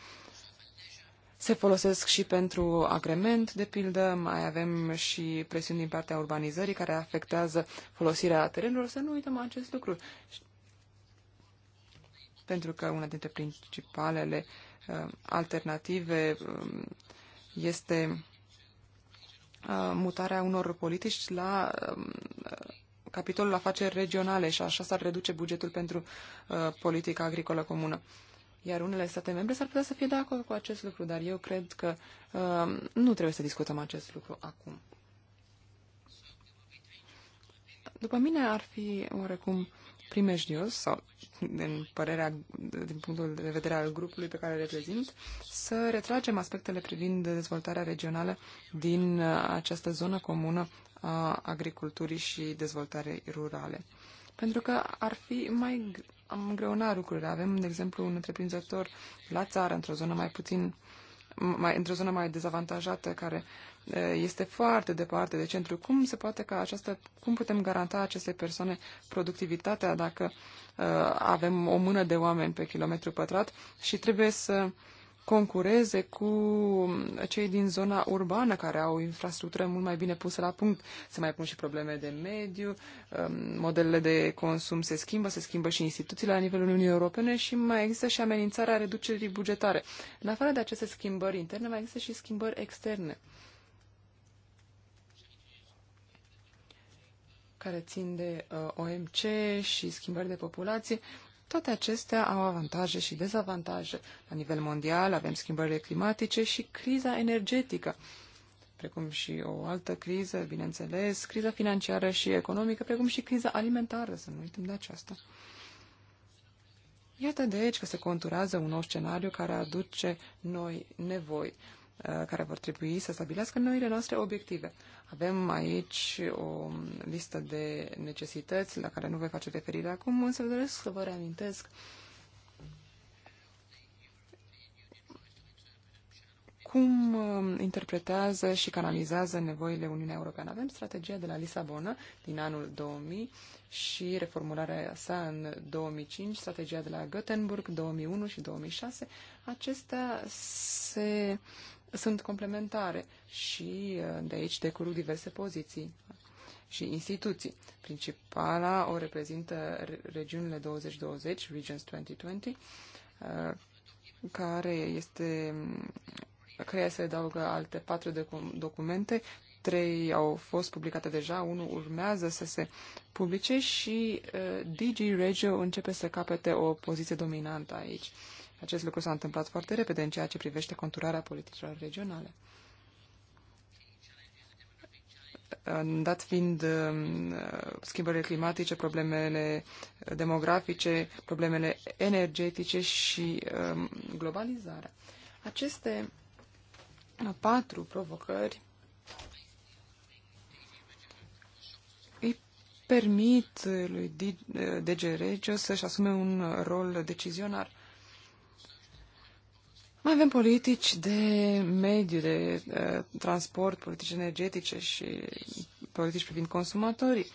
se folosesc și pentru agrement, de pildă, mai avem și presiuni din partea urbanizării care afectează folosirea terenurilor. Să nu uităm acest lucru. Pentru că una dintre principalele uh, alternative um, uh, este mutarea unor politici la um, capitolul afaceri regionale și așa s-ar reduce bugetul pentru uh, politica agricolă comună. Iar unele state membre s-ar putea să fie de acord cu acest lucru, dar eu cred că uh, nu trebuie să discutăm acest lucru acum. După mine ar fi oarecum primejdios, sau din, părerea, din punctul de vedere al grupului pe care îl reprezint, să retragem aspectele privind dezvoltarea regională din uh, această zonă comună a agriculturii și dezvoltare rurale. Pentru că ar fi mai am greuna lucrurile. Avem, de exemplu, un întreprinzător la țară, într-o zonă mai puțin, mai, într-o zonă mai dezavantajată, care este foarte departe de centru. Cum se poate ca această, cum putem garanta acestei persoane productivitatea dacă uh, avem o mână de oameni pe kilometru pătrat și trebuie să uh, concureze cu cei din zona urbană care au infrastructură mult mai bine pusă la punct. Se mai pun și probleme de mediu, um, modelele de consum se schimbă, se schimbă și instituțiile la nivelul Uniunii Europene și mai există și amenințarea reducerii bugetare. În afară de aceste schimbări interne, mai există și schimbări externe. care țin de uh, OMC și schimbări de populație. Uh, toate acestea au avantaje și dezavantaje. La nivel mondial avem schimbările climatice și criza energetică, precum și o altă criză, bineînțeles, criza financiară și economică, precum și criza alimentară, să nu uităm de aceasta. Iată deci că se conturează un nou scenariu care aduce noi nevoi. Uh, care vor trebui să stabilească noile noastre obiective. Avem aici o listă de necesități la care nu voi face referire acum, însă doresc să vă reamintesc cum uh, interpretează și canalizează nevoile Uniunea Europeană. Avem strategia de la Lisabona din anul 2000 și reformularea sa în 2005, strategia de la Göteborg 2001 și 2006. Acestea se sunt complementare și uh, de aici decurg diverse poziții și instituții. Principala o reprezintă regiunile 2020, Regions 2020, uh, care este care se adaugă alte patru documente, trei au fost publicate deja, unul urmează să se publice și uh, DG Regio începe să capete o poziție dominantă aici. Acest lucru s-a întâmplat foarte repede în ceea ce privește conturarea politicilor regionale. dat fiind um, schimbările climatice, problemele demografice, problemele energetice și um, globalizarea. Aceste patru provocări îi permit lui DG Regio să-și asume un rol decizionar mai avem politici de mediu, de uh, transport, politici energetice și politici privind consumatorii.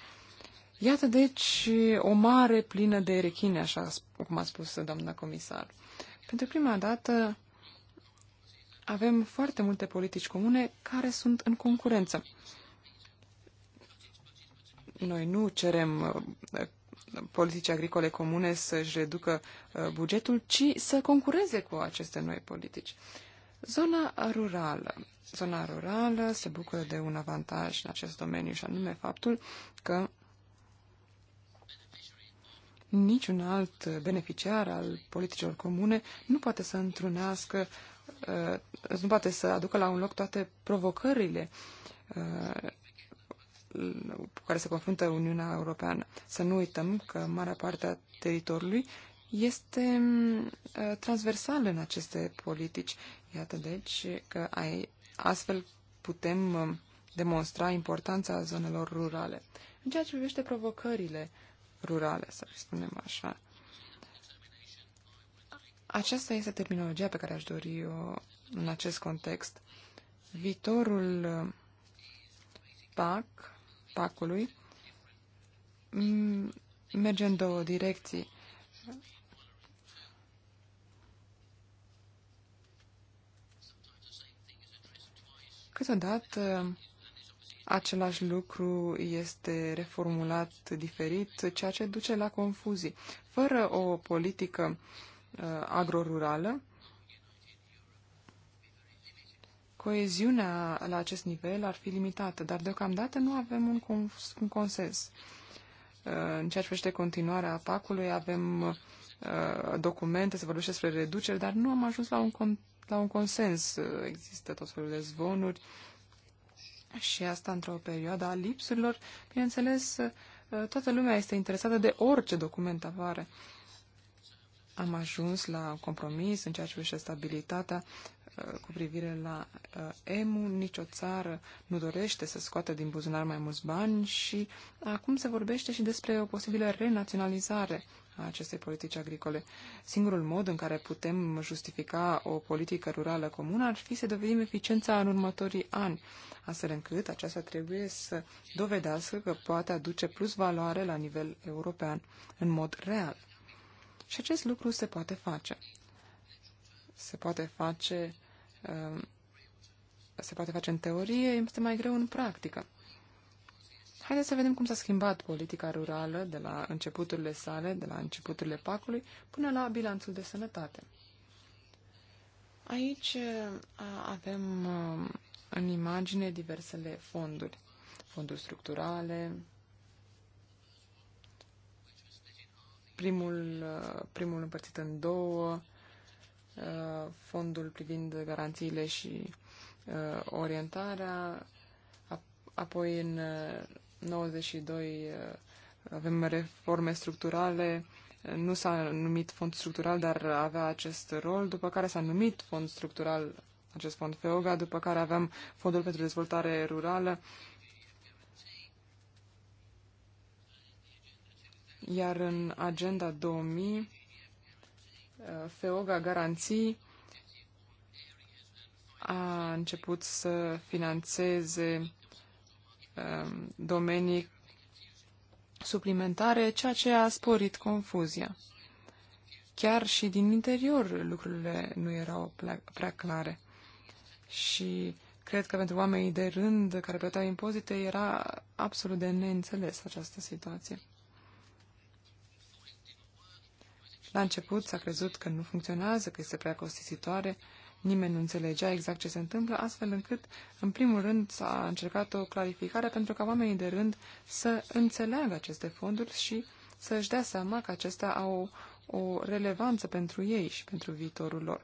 Iată, deci, o mare plină de rechine, așa cum a spus doamna comisar. Pentru prima dată avem foarte multe politici comune care sunt în concurență. Noi nu cerem uh, politicii agricole comune să-și reducă uh, bugetul, ci să concureze cu aceste noi politici. Zona rurală. Zona rurală se bucură de un avantaj în acest domeniu și anume faptul că niciun alt beneficiar al politicilor comune nu poate să întrunească, uh, nu poate să aducă la un loc toate provocările uh, cu care se confruntă Uniunea Europeană. Să nu uităm că marea parte a teritoriului este uh, transversală în aceste politici. Iată, deci, că ai, astfel putem uh, demonstra importanța zonelor rurale. În ceea ce privește provocările rurale, să spunem așa, aceasta este terminologia pe care aș dori eu în acest context. Viitorul uh, PAC atacului merge în două direcții. Câteodată același lucru este reformulat diferit, ceea ce duce la confuzii. Fără o politică uh, agrorurală, coeziunea la acest nivel ar fi limitată, dar deocamdată nu avem un, cons- un consens. Uh, în ceea ce privește continuarea PAC-ului, avem uh, documente, se vorbește despre reduceri, dar nu am ajuns la un, con- la un consens. Uh, există tot felul de zvonuri și asta într-o perioadă a lipsurilor. Bineînțeles, toată lumea este interesată de orice document apare. Am ajuns la un compromis în ceea ce privește stabilitatea, Uh, cu privire la uh, EMU. Nicio țară nu dorește să scoată din buzunar mai mulți bani și acum se vorbește și despre o posibilă renaționalizare a acestei politici agricole. Singurul mod în care putem justifica o politică rurală comună ar fi să dovedim eficiența în următorii ani, astfel încât aceasta trebuie să dovedească că poate aduce plus valoare la nivel european, în mod real. Și acest lucru se poate face. Se poate face Ehm, se poate face în teorie, este mai greu în practică. Haideți să vedem cum s-a schimbat politica rurală de la începuturile sale, de la începuturile pacului, până la bilanțul de sănătate. Aici eh, avem eh, în imagine diversele fonduri. Fonduri structurale, primul, eh, primul împărțit în două, fondul privind garanțiile și uh, orientarea, apoi în 92 uh, uh, avem reforme structurale, nu s-a numit fond structural, dar avea acest rol, după care s-a numit fond structural acest fond FEOGA, după care aveam Fondul pentru Dezvoltare Rurală, iar în Agenda 2000 FEOGA Garanții a început să financeze um, domenii suplimentare, ceea ce a sporit confuzia. Chiar și din interior lucrurile nu erau prea clare. Și cred că pentru oamenii de rând care plăteau impozite era absolut de neînțeles această situație. La început s-a crezut că nu funcționează, că este prea costisitoare, nimeni nu înțelegea exact ce se întâmplă, astfel încât, în primul rând, s-a încercat o clarificare pentru ca oamenii de rând să înțeleagă aceste fonduri și să și dea seama că acestea au o relevanță pentru ei și pentru viitorul lor.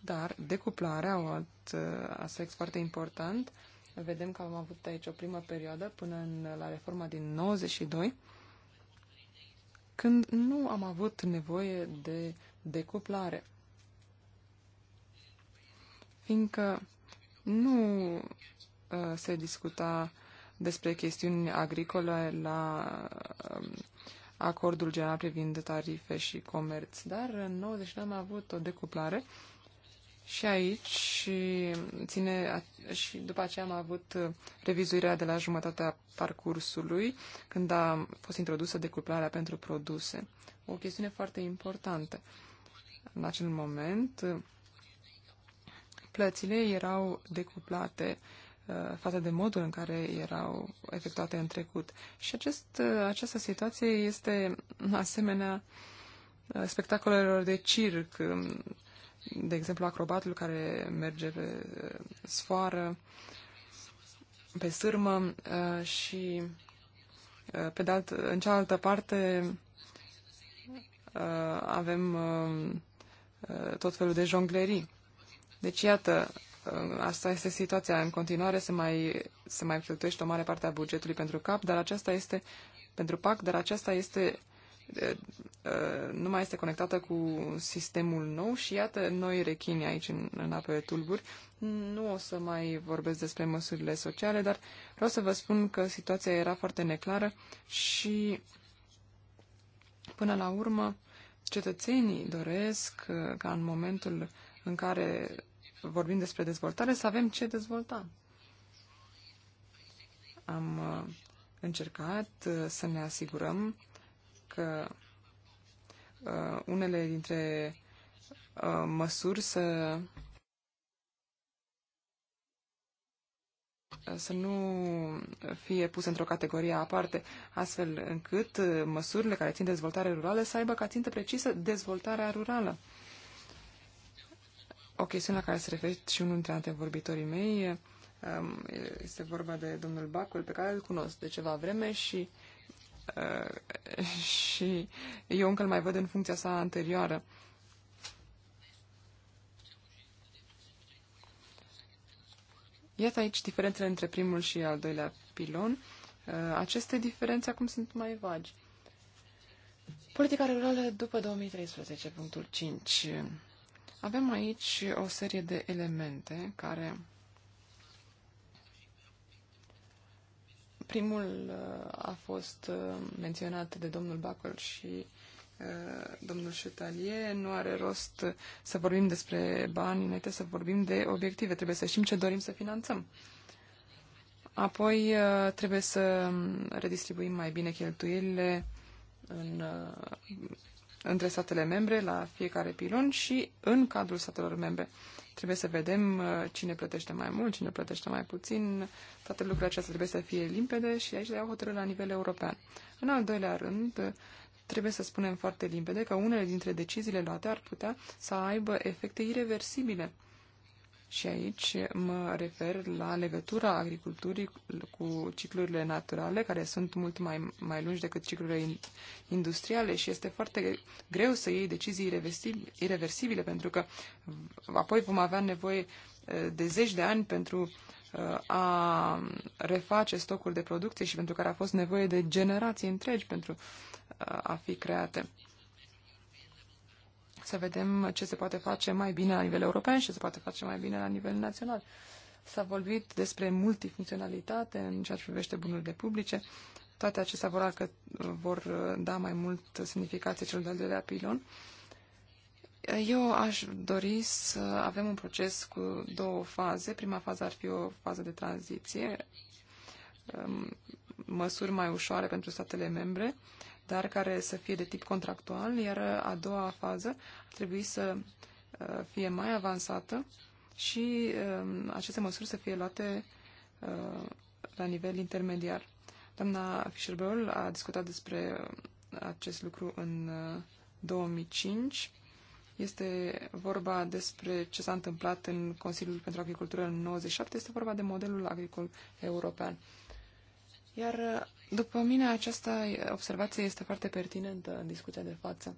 Dar decuplarea, un alt uh, aspect foarte important, vedem că am avut aici o primă perioadă până în, la reforma din 92, când nu am avut nevoie de decuplare. Fiindcă nu uh, se discuta despre chestiuni agricole la uh, acordul general privind tarife și comerț, dar în 90 am avut o decuplare uh, și aici și ține, și după aceea am avut uh, revizuirea de la jumătatea parcursului, când a fost introdusă decuplarea pentru produse. O chestiune foarte importantă. În acel moment, uh, plățile erau decuplate uh, față de modul în care erau efectuate în trecut. Și acest, această situație este asemenea spectacolelor de circ um, de exemplu, acrobatul care merge pe uh, sfoară, pe sârmă uh, și uh, pe de alt, în cealaltă parte avem tot felul de jonglerii. Deci, iată, asta este situația. În continuare se mai, se mai cheltuiește o mare parte a bugetului pentru cap, dar aceasta este pentru PAC, dar aceasta este uh, Uh, uh, nu mai este conectată cu sistemul nou și iată noi rechini aici în, în apele tulburi. Nu o să mai vorbesc despre măsurile sociale, dar vreau să vă spun că situația era foarte neclară și până la urmă cetățenii doresc uh, ca în momentul în care vorbim despre dezvoltare să avem ce dezvolta. Am încercat să ne asigurăm că uh, unele dintre uh, măsuri să să nu fie puse într-o categorie aparte, astfel încât uh, măsurile care țin dezvoltare rurală să aibă ca țintă precisă dezvoltarea rurală. O chestiune la care se referă și unul dintre antevorbitorii mei um, este vorba de domnul Bacul, pe care îl cunosc de ceva vreme și uh, Uh, și eu încă îl mai văd în funcția sa anterioară. Iată aici diferențele între primul și al doilea pilon. Uh, aceste diferențe acum sunt mai vagi. Politica rurală după 2013, punctul 5. Avem aici o serie de elemente care Primul uh, a fost uh, menționat de domnul Bacol și uh, domnul Șetalier. Nu are rost să vorbim despre bani înainte să vorbim de obiective. Trebuie să știm ce dorim să finanțăm. Apoi trebuie să um, redistribuim mai bine cheltuielile în, între statele membre la fiecare pilon și în cadrul statelor membre. Trebuie să vedem uh, cine plătește mai mult, cine plătește mai puțin. Toate lucrurile acestea trebuie să fie limpede și aici le iau hotărâri la nivel european. În al doilea rând, trebuie să spunem foarte limpede că unele dintre deciziile luate ar putea să aibă efecte irreversibile și aici mă refer la legătura agriculturii cu ciclurile naturale, care sunt mult mai, mai lungi decât ciclurile industriale și este foarte greu să iei decizii irreversibile, pentru că apoi vom avea nevoie eh, de zeci de ani pentru eh, a reface stocuri de producție și pentru care a fost nevoie de generații întregi pentru eh, a fi create să vedem ce se poate face mai bine la nivel european și ce se poate face mai bine la nivel național. S-a vorbit despre multifuncționalitate în ceea ce privește bunurile publice. Toate acestea vor, că vor uh, da mai mult semnificație celor de-al doilea pilon. Eu aș dori să avem un proces cu două faze. Prima fază ar fi o fază de tranziție, um, măsuri mai ușoare pentru statele membre dar care să fie de tip contractual, iar a doua fază ar trebui să uh, fie mai avansată și um, aceste măsuri să fie luate uh, la nivel intermediar. Doamna Fischerbeul a discutat despre acest lucru în 2005. Uh, este vorba despre ce s-a întâmplat în Consiliul pentru Agricultură în 97. Este vorba de modelul agricol european. Iar după mine, această observație este foarte pertinentă în discuția de față.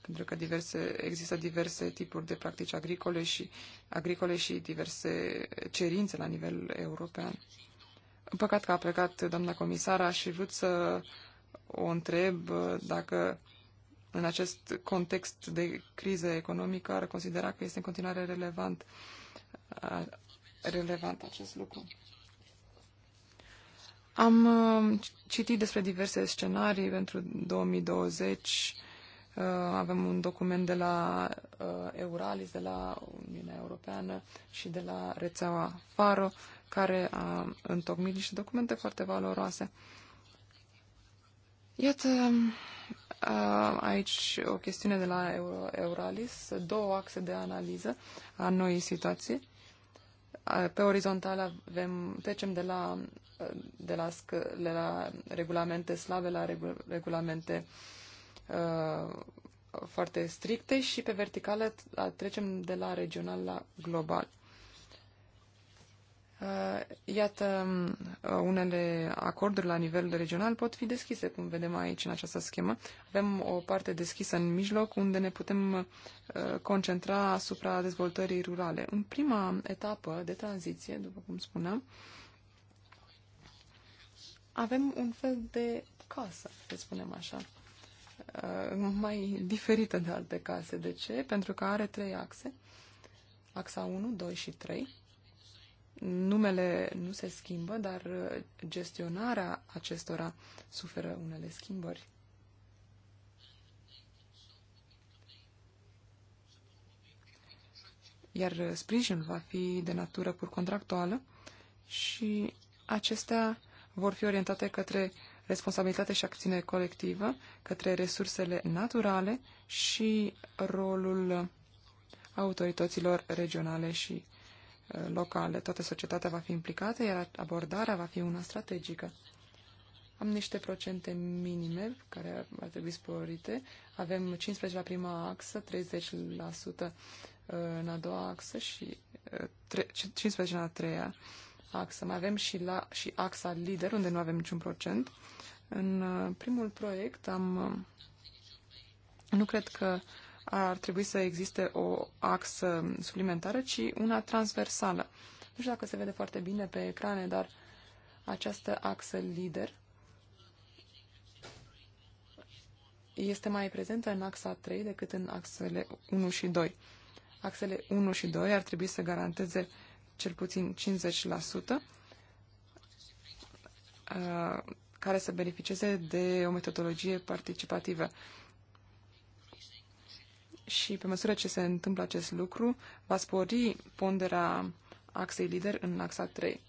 Pentru că diverse, există diverse tipuri de practici agricole și, agricole și diverse cerințe la nivel european. Păcat că a plecat doamna comisară, aș fi vrut să o întreb dacă în acest context de criză economică ar considera că este în continuare relevant, relevant acest lucru. Am uh, citit despre diverse scenarii pentru 2020. Uh, avem un document de la uh, Euralis, de la Uniunea Europeană și de la rețeaua FARO, care a întocmit niște documente foarte valoroase. Iată aici o chestiune de la Euralis, două axe de analiză a noii situații pe orizontală avem, trecem de la, de la, de la regulamente slabe la regulamente uh, foarte stricte și pe verticală trecem de la regional la global. Uh, iată, uh, unele acorduri la nivel regional pot fi deschise, cum vedem aici în această schemă. Avem o parte deschisă în mijloc, unde ne putem uh, concentra asupra dezvoltării rurale. În prima etapă de tranziție, după cum spuneam, avem un fel de casă, să spunem așa, mai diferită de alte case. De ce? Pentru că are trei axe, axa 1, 2 și 3, numele nu se schimbă, dar uh, gestionarea acestora suferă unele schimbări. Iar uh, sprijinul va fi de natură pur contractuală și acestea vor fi orientate către responsabilitate și acțiune colectivă, către resursele naturale și rolul autorităților regionale și locale. Toată societatea va fi implicată, iar abordarea va fi una strategică. Am niște procente minime care ar trebui sporite. Avem 15% la prima axă, 30% uh, în a doua axă și 15% uh, în a treia axă. Mai avem și, la, și axa lider, unde nu avem niciun procent. În uh, primul proiect am... Nu cred că ar trebui să existe o axă suplimentară, ci una transversală. Nu știu dacă se vede foarte bine pe ecrane, dar această axă lider este mai prezentă în axa 3 decât în axele 1 și 2. Axele 1 și 2 ar trebui să garanteze cel puțin 50% uh, care să beneficieze de o metodologie participativă și pe măsură ce se întâmplă acest lucru, va spori ponderea axei lider în axa 3.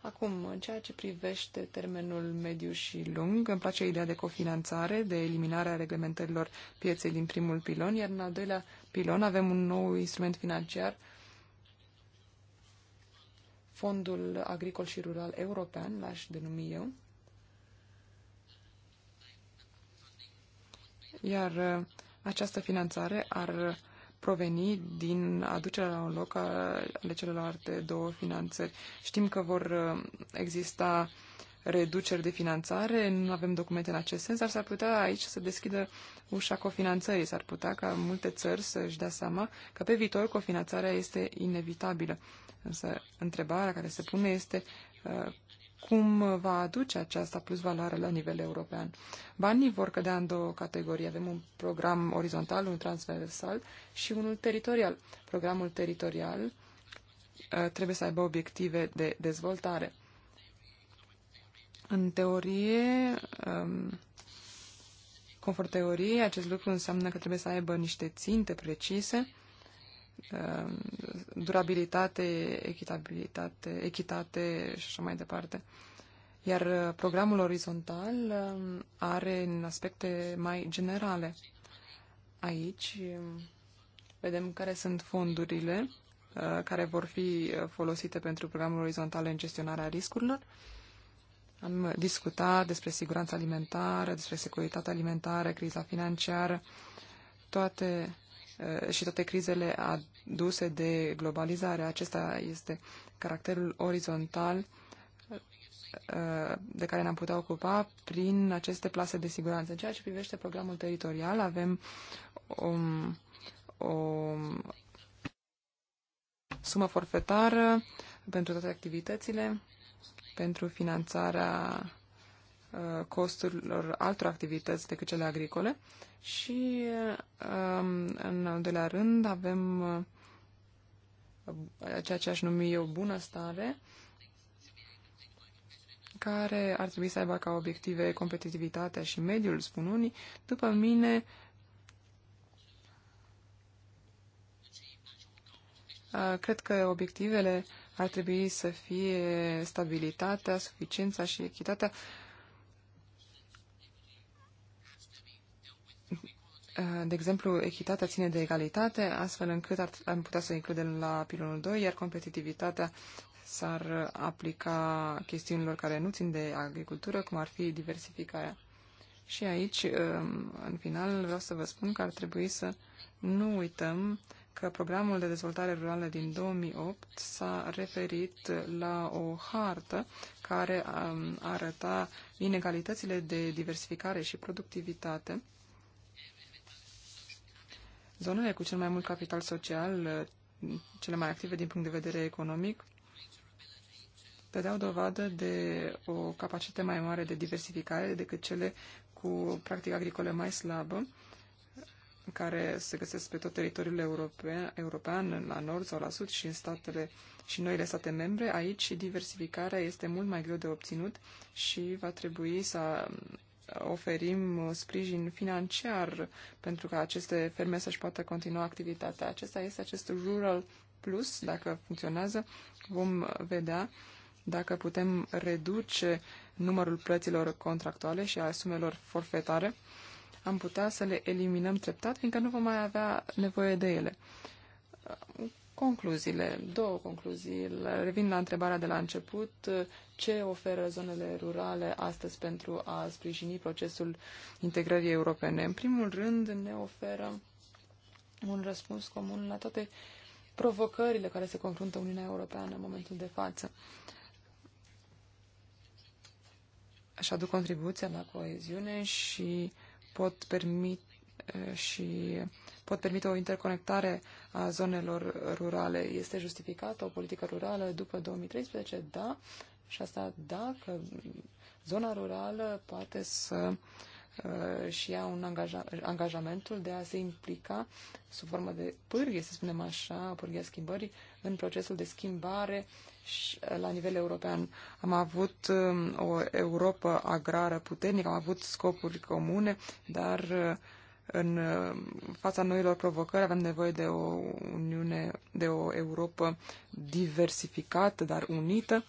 Acum, în ceea ce privește termenul mediu și lung, îmi place ideea de cofinanțare, de eliminarea reglementărilor pieței din primul pilon, iar în al doilea pilon avem un nou instrument financiar, Fondul Agricol și Rural European, l-aș denumi eu. Iar această finanțare ar proveni din aducerea la un loc ale celelalte două finanțări. Știm că vor uh, exista reduceri de finanțare, nu avem documente în acest sens, dar s-ar putea aici să deschidă ușa cofinanțării, s-ar putea ca multe țări să-și dea seama că pe viitor cofinanțarea este inevitabilă. Însă întrebarea care se pune este uh, cum va aduce aceasta plus valoare la nivel european. Banii vor cădea în două categorii. Avem un program orizontal, un transversal și unul teritorial. Programul teritorial uh, trebuie să aibă obiective de dezvoltare. În teorie, um, conform teoriei, acest lucru înseamnă că trebuie să aibă niște ținte precise Um, durabilitate, echitabilitate, echitate și așa mai departe. Iar uh, programul orizontal um, are în aspecte mai generale. Aici um, vedem care sunt fondurile uh, care vor fi uh, folosite pentru programul orizontal în gestionarea riscurilor. Am discutat despre siguranța alimentară, despre securitatea alimentară, criza financiară, toate și toate crizele ad duse de globalizare. Acesta este caracterul orizontal uh, de care ne-am putea ocupa prin aceste plase de siguranță. În ceea ce privește programul teritorial, avem o, um, o sumă forfetară pentru toate activitățile, pentru finanțarea Uh, costurilor altor activități decât cele agricole și, um, în al doilea rând, avem uh, ceea ce aș numi eu bunăstare, care ar trebui să aibă ca obiective competitivitatea și mediul, spun unii. După mine, uh, cred că obiectivele ar trebui să fie stabilitatea, suficiența și echitatea, Eh, de exemplu, echitatea ține de egalitate, astfel încât ar, am putea să o includem la pilonul 2, iar competitivitatea s-ar aplica chestiunilor care nu țin de agricultură, cum ar fi diversificarea. Și aici, eh, în final, vreau să vă spun că ar trebui să nu uităm că programul de dezvoltare rurală din 2008 s-a referit la o hartă care arăta inegalitățile de diversificare și productivitate Zonele cu cel mai mult capital social, eh, cele mai active din punct de vedere economic, dădeau dovadă de o capacitate mai mare de diversificare decât cele cu practică agricolă mai slabă, care se găsesc pe tot teritoriul european, european, la nord sau la sud și în statele și noile state membre. Aici diversificarea este mult mai greu de obținut și va trebui să oferim uh, sprijin financiar pentru ca aceste ferme să-și poată continua activitatea. Acesta este acest Rural Plus, dacă funcționează, vom vedea dacă putem reduce numărul plăților contractuale și a sumelor forfetare, am putea să le eliminăm treptat, fiindcă nu vom mai avea nevoie de ele. Concluziile, două concluzii. Revin la întrebarea de la început. Ce oferă zonele rurale astăzi pentru a sprijini procesul integrării europene? În primul rând, ne oferă un răspuns comun la toate provocările care se confruntă Uniunea Europeană în momentul de față. Așa aduc contribuția la coeziune și pot permite eh, și pot permite o interconectare a zonelor rurale. Este justificată o politică rurală după 2013? Da. Și asta dacă zona rurală poate să uh, și ia un angaja, angajamentul de a se implica sub formă de pârghie, să spunem așa, pârghia schimbării, în procesul de schimbare și, uh, la nivel european. Am avut uh, o Europa agrară puternică, am avut scopuri comune, dar uh, în uh, fața noilor provocări avem nevoie de o Uniune, de o Europa diversificată, dar unită.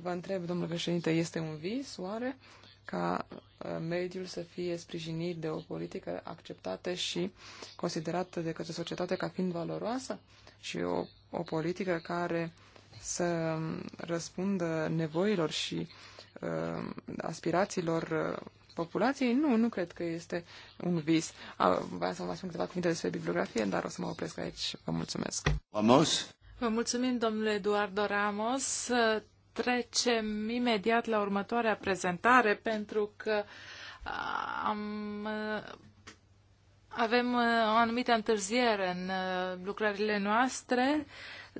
Vă întreb, domnule președinte, este un vis, oare, ca uh, mediul să fie sprijinit de o politică acceptată și considerată de către societate ca fiind valoroasă și o, o politică care să um, răspundă nevoilor și uh, aspirațiilor uh, populației, nu, nu cred că este un vis. Vreau să vă spun câteva cuvinte despre bibliografie, dar o să mă opresc aici. Vă mulțumesc. Ramos? Vă mulțumim, domnule Eduardo Ramos. Trecem imediat la următoarea prezentare, pentru că am avem uh, o anumită întârziere în uh, lucrările noastre.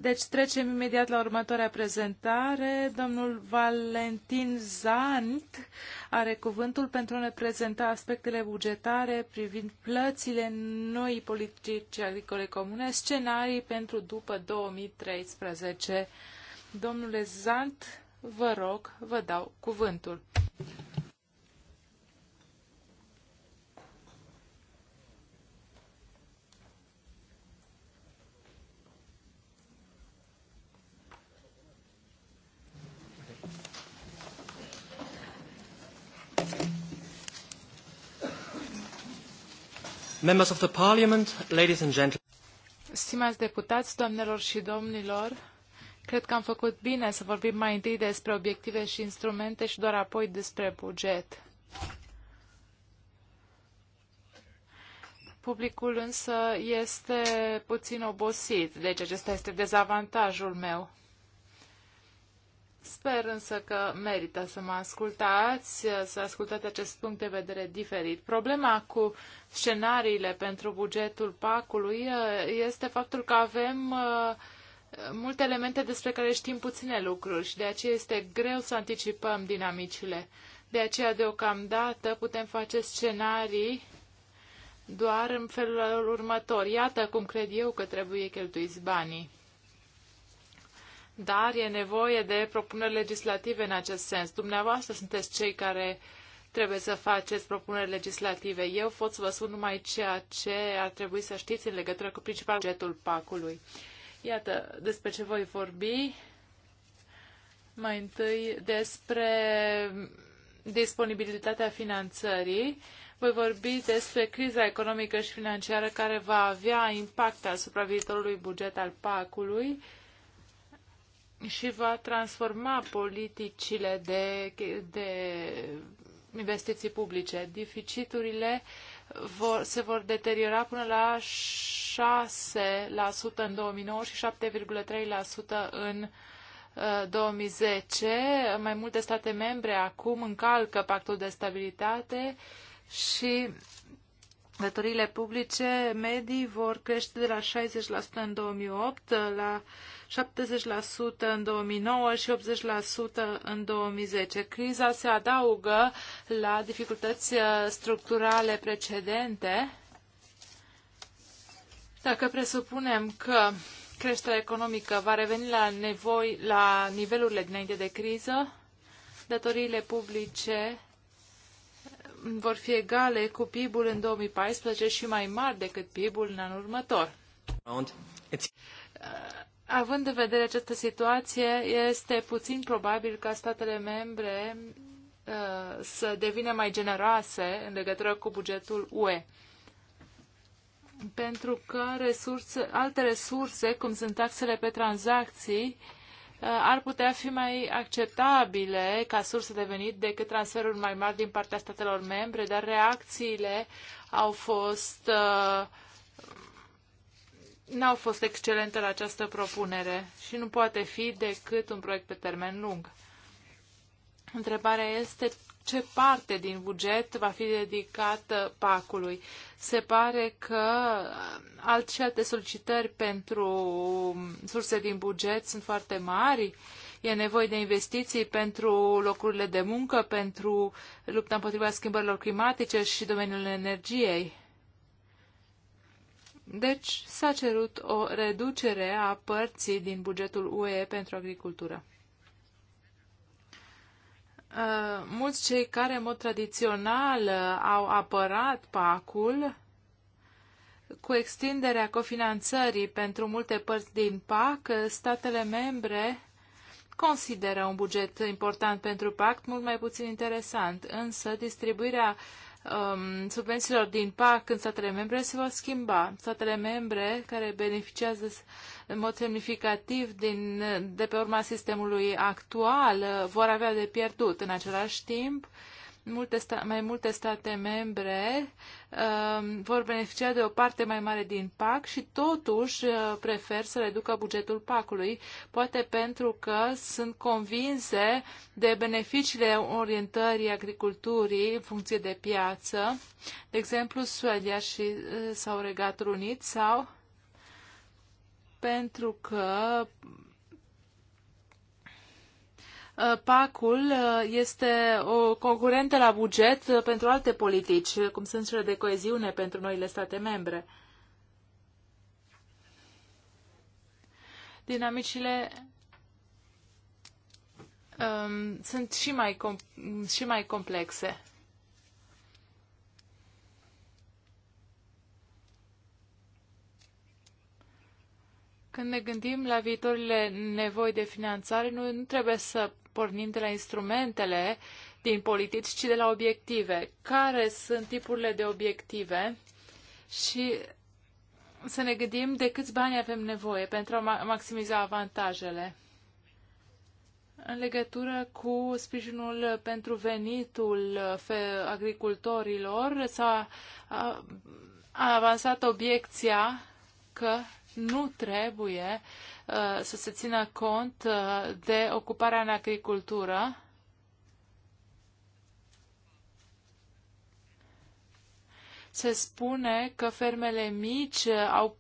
Deci trecem imediat la următoarea prezentare. Domnul Valentin Zant are cuvântul pentru a ne prezenta aspectele bugetare privind plățile noi politici agricole comune, scenarii pentru după 2013. Domnule Zant, vă rog, vă dau cuvântul. Members of the Parliament, ladies and gentlemen. Stimați deputați, doamnelor și domnilor, cred că am făcut bine să vorbim mai întâi despre obiective și instrumente și doar apoi despre buget. Publicul însă este puțin obosit, deci acesta este dezavantajul meu. Sper însă că merită să mă ascultați, să ascultați acest punct de vedere diferit. Problema cu scenariile pentru bugetul PAC-ului uh, este faptul că avem uh, multe elemente despre care știm puține lucruri și de aceea este greu să anticipăm dinamicile. De aceea, deocamdată, putem face scenarii doar în felul următor. Iată cum cred eu că trebuie cheltuiți banii dar e nevoie de propuneri legislative în acest sens. Dumneavoastră sunteți cei care trebuie să faceți propuneri legislative. Eu pot să vă spun numai ceea ce ar trebui să știți în legătură cu principalul bugetul PAC-ului. Iată despre ce voi vorbi. Mai întâi despre disponibilitatea finanțării. Voi vorbi despre criza economică și financiară care va avea impact asupra viitorului buget al pac ului și va transforma politicile de, de investiții publice. Dificiturile vor, se vor deteriora până la 6% în 2009 și 7,3% în 2010. Uh, Mai multe state membre acum încalcă pactul de stabilitate și datoriile publice medii vor crește de la 60% în 2008 la 70% în 2009 și 80% în 2010. Criza se adaugă la dificultăți uh, structurale precedente. Dacă presupunem că creșterea economică va reveni la, nevoi, la nivelurile dinainte de criză, datoriile publice uh, vor fi egale cu PIB-ul în 2014 și mai mari decât PIB-ul în anul următor. Având în vedere această situație, este puțin probabil ca statele membre uh, să devină mai generoase în legătură cu bugetul UE. Pentru că resurse, alte resurse, cum sunt taxele pe tranzacții, uh, ar putea fi mai acceptabile ca sursă de venit decât transferuri mai mari din partea statelor membre, dar reacțiile au fost uh, n-au fost excelente la această propunere și nu poate fi decât un proiect pe termen lung. Întrebarea este ce parte din buget va fi dedicată pacului. Se pare că alt și alte solicitări pentru surse din buget sunt foarte mari. E nevoie de investiții pentru locurile de muncă, pentru lupta împotriva schimbărilor climatice și domeniul energiei. Deci s-a cerut o reducere a părții din bugetul UE pentru agricultură. Uh, mulți cei care în mod tradițional au apărat pacul cu extinderea cofinanțării pentru multe părți din PAC, statele membre consideră un buget important pentru PAC mult mai puțin interesant, însă distribuirea uh, um, subvențiilor din PAC în statele membre se vor schimba. Statele membre care beneficiază în mod semnificativ din, de pe urma sistemului actual uh, vor avea de pierdut. În același timp, uh, multe sta- mai multe state membre uh, vor beneficia de o parte mai mare din PAC și totuși uh, prefer să reducă bugetul PAC-ului, poate pentru că sunt convinse de beneficiile orientării agriculturii în funcție de piață, de exemplu Suedia și, uh, sau Regatul Unit sau pentru că Uh, PAC-ul uh, este o concurentă la buget uh, pentru alte politici, cum sunt cele de coeziune pentru noile state membre. Dinamicile um, sunt și mai, com- și mai complexe. Când ne gândim la viitorile nevoi de finanțare, nu, nu trebuie să pornind de la instrumentele din politici, ci de la obiective. Care sunt tipurile de obiective și să ne gândim de câți bani avem nevoie pentru a maximiza avantajele. În legătură cu sprijinul pentru venitul uh, agricultorilor, s-a avansat obiecția că nu trebuie uh, Uh, să se țină cont uh, de ocuparea în agricultură. se spune că fermele mici uh, au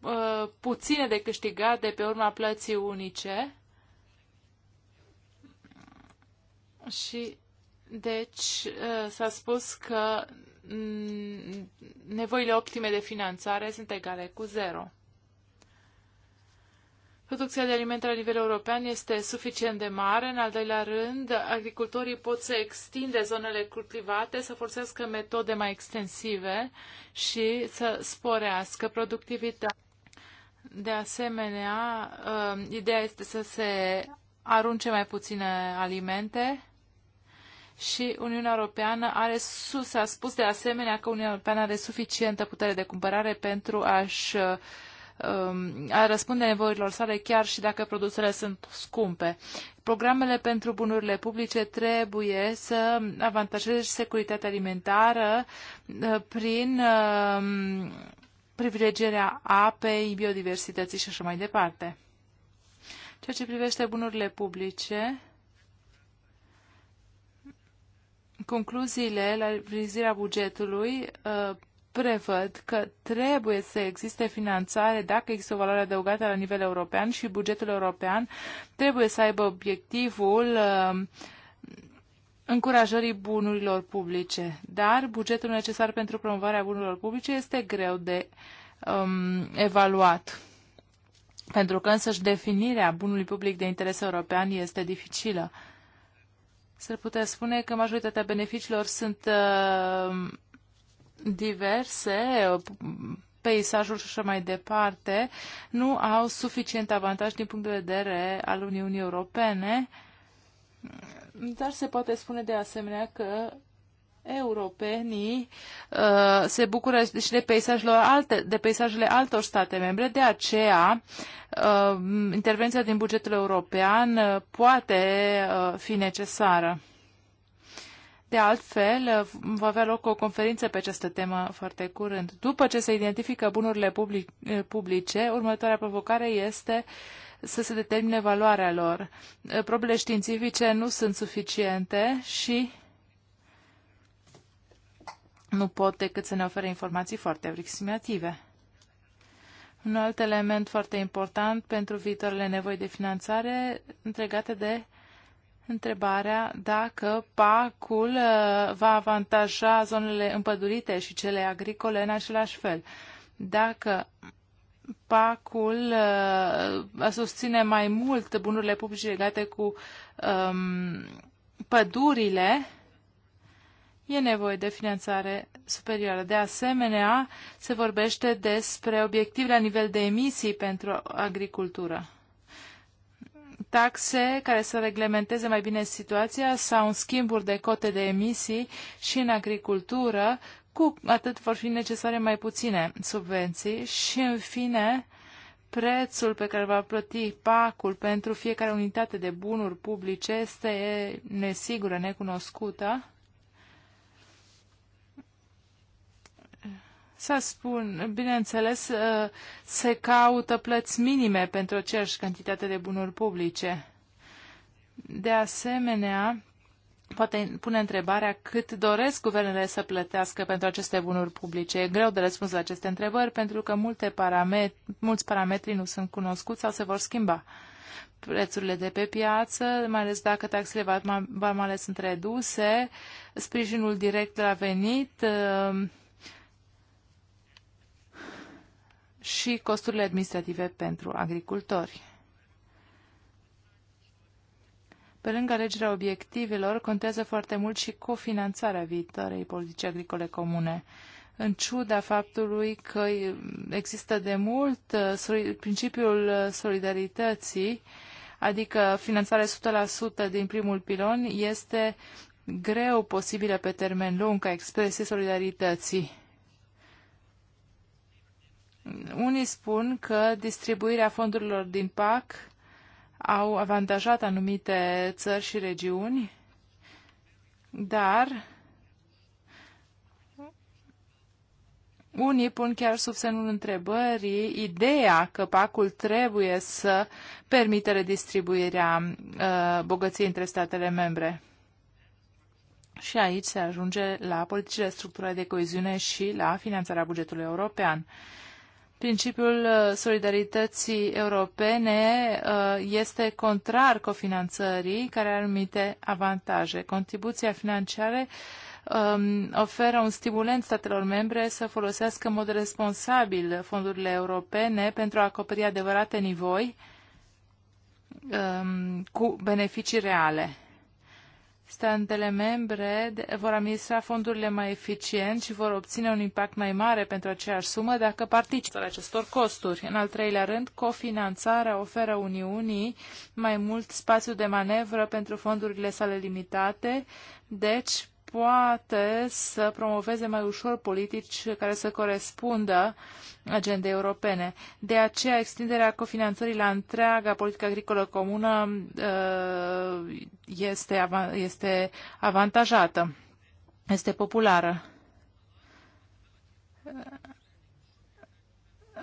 puține de câștigat de pe urma plății unice și deci s-a spus că nevoile optime de finanțare sunt egale cu zero. Producția de alimente la nivel european este suficient de mare. În al doilea rând, agricultorii pot să extinde zonele cultivate, să folosească metode mai extensive și să sporească productivitatea. De asemenea, um, ideea este să se arunce mai puține alimente și Uniunea Europeană are, s-a spus de asemenea că Uniunea Europeană are suficientă putere de cumpărare pentru a-și uh, Um, a răspunde nevoilor sale chiar și dacă produsele sunt scumpe. Programele pentru bunurile publice trebuie să avantajeze securitatea alimentară uh, prin um, privilegierea apei, biodiversității și așa mai departe. Ceea ce privește bunurile publice, concluziile la revizirea bugetului uh, prevăd că trebuie să existe finanțare dacă există o valoare adăugată la nivel european și bugetul european trebuie să aibă obiectivul um, încurajării bunurilor publice. Dar bugetul necesar pentru promovarea bunurilor publice este greu de um, evaluat. Pentru că însăși definirea bunului public de interes european este dificilă. S-ar putea spune că majoritatea beneficiilor sunt uh, diverse, peisajul și așa mai departe, nu au suficient avantaj din punct de vedere al Uniunii Europene, dar se poate spune de asemenea că europenii uh, se bucură și de peisajele, alte, de peisajele altor state membre, de aceea uh, intervenția din bugetul european uh, poate uh, fi necesară. De altfel, va avea loc o conferință pe această temă foarte curând. După ce se identifică bunurile publice, următoarea provocare este să se determine valoarea lor. Probele științifice nu sunt suficiente și nu pot decât să ne ofere informații foarte aproximative. Un alt element foarte important pentru viitoarele nevoi de finanțare întregate de întrebarea dacă PAC-ul uh, va avantaja zonele împădurite și cele agricole în același fel. Dacă PAC-ul uh, susține mai mult bunurile publice legate cu um, pădurile, e nevoie de finanțare superioară. De asemenea, se vorbește despre obiective la nivel de emisii pentru agricultură taxe care să reglementeze mai bine situația sau în schimburi de cote de emisii și în agricultură, cu atât vor fi necesare mai puține subvenții și, în fine, prețul pe care va plăti pacul pentru fiecare unitate de bunuri publice este nesigură, necunoscută să spun, bineînțeles, uh, se caută plăți minime pentru aceeași cantitate de bunuri publice. De asemenea, poate pune întrebarea cât doresc guvernele să plătească pentru aceste bunuri publice. E greu de răspuns la aceste întrebări pentru că multe paramet- mulți parametri nu sunt cunoscuți sau se vor schimba. Prețurile de pe piață, mai ales dacă taxele vamale sunt reduse, sprijinul direct la venit, uh, și costurile administrative pentru agricultori. Pe lângă alegerea obiectivelor, contează foarte mult și cofinanțarea viitoarei politici agricole comune. În ciuda faptului că există de mult uh, principiul uh, solidarității, adică finanțarea 100% din primul pilon, este greu posibilă pe termen lung ca expresie solidarității unii spun că distribuirea fondurilor din PAC au avantajat anumite țări și regiuni, dar Unii pun chiar sub semnul întrebării ideea că pacul trebuie să permită redistribuirea uh, bogăției între statele membre. Și aici se ajunge la politicile structurale de coeziune și la finanțarea bugetului european. Principiul uh, solidarității europene uh, este contrar cofinanțării, care are anumite avantaje. Contribuția financiară um, oferă un stimulent statelor membre să folosească în mod responsabil fondurile europene pentru a acoperi adevărate nivoi um, cu beneficii reale statele membre vor administra fondurile mai eficient și vor obține un impact mai mare pentru aceeași sumă dacă participă la acestor costuri. În al treilea rând, cofinanțarea oferă Uniunii mai mult spațiu de manevră pentru fondurile sale limitate, deci poate să promoveze mai ușor politici care să corespundă agendei europene. De aceea, extinderea cofinanțării la întreaga politică agricolă comună uh, este, este avantajată, este populară.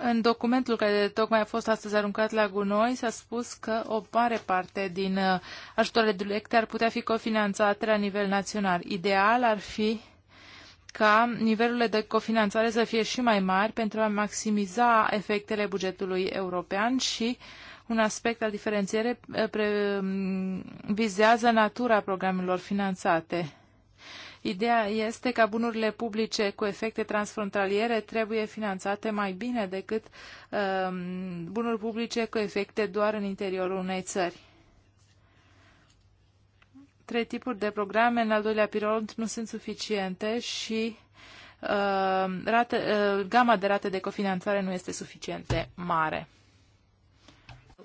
În documentul care tocmai a fost astăzi aruncat la gunoi s-a spus că o mare parte din uh, ajutoarele directe ar putea fi cofinanțate la nivel național. Ideal ar fi ca nivelurile de cofinanțare să fie și mai mari pentru a maximiza efectele bugetului european și un aspect al diferențiere uh, um, vizează natura programelor finanțate. Ideea este ca bunurile publice cu efecte transfrontaliere trebuie finanțate mai bine decât um, bunuri publice cu efecte doar în interiorul unei țări. Trei tipuri de programe în al doilea pilot nu sunt suficiente și uh, rate, uh, gama de rate de cofinanțare nu este suficient de mare.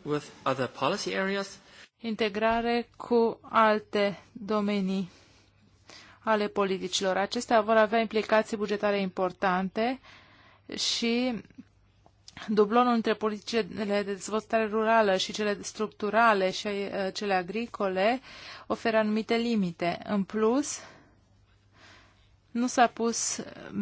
With other areas? Integrare cu alte domenii ale politicilor. Acestea vor avea implicații bugetare importante și dublonul între politicile de dezvoltare rurală și cele structurale și uh, cele agricole oferă anumite limite. În plus, nu s-a pus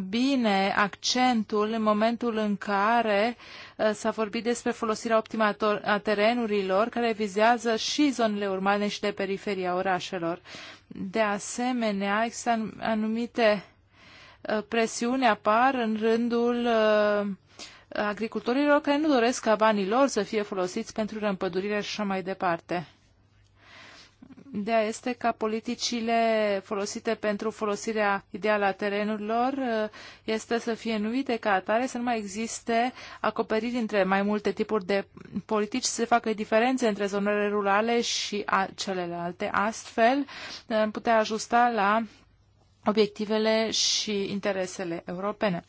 bine accentul în momentul în care uh, s-a vorbit despre folosirea optimă a terenurilor care vizează și zonele urbane și de periferia orașelor. De asemenea, există anumite uh, presiuni apar în rândul uh, agricultorilor care nu doresc ca banii lor să fie folosiți pentru rămpădurire și așa mai departe. Ideea este ca politicile folosite pentru folosirea ideală a terenurilor uh, este să fie nuite ca atare, să nu mai existe acoperiri între mai multe tipuri de politici, să se facă diferențe între zonele rurale și celelalte. Astfel uh, putea ajusta la obiectivele și interesele europene.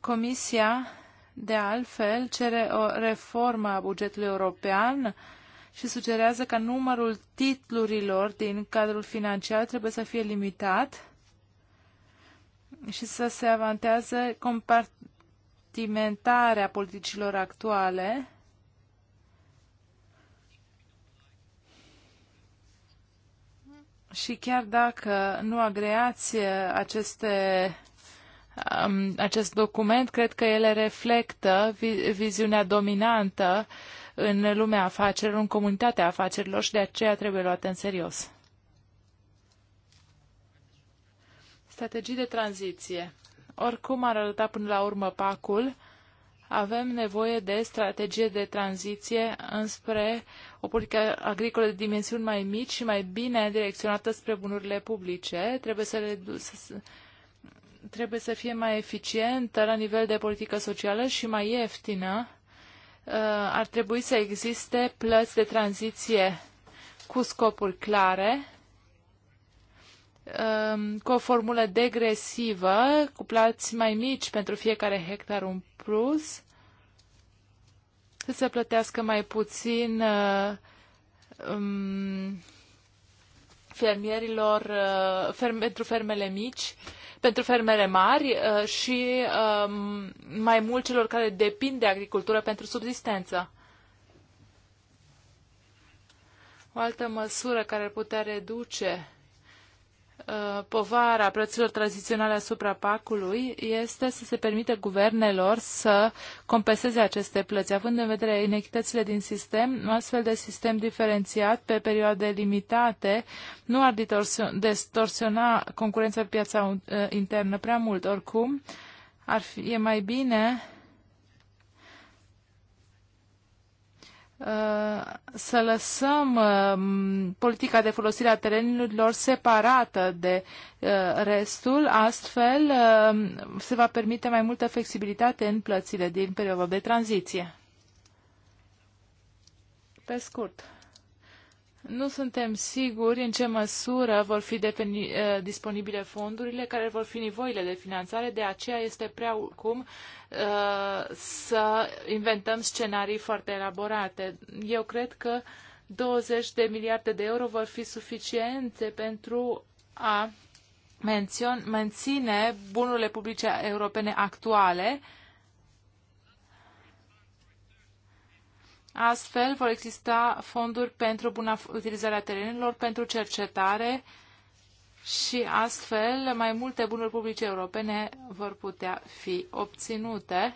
Comisia, de altfel, cere o reformă a bugetului european și sugerează că numărul titlurilor din cadrul financiar trebuie să fie limitat și să se avantează compartimentarea politicilor actuale Și chiar dacă nu agreați aceste, um, acest document, cred că ele reflectă vi viziunea dominantă în lumea afacerilor, în comunitatea afacerilor și de aceea trebuie luată în serios. Strategii de tranziție. Oricum ar arăta până la urmă pacul, avem nevoie de strategie de tranziție înspre o politică agricolă de dimensiuni mai mici și mai bine direcționată spre bunurile publice. Trebuie să, redu- să, trebuie să fie mai eficientă la nivel de politică socială și mai ieftină Uh, ar trebui să existe plăți de tranziție cu scopuri clare, um, cu o formulă degresivă, cu plăți mai mici pentru fiecare hectar un plus, să se plătească mai puțin uh, um, fermierilor, uh, ferm, pentru fermele mici pentru fermele mari uh, și um, mai mult celor care depind de agricultură pentru subsistență. O altă măsură care ar putea reduce Uh, povara prețurilor tranziționale asupra pacului este să se permite guvernelor să compenseze aceste plăți, având în vedere inechitățile din sistem, un astfel de sistem diferențiat pe perioade limitate nu ar distorsiona concurența pe piața uh, internă prea mult. Oricum, ar fi, e mai bine Uh, să lăsăm uh, politica de folosire a terenurilor separată de uh, restul, astfel se va permite mai multă flexibilitate în plățile din perioada de tranziție. Pe scurt, nu suntem siguri în ce măsură vor fi eh, disponibile fondurile, care vor fi nivoile de finanțare, de aceea este prea cum uh, să inventăm scenarii foarte elaborate. Eu cred că 20 de miliarde de euro vor fi suficiente pentru a mențion, menține bunurile publice europene actuale, Astfel vor exista fonduri pentru buna utilizarea terenurilor, pentru cercetare și astfel mai multe bunuri publice europene vor putea fi obținute.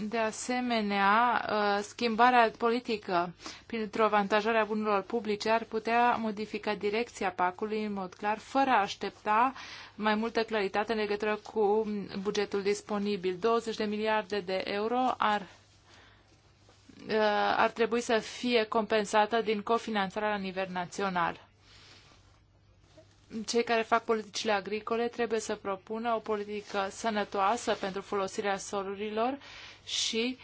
De asemenea, ă, schimbarea politică printr-o avantajare a bunurilor publice ar putea modifica direcția pacului în mod clar, fără a aștepta mai multă claritate în legătură cu bugetul disponibil. 20 de miliarde de euro ar Uh, ar trebui să fie compensată din cofinanțarea la nivel național. Cei care fac politicile agricole trebuie să propună o politică sănătoasă pentru folosirea solurilor și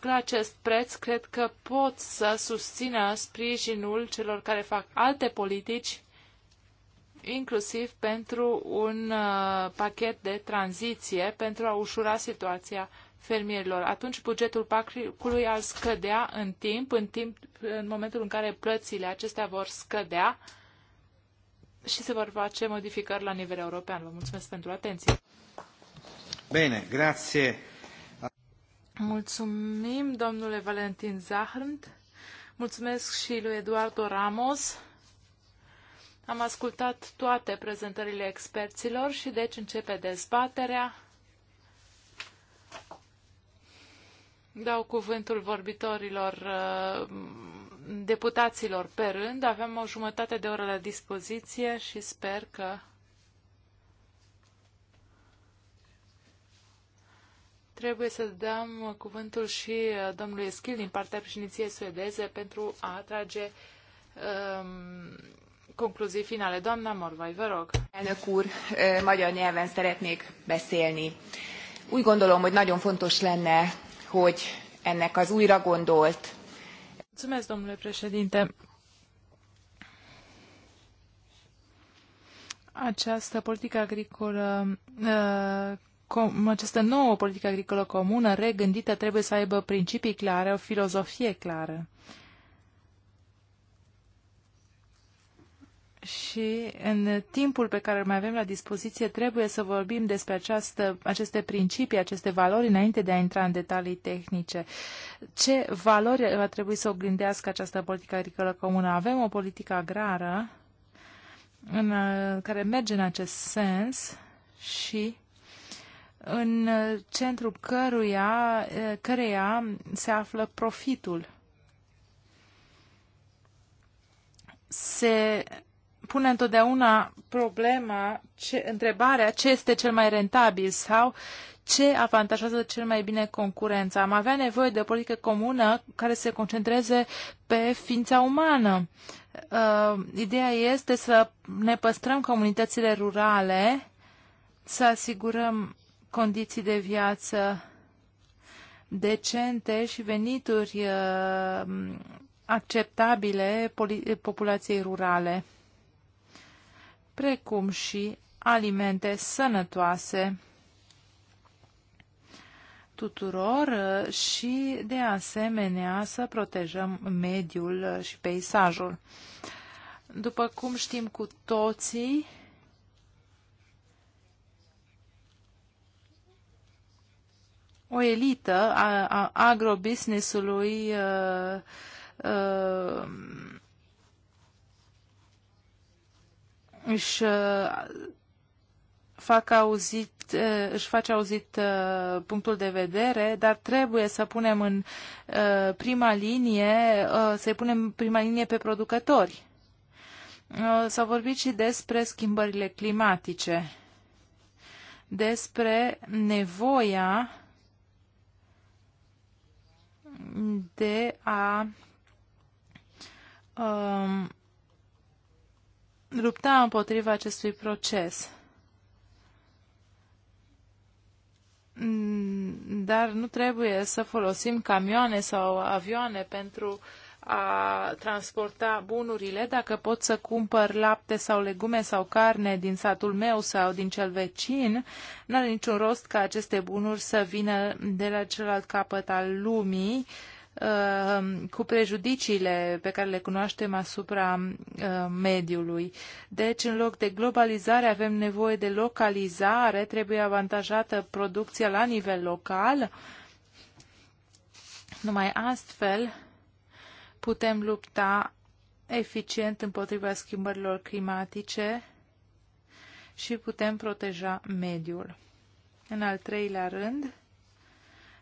la acest preț cred că pot să susțină sprijinul celor care fac alte politici, inclusiv pentru un uh, pachet de tranziție pentru a ușura situația fermierilor. Atunci bugetul parcului ar scădea în timp, în timp, în momentul în care plățile acestea vor scădea și se vor face modificări la nivel european. Vă mulțumesc pentru atenție. Bine, grație. Mulțumim, domnule Valentin Zahrnd. Mulțumesc și lui Eduardo Ramos. Am ascultat toate prezentările experților și deci începe dezbaterea. dau cuvântul vorbitorilor uh, deputaților pe rând. Avem o jumătate de oră la dispoziție și sper că trebuie să dăm cuvântul și uh, domnului Eschil din partea președinției suedeze pentru a atrage um, concluzii finale. Doamna Morvai, vă rog. Elnök úr, uh, magyar nyelven szeretnék beszélni. Úgy gondolom, hogy nagyon fontos lenne hogy ennek az újra gondolt. Mulțumesc, domnule președinte. Această politică agricolă ă, com, această nouă politică agricolă comună regândită trebuie să aibă principii clare, o filozofie clară. Uh, și în timpul pe care îl mai avem la dispoziție trebuie să vorbim despre această, aceste principii, aceste valori înainte de a intra în detalii tehnice. Ce valori va trebui să oglindească această politică agricolă comună? Avem o politică agrară în, uh, care merge în acest sens și în centrul căruia, uh, căreia se află profitul. Se pune întotdeauna problema, ce, întrebarea ce este cel mai rentabil sau ce avantajează cel mai bine concurența. Am avea nevoie de o politică comună care se concentreze pe ființa umană. Uh, ideea este să ne păstrăm comunitățile rurale, să asigurăm condiții de viață decente și venituri uh, acceptabile populației rurale precum și alimente sănătoase tuturor și, de asemenea, să protejăm mediul și peisajul. După cum știm cu toții, o elită a, a agrobusinessului uh, uh, își uh, fac auzit, uh, își face auzit uh, punctul de vedere, dar trebuie să punem în prima linie, să-i punem prima linie pe producători. s au vorbit și despre schimbările climatice, despre nevoia de a um, lupta împotriva acestui proces. Mm, dar nu trebuie să folosim camioane sau avioane pentru a transporta bunurile dacă pot să cumpăr lapte sau legume sau carne din satul meu sau din cel vecin, n-are niciun rost ca aceste bunuri să vină de la celălalt capăt al lumii uh, Uh, cu prejudiciile pe care le cunoaștem asupra uh, mediului. Deci, în loc de globalizare, avem nevoie de localizare, trebuie avantajată producția la nivel local. Numai astfel putem lupta eficient împotriva schimbărilor climatice și putem proteja mediul. În al treilea rând,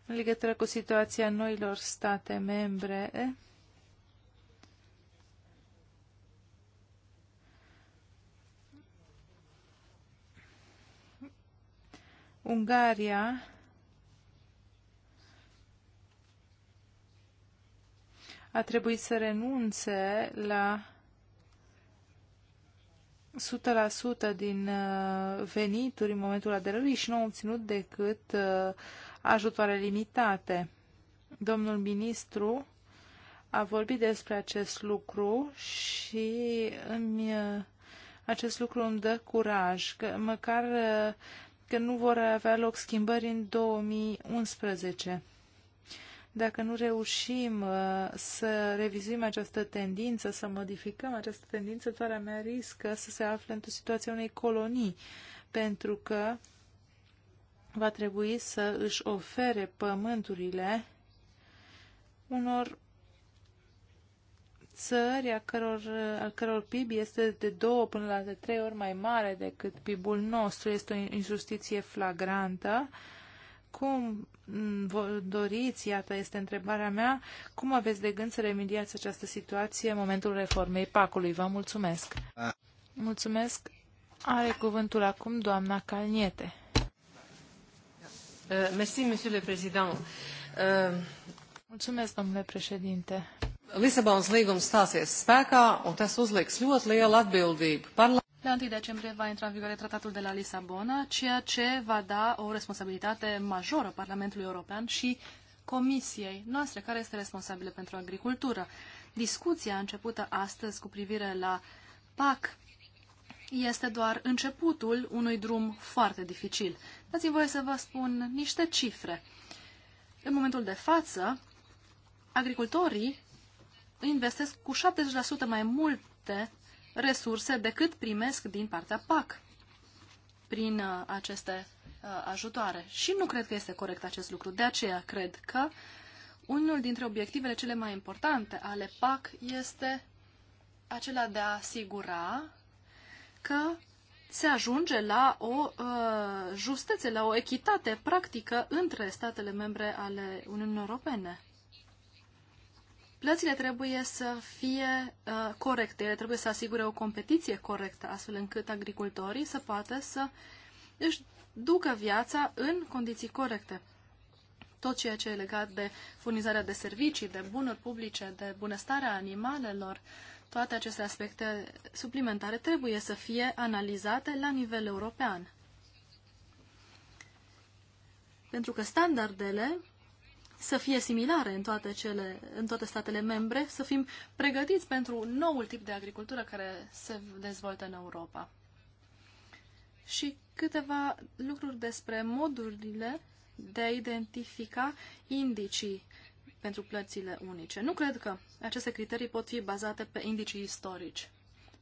în legătură cu situația noilor state membre Ungaria a trebuit să renunțe la 100% din uh, venituri în momentul aderării și nu au obținut decât uh, ajutoare limitate. Domnul ministru a vorbit despre acest lucru și îmi, acest lucru îmi dă curaj, că măcar că nu vor avea loc schimbări în 2011. Dacă nu reușim uh, să revizuim această tendință, să modificăm această tendință, țara mea riscă să se afle într-o situație unei colonii, pentru că va trebui să își ofere pământurile unor țări a căror, al căror PIB este de două până la de trei ori mai mare decât PIB-ul nostru. Este o injustiție flagrantă. Cum vă doriți, iată este întrebarea mea, cum aveți de gând să remediați această situație în momentul reformei PAC-ului? Vă mulțumesc! Ah. Mulțumesc! Are cuvântul acum doamna Calniete. Uh, merci, Président. Euh, Mulțumesc, domnule președinte. Lisabonas līgums stāsies spēkā, un tas uzliks ļoti lielu atbildību. Parla... La 1 decembrie va intra în vigoare tratatul de la Lisabona, ceea ce va da o responsabilitate majoră Parlamentului European și Comisiei noastre, care este responsabilă pentru agricultură. Discuția începută astăzi cu privire la PAC este doar începutul unui drum foarte dificil. Dați-mi voie să vă spun niște cifre. În momentul de față, agricultorii investesc cu 70% mai multe resurse decât primesc din partea PAC prin uh, aceste uh, ajutoare. Și nu cred că este corect acest lucru. De aceea cred că unul dintre obiectivele cele mai importante ale PAC este acela de a asigura că se ajunge la o uh, justețe, la o echitate practică între statele membre ale Uniunii Europene. Plățile trebuie să fie uh, corecte, ele trebuie să asigure o competiție corectă, astfel încât agricultorii să poată să își ducă viața în condiții corecte. Tot ceea ce e legat de furnizarea de servicii, de bunuri publice, de bunăstarea animalelor, uh, toate aceste aspecte suplimentare trebuie să fie analizate la nivel european. Pentru că standardele să fie similare în toate, cele, în toate statele membre, să fim pregătiți pentru noul tip de agricultură care se dezvoltă în Europa. Și câteva lucruri despre modurile de a identifica indicii pentru plățile unice. Nu cred că aceste criterii pot fi bazate pe indicii istorici,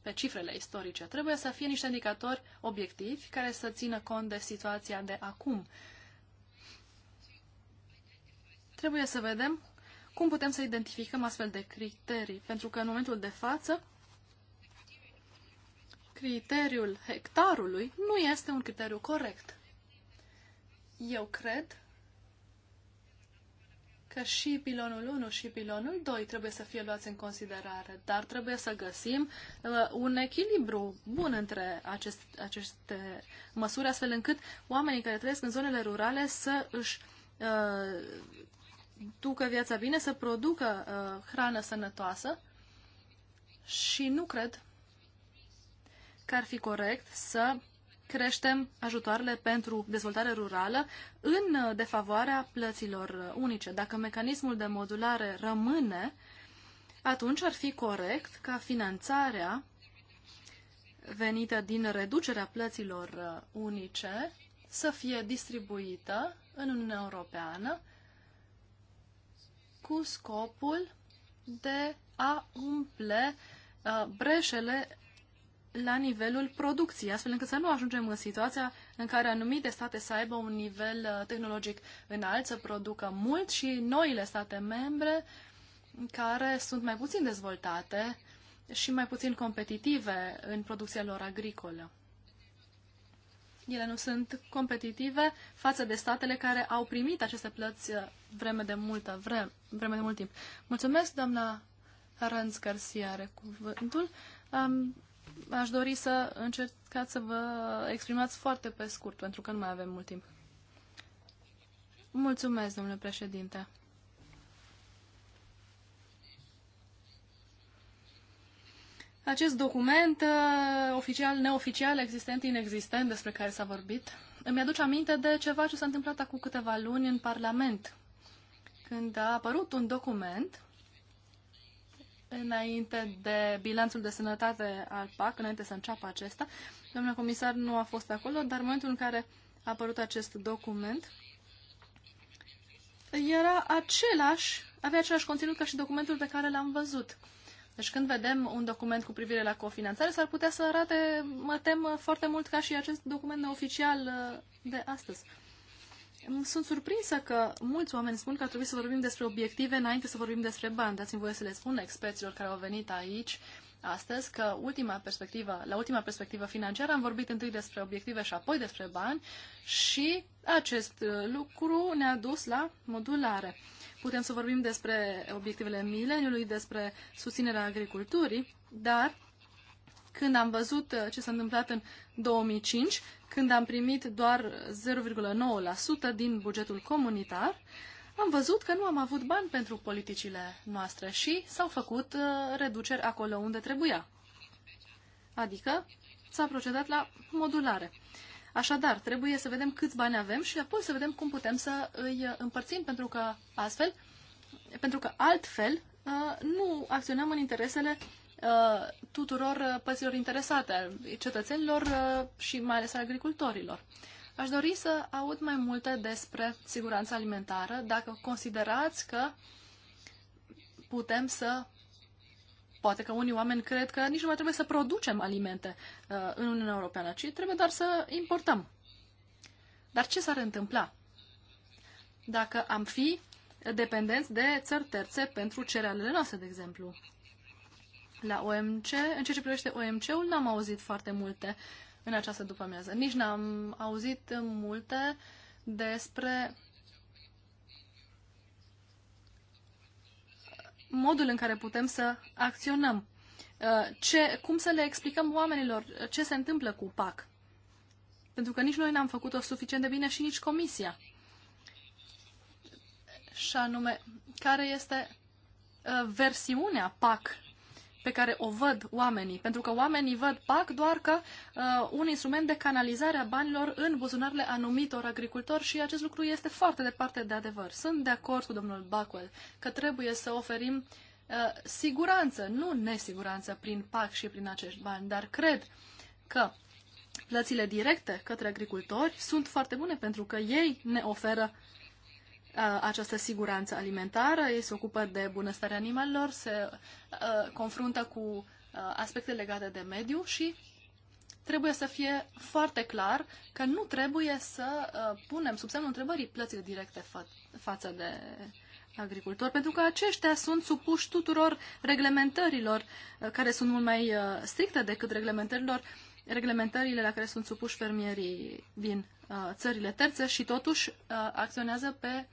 pe cifrele istorice. Trebuie să fie niște indicatori obiectivi care să țină cont de situația de acum. Trebuie să vedem cum putem să identificăm astfel de criterii, pentru că în momentul de față criteriul hectarului nu este un criteriu corect. Eu cred că și pilonul 1 și pilonul 2 trebuie să fie luați în considerare, dar trebuie să găsim uh, un echilibru bun între acest, aceste măsuri, astfel încât oamenii care trăiesc în zonele rurale să își uh, ducă viața bine, să producă uh, hrană sănătoasă și nu cred că ar fi corect să creștem ajutoarele pentru dezvoltare rurală în uh, defavoarea plăților uh, unice. Dacă mecanismul de modulare rămâne, atunci ar fi corect ca finanțarea venită din reducerea plăților uh, unice să fie distribuită în Uniunea Europeană cu scopul de a umple breșele la nivelul producției, astfel încât să nu ajungem în situația în care anumite state să aibă un nivel uh, tehnologic înalt, să producă mult și noile state membre care sunt mai puțin dezvoltate și mai puțin competitive în producția lor agricolă. Ele nu sunt competitive față de statele care au primit aceste plăți uh, vreme de multă vreme, vreme de mult timp. Mulțumesc, doamna Ranz Garcia, are cuvântul. Um, aș dori să încercați să vă exprimați foarte pe scurt, pentru că nu mai avem mult timp. Mulțumesc, domnule președinte. Acest document uh, oficial, neoficial, existent, inexistent, despre care s-a vorbit, îmi aduce aminte de ceva ce s-a întâmplat acum câteva luni în Parlament, când a apărut un document înainte de bilanțul de sănătate al PAC, înainte să înceapă acesta. Doamna comisar nu a fost acolo, dar în momentul în care a apărut acest document, era același, avea același conținut ca și documentul pe care l-am văzut. Deci când vedem un document cu privire la cofinanțare, s-ar putea să arate, mă tem, foarte mult ca și acest document oficial uh, de astăzi. Sunt surprinsă că mulți oameni spun că ar trebui să vorbim despre obiective înainte să vorbim despre bani. Dați-mi voie să le spun experților care au venit aici astăzi că ultima perspectivă, la ultima perspectivă financiară am vorbit întâi despre obiective și apoi despre bani și acest uh, lucru ne-a dus la modulare. Putem să vorbim despre obiectivele mileniului, despre susținerea agriculturii, dar când am văzut uh, ce s-a întâmplat în 2005, când am primit doar 0,9% din bugetul comunitar, am văzut că nu am avut bani pentru politicile noastre și s-au făcut uh, reduceri acolo unde trebuia. Adică s-a procedat la modulare. Așadar, trebuie să vedem câți bani avem și apoi să vedem cum putem să îi împărțim, pentru că astfel, pentru că altfel uh, nu acționăm în interesele Uh, tuturor uh, părților interesate, cetățenilor uh, și mai ales agricultorilor. Aș dori să aud mai multe despre siguranța alimentară, dacă considerați că putem să poate că unii oameni cred că nici nu mai trebuie să producem alimente în Uniunea Europeană, ci trebuie doar să importăm. Dar ce s-ar întâmpla dacă am fi dependenți de țări terțe pentru cerealele noastre, de exemplu? la OMC. În ceea ce privește OMC-ul, n-am auzit foarte multe în această după-amiază. Nici n-am auzit multe despre modul în care putem să acționăm. Uh, ce, cum să le explicăm oamenilor ce se întâmplă cu PAC. Pentru că nici noi n-am făcut-o suficient de bine și nici comisia. Și anume, care este uh, versiunea PAC pe care o văd oamenii. Pentru că oamenii văd PAC doar ca uh, un instrument de canalizare a banilor în buzunarele anumitor agricultori și acest lucru este foarte departe de adevăr. Sunt de acord cu domnul Bacuel că trebuie să oferim uh, siguranță, nu nesiguranță prin PAC și prin acești bani, dar cred că plățile directe către agricultori sunt foarte bune pentru că ei ne oferă Uh, această siguranță alimentară, ei se ocupă de bunăstarea animalelor, se uh, confruntă cu uh, aspecte legate de mediu și trebuie să fie foarte clar că nu trebuie să punem sub semnul întrebării plățile directe fa- față de agricultori, pentru că aceștia sunt supuși tuturor reglementărilor care sunt mult mai stricte decât reglementărilor reglementările la care sunt supuși fermierii din țările terțe și totuși acționează pe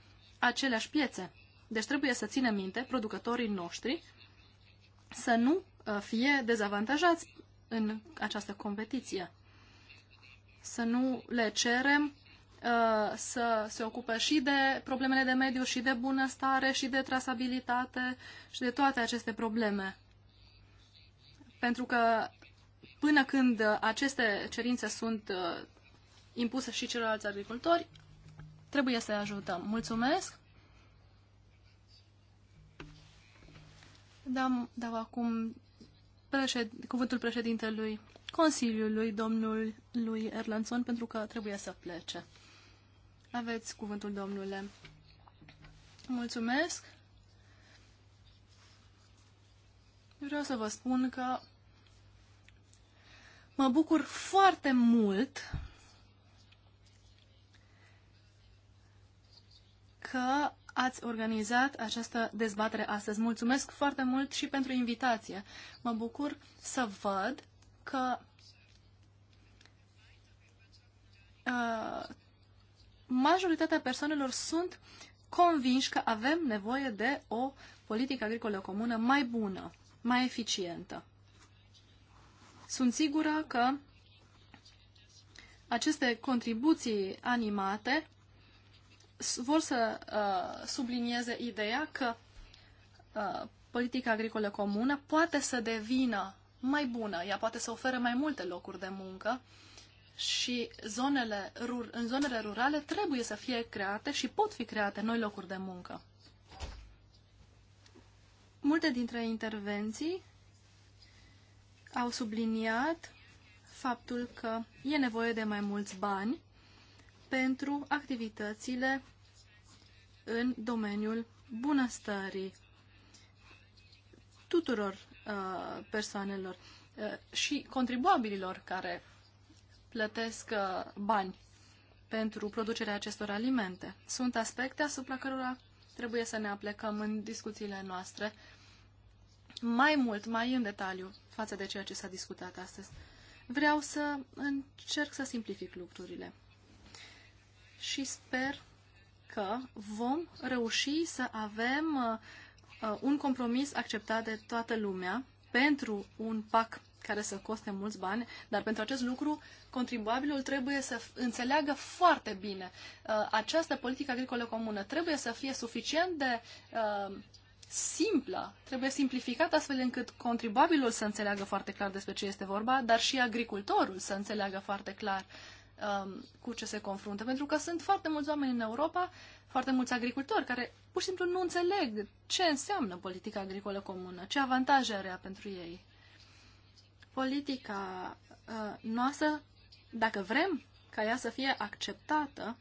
aceleași piețe. Deci trebuie să ținem minte producătorii noștri să nu uh, fie dezavantajați în această competiție. Să nu le cerem uh, să se ocupe și de problemele de mediu, și de bunăstare, și de trasabilitate, și de toate aceste probleme. Pentru că până când aceste cerințe sunt uh, impuse și celorlalți agricultori, Trebuie să ajutăm. Mulțumesc! Dau, dau acum președ, cuvântul președintelui Consiliului, domnul lui Erlandson, pentru că trebuie să plece. Aveți cuvântul, domnule. Mulțumesc! Vreau să vă spun că mă bucur foarte mult că ați organizat această dezbatere astăzi. Mulțumesc foarte mult și pentru invitație. Mă bucur să văd că uh, majoritatea persoanelor sunt convinși că avem nevoie de o politică agricolă comună mai bună, mai eficientă. Sunt sigură că aceste contribuții animate vor să uh, sublinieze ideea că uh, politica agricolă comună poate să devină mai bună, ea poate să ofere mai multe locuri de muncă și zonele, în zonele rurale trebuie să fie create și pot fi create noi locuri de muncă. Multe dintre intervenții au subliniat faptul că e nevoie de mai mulți bani pentru activitățile în domeniul bunăstării tuturor uh, persoanelor uh, și contribuabililor care plătesc uh, bani pentru producerea acestor alimente. Sunt aspecte asupra cărora trebuie să ne aplecăm în discuțiile noastre mai mult, mai în detaliu față de ceea ce s-a discutat astăzi. Vreau să încerc să simplific lucrurile și sper că vom reuși să avem uh, uh, un compromis acceptat de toată lumea pentru un pac care să coste mulți bani, dar pentru acest lucru contribuabilul trebuie să înțeleagă foarte bine uh, această politică agricolă comună. Trebuie să fie suficient de simplă, trebuie simplificată astfel încât contribuabilul să înțeleagă foarte clar despre ce este vorba, dar și agricultorul să înțeleagă foarte clar um, cu ce se confruntă. Pentru că sunt foarte mulți oameni în Europa, foarte mulți agricultori, care pur și simplu nu înțeleg ce înseamnă politica agricolă comună, ce avantaje are pentru ei. Politica uh, noastră, dacă vrem ca ea să fie acceptată,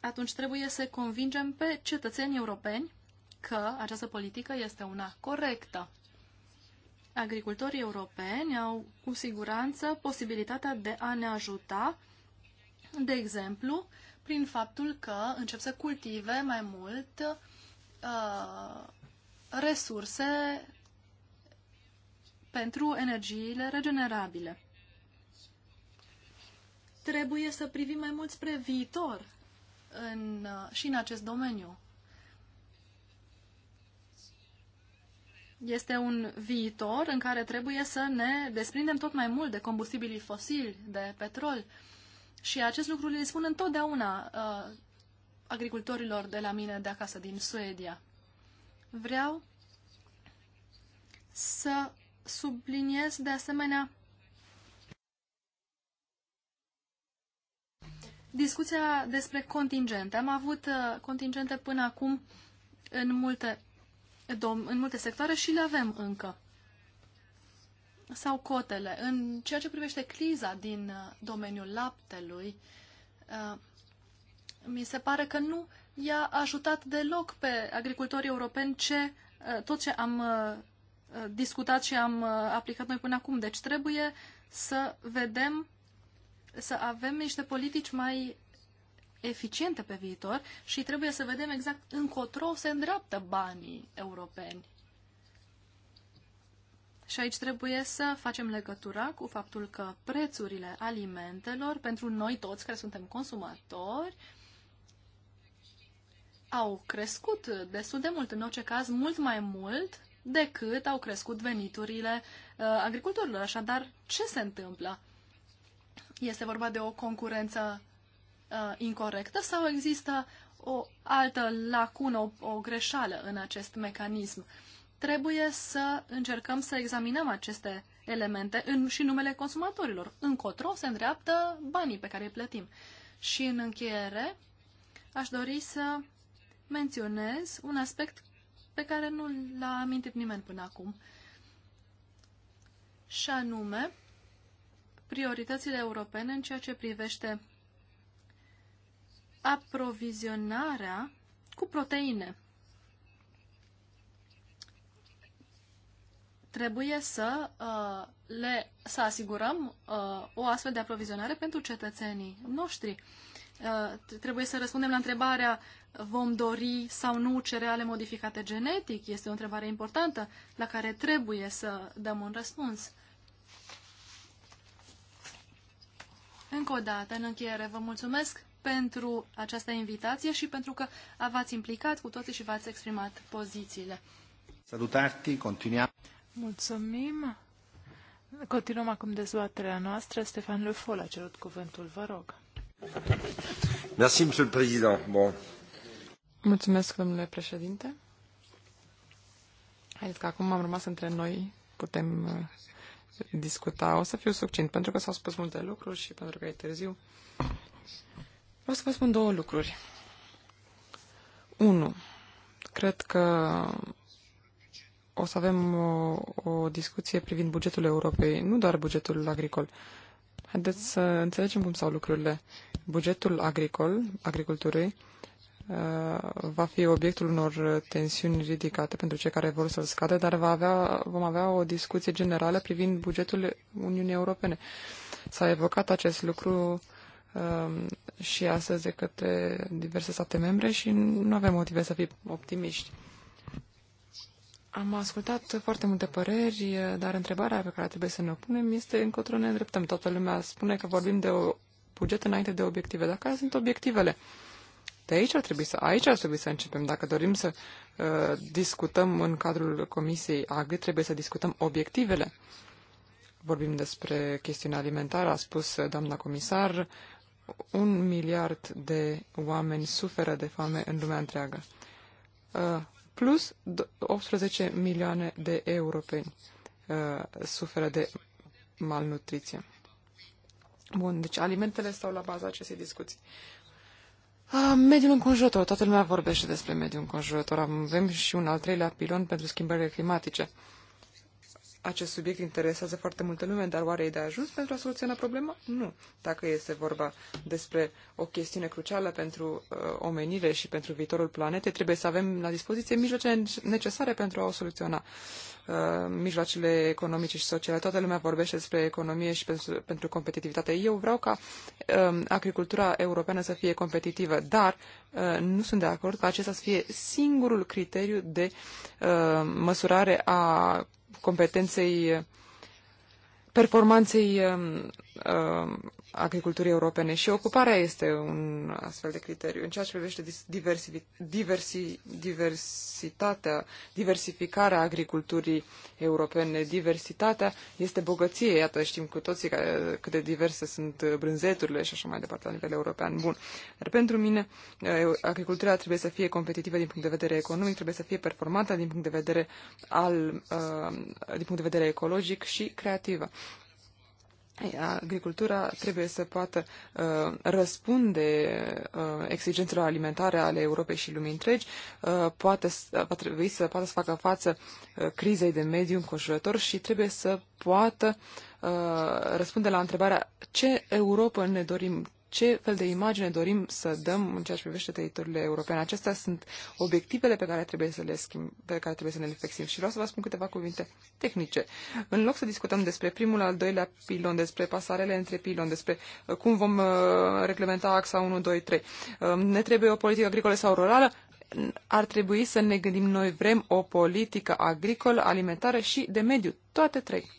atunci trebuie să convingem pe cetățenii europeni că această politică este una corectă agricultorii europeni au cu siguranță posibilitatea de a ne ajuta, de exemplu, prin faptul că încep să cultive mai mult uh, resurse pentru energiile regenerabile. Trebuie să privim mai mult spre viitor în, uh, și în acest domeniu. este un viitor în care trebuie să ne desprindem tot mai mult de combustibilii fosili, de petrol. Și acest lucru le spun întotdeauna uh, agricultorilor de la mine de acasă, din Suedia. Vreau să subliniez de asemenea discuția despre contingente. Am avut uh, contingente până acum în multe în multe sectoare și le avem încă. Sau cotele. În ceea ce privește criza din uh, domeniul laptelui, uh, mi se pare că nu i-a ajutat deloc pe agricultorii europeni ce, uh, tot ce am discutat și am aplicat noi până acum. Deci trebuie să vedem, să avem niște politici mai eficientă pe viitor și trebuie să vedem exact încotro se îndreaptă banii europeni. Și aici trebuie să facem legătura cu faptul că prețurile alimentelor pentru noi toți care suntem consumatori au crescut destul de mult, în orice caz mult mai mult decât au crescut veniturile uh, agricultorilor. Așadar, ce se întâmplă? Este vorba de o concurență uh, incorrectă sau există o altă lacună, o, o greșeală în acest mecanism. Trebuie să încercăm să examinăm aceste elemente în, și numele consumatorilor. Încotro se îndreaptă banii pe care îi plătim. Și în încheiere, aș dori să menționez un aspect pe care nu l-a amintit nimeni până acum. Și anume, prioritățile europene în ceea ce privește aprovizionarea cu proteine. Trebuie să, uh, le, să asigurăm uh, o astfel de aprovizionare pentru cetățenii noștri. Uh, trebuie să răspundem la întrebarea vom dori sau nu cereale modificate genetic. Este o întrebare importantă la care trebuie să dăm un răspuns. Încă o dată, în încheiere, vă mulțumesc pentru această invitație și pentru că v-ați implicat cu toții și v-ați exprimat pozițiile. Salutarti, continuăm. Mulțumim. Continuăm acum dezbaterea noastră. Stefan Le Foll a cerut cuvântul. Vă rog. Merci, monsieur le président. Bon. Mulțumesc, domnule președinte. Haideți că acum am rămas între noi, putem uh, discuta. O să fiu succint, pentru că s-au spus multe lucruri și pentru că e târziu. Vreau să vă spun două lucruri. Unu, Cred că o să avem o, o discuție privind bugetul Europei, nu doar bugetul agricol. Haideți să înțelegem cum stau lucrurile. Bugetul agricol, agriculturii, uh, va fi obiectul unor tensiuni ridicate pentru cei care vor să-l scadă, dar va avea, vom avea o discuție generală privind bugetul Uniunii Europene. S-a evocat acest lucru Um, și astăzi de către diverse state membre și nu avem motive să fim optimiști. Am ascultat foarte multe păreri, dar întrebarea pe care trebuie să ne punem este încotro ne îndreptăm. Toată lumea spune că vorbim de o buget înainte de obiective. Dar care sunt obiectivele? De aici ar trebui să, aici ar trebui să începem. Dacă dorim să uh, discutăm în cadrul Comisiei AG, trebuie să discutăm obiectivele. Vorbim despre chestiunea alimentară, a spus doamna comisar, un miliard de oameni suferă de foame în lumea întreagă, uh, plus 18 milioane de europeni uh, suferă de malnutriție. Bun, deci alimentele stau la baza acestei discuții. Uh, mediul înconjurător, toată lumea vorbește despre mediul înconjurător. Avem și un al treilea pilon pentru schimbările climatice. Uh, acest subiect interesează foarte multă lume, dar oare e de ajuns pentru a soluționa problema? Nu. Dacă este vorba despre o chestiune crucială pentru uh, omenire și pentru viitorul planetei, trebuie să avem la dispoziție mijloacele necesare pentru a o soluționa. Uh, mijloacele economice și sociale. Toată lumea vorbește despre economie și pentru, pentru competitivitate. Eu vreau ca uh, agricultura europeană să fie competitivă, dar uh, nu sunt de acord ca acesta să fie singurul criteriu de uh, măsurare a competenței performanței uh, agriculturii europene și ocuparea este un astfel de criteriu. În ceea ce privește diversi, diversi, diversitatea, diversificarea agriculturii europene, diversitatea este bogăție. Iată, știm cu toții cât de diverse sunt brânzeturile și așa mai departe la nivel european. Bun. Dar pentru mine, agricultura trebuie să fie competitivă din punct de vedere economic, trebuie să fie performantă din punct de vedere, al, uh, din punct de vedere ecologic și creativă agricultura trebuie să poată uh, răspunde uh, exigențelor alimentare ale Europei și lumii întregi, uh, poate, uh, va trebui să poată să facă față uh, crizei de mediu înconjurător și trebuie să poată uh, răspunde la întrebarea ce Europa ne dorim, ce fel de imagine dorim să dăm în ceea ce privește teritoriile europene. Acestea sunt obiectivele pe care trebuie să le schimb, pe care trebuie să ne le fixim. Și vreau să vă spun câteva cuvinte tehnice. În loc să discutăm despre primul, al doilea pilon, despre pasarele între pilon, despre uh, cum vom uh, reglementa axa 1, 2, 3, ne trebuie o politică agricolă sau rurală, ar trebui să ne gândim noi vrem o politică agricolă, alimentară și de mediu, toate trei.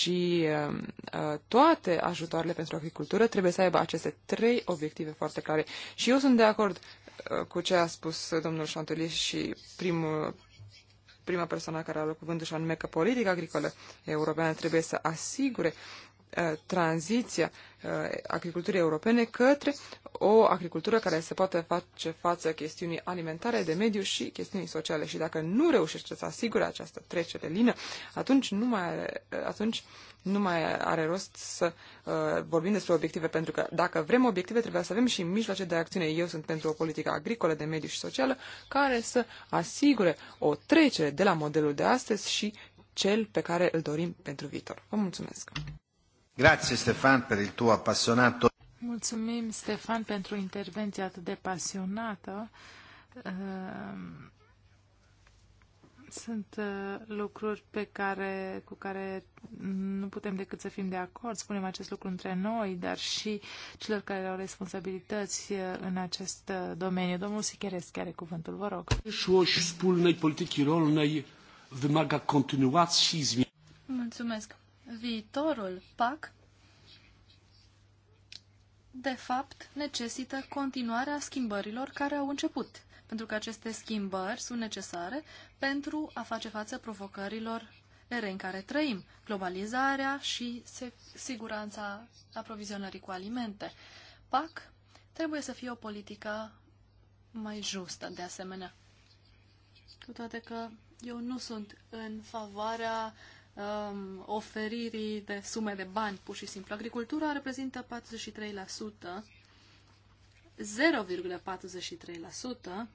și uh, uh, toate ajutoarele pentru agricultură trebuie să aibă aceste trei obiective foarte clare. Și eu sunt de acord uh, cu ce a spus domnul Chantelie și primul, prima persoană care a luat cuvântul și anume că politica agricolă europeană trebuie să asigure Uh, tranziția uh, agriculturii europene către o agricultură care se poate face față chestiunii alimentare, de mediu și chestiunii sociale. Și dacă nu reușește să asigure această trecere lină, atunci nu mai are, uh, atunci nu mai are rost să uh, vorbim despre obiective, pentru că dacă vrem obiective, trebuie să avem și mijloace de acțiune. Eu sunt pentru o politică agricolă, de mediu și socială, care să asigure o trecere de la modelul de astăzi și cel pe care îl dorim pentru viitor. Vă mulțumesc! Grazie, Stefan, per il tuo appassionato. Mulțumim, Stefan, pentru intervenția atât de pasionată. Ehm, sunt eh, lucruri pe care, cu care nu putem decât să fim de acord, spunem acest lucru între noi, dar și celor care au responsabilități eh, în acest eh, domeniu. Domnul Sicherescu are cuvântul, vă rog. Mulțumesc viitorul PAC de fapt, necesită continuarea schimbărilor care au început, pentru că aceste schimbări sunt necesare pentru a face față provocărilor ere în care trăim, globalizarea și siguranța aprovizionării cu alimente. PAC trebuie să fie o politică mai justă, de asemenea. Cu toate că eu nu sunt în favoarea uh, um, oferirii de sume de bani, pur și simplu. Agricultura reprezintă 43%, 0,43%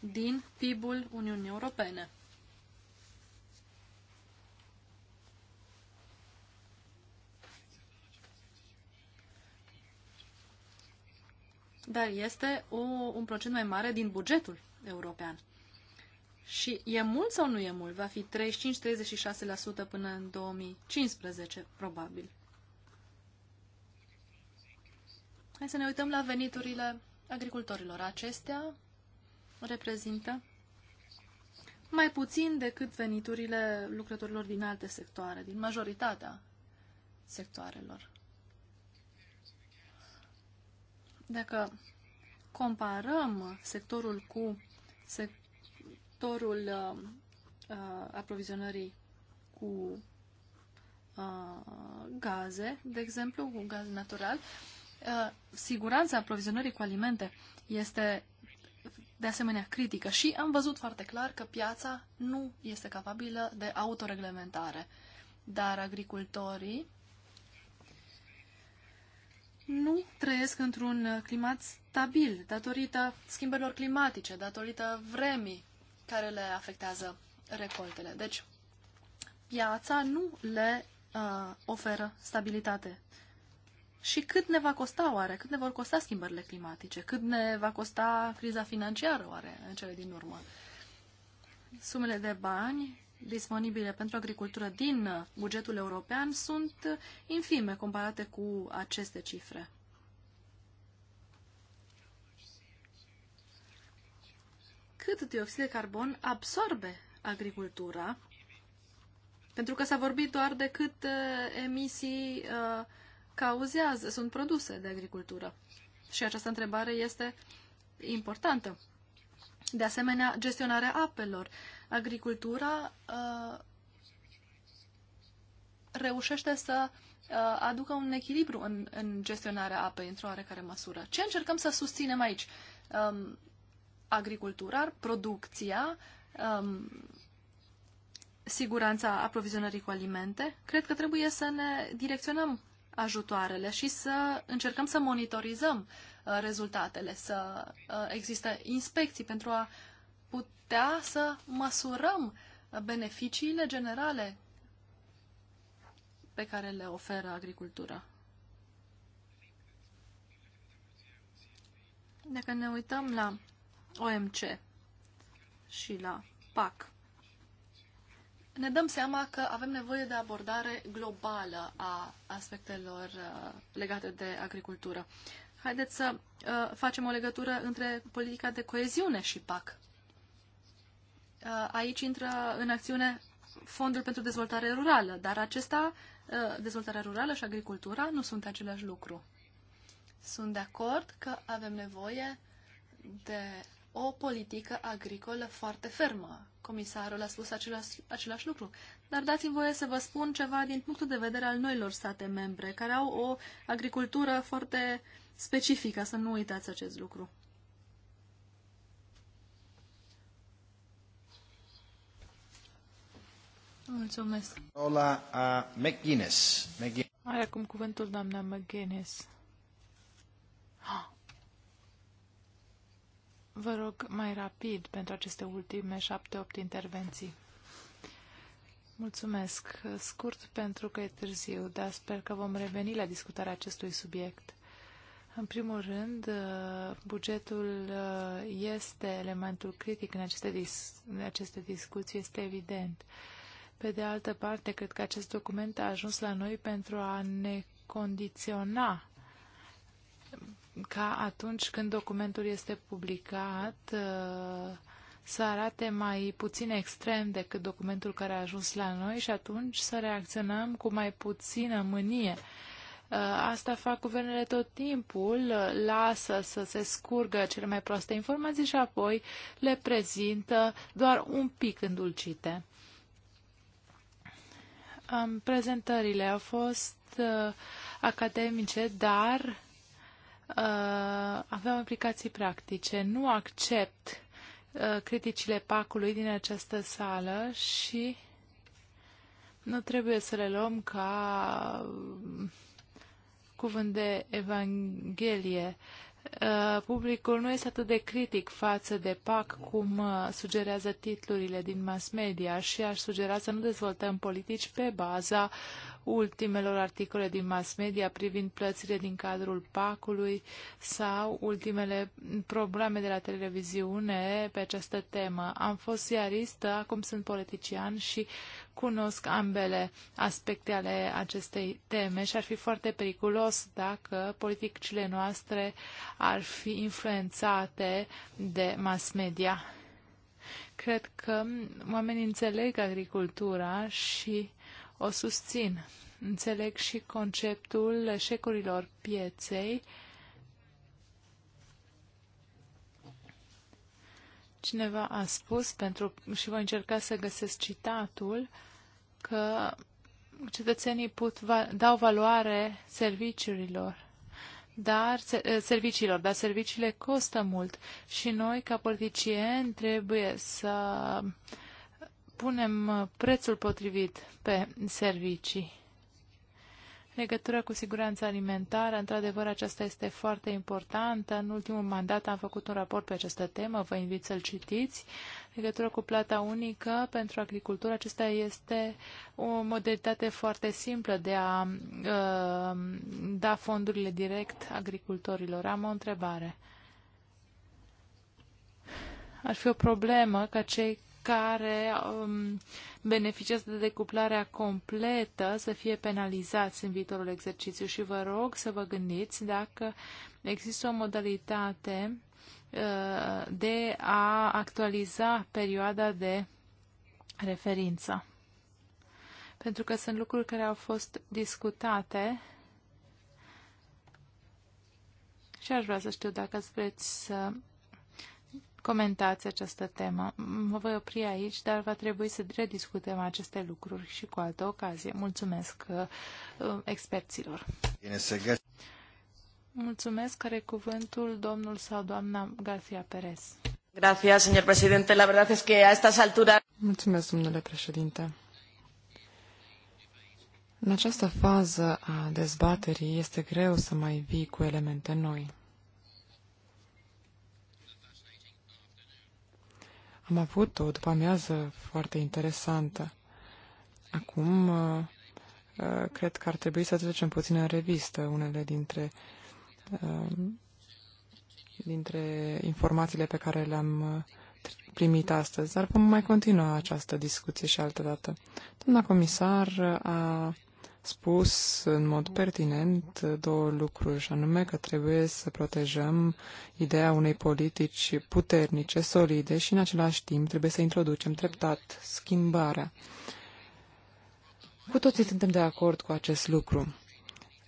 din PIB-ul Uniunii Europene. Dar este o, un procent mai mare din bugetul european. Și e mult sau nu e mult? Va fi 35-36% până în 2015, probabil. Hai să ne uităm la veniturile agricultorilor. Acestea reprezintă mai puțin decât veniturile lucrătorilor din alte sectoare, din majoritatea sectoarelor. Dacă comparăm sectorul cu sec sectorul uh, uh, aprovizionării cu uh, gaze, de exemplu, cu gaz natural, uh, siguranța aprovizionării cu alimente este de asemenea critică și am văzut foarte clar că piața nu este capabilă de autoreglementare. Dar agricultorii nu trăiesc într-un climat stabil datorită schimbărilor climatice, datorită vremii, care le afectează recoltele. Deci, piața nu le uh, oferă stabilitate. Și cât ne va costa oare? Cât ne vor costa schimbările climatice? Cât ne va costa criza financiară oare în cele din urmă? Sumele de bani disponibile pentru agricultură din bugetul european sunt infime comparate cu aceste cifre. cât dioxid de carbon absorbe agricultura, pentru că s-a vorbit doar de cât uh, emisii uh, cauzează, sunt produse de agricultură. Și această întrebare este importantă. De asemenea, gestionarea apelor. Agricultura uh, reușește să uh, aducă un echilibru în, în gestionarea apei, într-o oarecare măsură. Ce încercăm să susținem aici? Um, agricultura, producția, um, siguranța aprovizionării cu alimente, cred că trebuie să ne direcționăm ajutoarele și să încercăm să monitorizăm uh, rezultatele, să uh, există inspecții pentru a putea să măsurăm uh, beneficiile generale pe care le oferă agricultura. Dacă ne uităm la OMC și la PAC. Ne dăm seama că avem nevoie de abordare globală a aspectelor uh, legate de agricultură. Haideți să uh, facem o legătură între politica de coeziune și PAC. Uh, aici intră în acțiune Fondul pentru Dezvoltare Rurală, dar acesta, dezvoltarea rurală și agricultura, nu sunt același lucru. Sunt de acord că avem nevoie de o politică agricolă foarte fermă. Comisarul a spus același, același lucru. Dar dați-mi voie să vă spun ceva din punctul de vedere al noilor state membre, care au o agricultură foarte specifică, să nu uitați acest lucru. Mulțumesc. Hola, uh, McGuinness. McGuinness. Are acum cuvântul doamna McGuinness. Vă rog mai rapid pentru aceste ultime șapte-opt intervenții. Mulțumesc. Scurt pentru că e târziu, dar sper că vom reveni la discutarea acestui subiect. În primul rând, bugetul uh, este elementul critic în aceste, dis- în aceste discuții, este evident. Pe de altă parte, cred că acest document a ajuns la noi pentru a ne condiționa ca atunci când documentul este publicat uh, să arate mai puțin extrem decât documentul care a ajuns la noi și atunci să reacționăm cu mai puțină mânie. Uh, asta fac guvernele tot timpul, uh, lasă să se scurgă cele mai proaste informații și apoi le prezintă doar un pic îndulcite. Um, prezentările au fost academice, dar uh, avem aplicații practice. Nu accept uh, criticile pacului din această sală și nu trebuie să le luăm ca uh, cuvânt de Evanghelie. Uh, publicul nu este atât de critic față de PAC cum uh, sugerează titlurile din mass media și aș sugera să nu dezvoltăm politici pe baza uh, ultimelor articole din mass media privind plățile din cadrul PAC-ului sau ultimele programe de la televiziune pe această temă. Am fost iaristă, acum sunt politician și cunosc ambele aspecte ale acestei teme și ar fi foarte periculos dacă politicile noastre ar fi influențate de mass media cred că oamenii înțeleg agricultura și o susțin. Înțeleg și conceptul eșecurilor pieței. Cineva a spus, pentru, și voi încerca să găsesc citatul, că cetățenii put, va, dau valoare serviciilor dar eh, serviciilor, dar serviciile costă mult și noi, ca politicieni, trebuie să punem uh, prețul potrivit pe servicii. În legătură cu siguranța alimentară, într-adevăr, aceasta este foarte importantă. În ultimul mandat am făcut un raport pe această temă, vă invit să-l citiți. În legătură cu plata unică pentru agricultură, acesta este o modalitate foarte simplă de a uh, da fondurile direct agricultorilor. Am o întrebare. Ar fi o problemă ca cei care um, beneficiază de decuplarea completă să fie penalizați în viitorul exercițiu și vă rog să vă gândiți dacă există o modalitate uh, de a actualiza perioada de referință. Pentru că sunt lucruri care au fost discutate și aș vrea să știu dacă ați vreți să comentați această temă. Mă voi opri aici, dar va trebui să rediscutăm aceste lucruri și cu altă ocazie. Mulțumesc uh, uh experților. Mulțumesc. Care cuvântul domnul sau doamna García Perez. Gracias, señor presidente. La verdad es que a estas alturas... Mulțumesc, domnule președinte. În această fază a dezbaterii este greu să mai vii cu elemente noi. Am avut o după amiază foarte interesantă. Acum, uh, uh, cred că ar trebui să trecem puțin în revistă unele dintre, uh, dintre informațiile pe care le-am primit astăzi, dar vom mai continua această discuție și altă dată. Doamna comisar a spus în mod pertinent două lucruri, și anume că trebuie să protejăm ideea unei politici puternice, solide și în același timp trebuie să introducem treptat schimbarea. Cu toții suntem de acord cu acest lucru,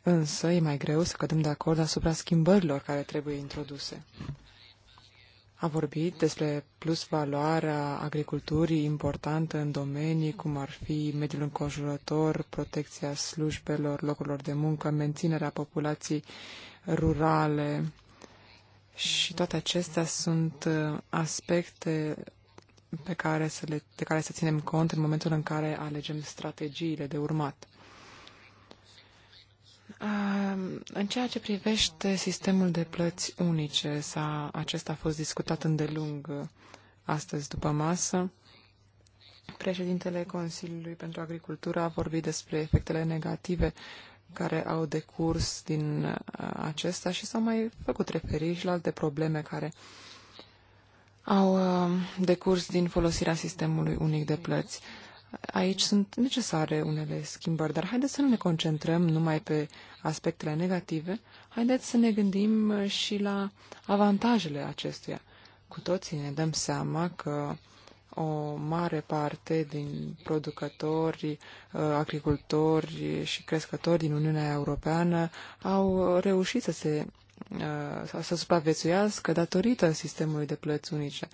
însă e mai greu să cădem de acord asupra schimbărilor care trebuie introduse a vorbit despre plus valoarea agriculturii importantă în domenii cum ar fi mediul înconjurător, protecția slujbelor, locurilor de muncă, menținerea populației rurale și toate acestea sunt uh, aspecte pe care să le, de care să ținem cont în momentul în care alegem strategiile de urmat. În ceea ce privește sistemul de plăți unice, a acesta a fost discutat îndelung uh, astăzi după masă. Președintele Consiliului pentru Agricultură a vorbit despre efectele negative care au decurs din uh, acesta și s-au mai făcut referiri și la alte probleme care au uh, decurs din folosirea sistemului unic de plăți aici sunt necesare unele schimbări, dar haideți să nu ne concentrăm numai pe aspectele negative, haideți să ne gândim și la avantajele acestuia. Cu toții ne dăm seama că o mare parte din producători, uh, agricultori și crescători din Uniunea Europeană au reușit să se Uh, să supraviețuiască datorită sistemului de plăți unice.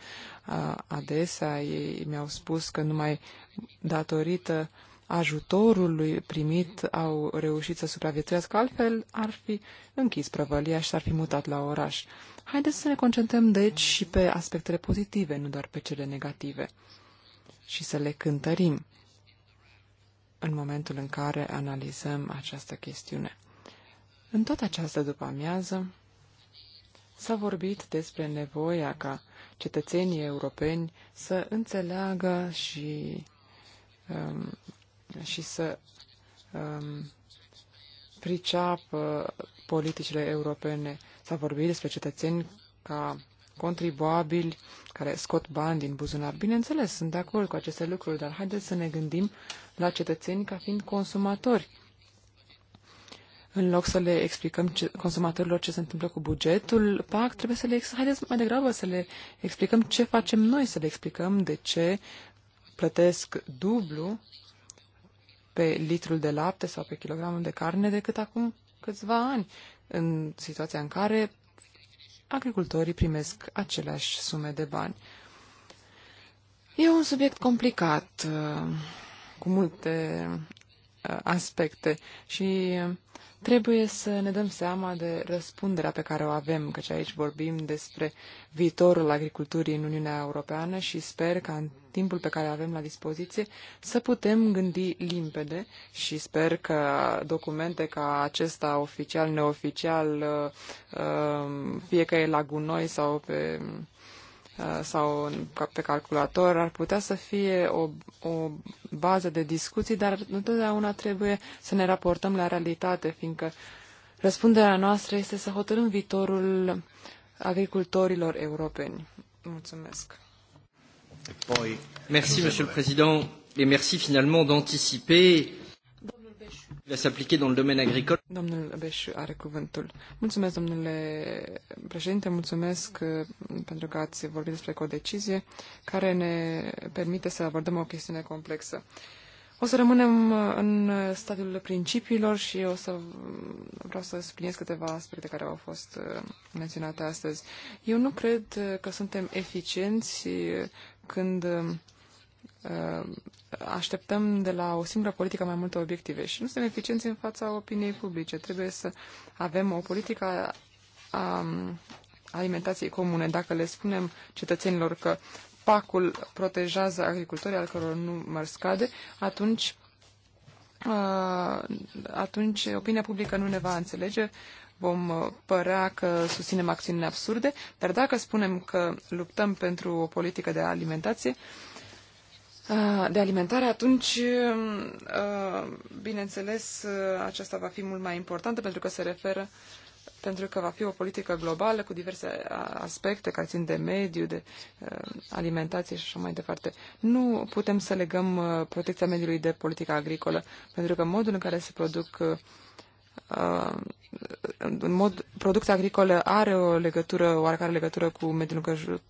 Adesea ei mi-au spus că numai datorită ajutorului primit au reușit să supraviețuiască, altfel ar fi închis prăvălia și s-ar fi mutat la oraș. Haideți să ne concentrăm, deci, și pe aspectele pozitive, nu doar pe cele negative, și să le cântărim în momentul în care analizăm această chestiune. În toată această după-amiază s-a vorbit despre nevoia ca cetățenii europeni să înțeleagă și, um, și să um, priceapă politicile europene. S-a vorbit despre cetățeni ca contribuabili care scot bani din buzunar. Bineînțeles, sunt de acord cu aceste lucruri, dar haideți să ne gândim la cetățeni ca fiind consumatori în loc să le explicăm ce, consumatorilor ce se întâmplă cu bugetul PAC, trebuie să le... Haideți mai degrabă să le explicăm ce facem noi, să le explicăm de ce plătesc dublu pe litrul de lapte sau pe kilogramul de carne decât acum câțiva ani, în situația în care agricultorii primesc aceleași sume de bani. E un subiect complicat, uh, cu multe aspecte și uh, trebuie să ne dăm seama de răspunderea pe care o avem, căci aici vorbim despre viitorul agriculturii în Uniunea Europeană și sper că în timpul pe care avem la dispoziție să putem gândi limpede și sper că documente ca acesta oficial, neoficial, uh, uh, fie că e la gunoi sau pe Uh, sau pe calculator ar putea să fie o, o bază de discuții, dar întotdeauna trebuie să ne raportăm la realitate, fiindcă răspunderea noastră este să hotărâm viitorul agricultorilor europeni. Mulțumesc. Merci, Monsieur le Président, et merci finalement d'anticiper Domnul Beș are cuvântul. Mulțumesc, domnule președinte, mulțumesc uh, pentru că ați vorbit despre decizie care ne permite să abordăm o chestiune complexă. O să rămânem uh, în stadiul principiilor și o să vreau să subliniez câteva aspecte care au fost uh, menționate astăzi. Eu nu cred că suntem eficienți când Uh, așteptăm de la o singură politică mai multe obiective și nu suntem eficienți în fața opiniei publice. Trebuie să avem o politică a alimentației comune. Dacă le spunem cetățenilor că pacul protejează agricultorii al căror număr scade, atunci, atunci opinia publică nu ne va înțelege vom uh, părea că susținem acțiuni absurde, dar dacă spunem că luptăm pentru o politică de alimentație, Ah, de alimentare, atunci, um, ah, bineînțeles, ah, aceasta va fi mult mai importantă pentru că se referă pentru că va fi o politică globală cu diverse aspecte care țin de mediu, de alimentație și așa mai departe. Nu putem să legăm protecția mediului de politica agricolă, pentru că modul în care se produc Uh, în mod, producția agricolă are o legătură, oarecare legătură cu mediul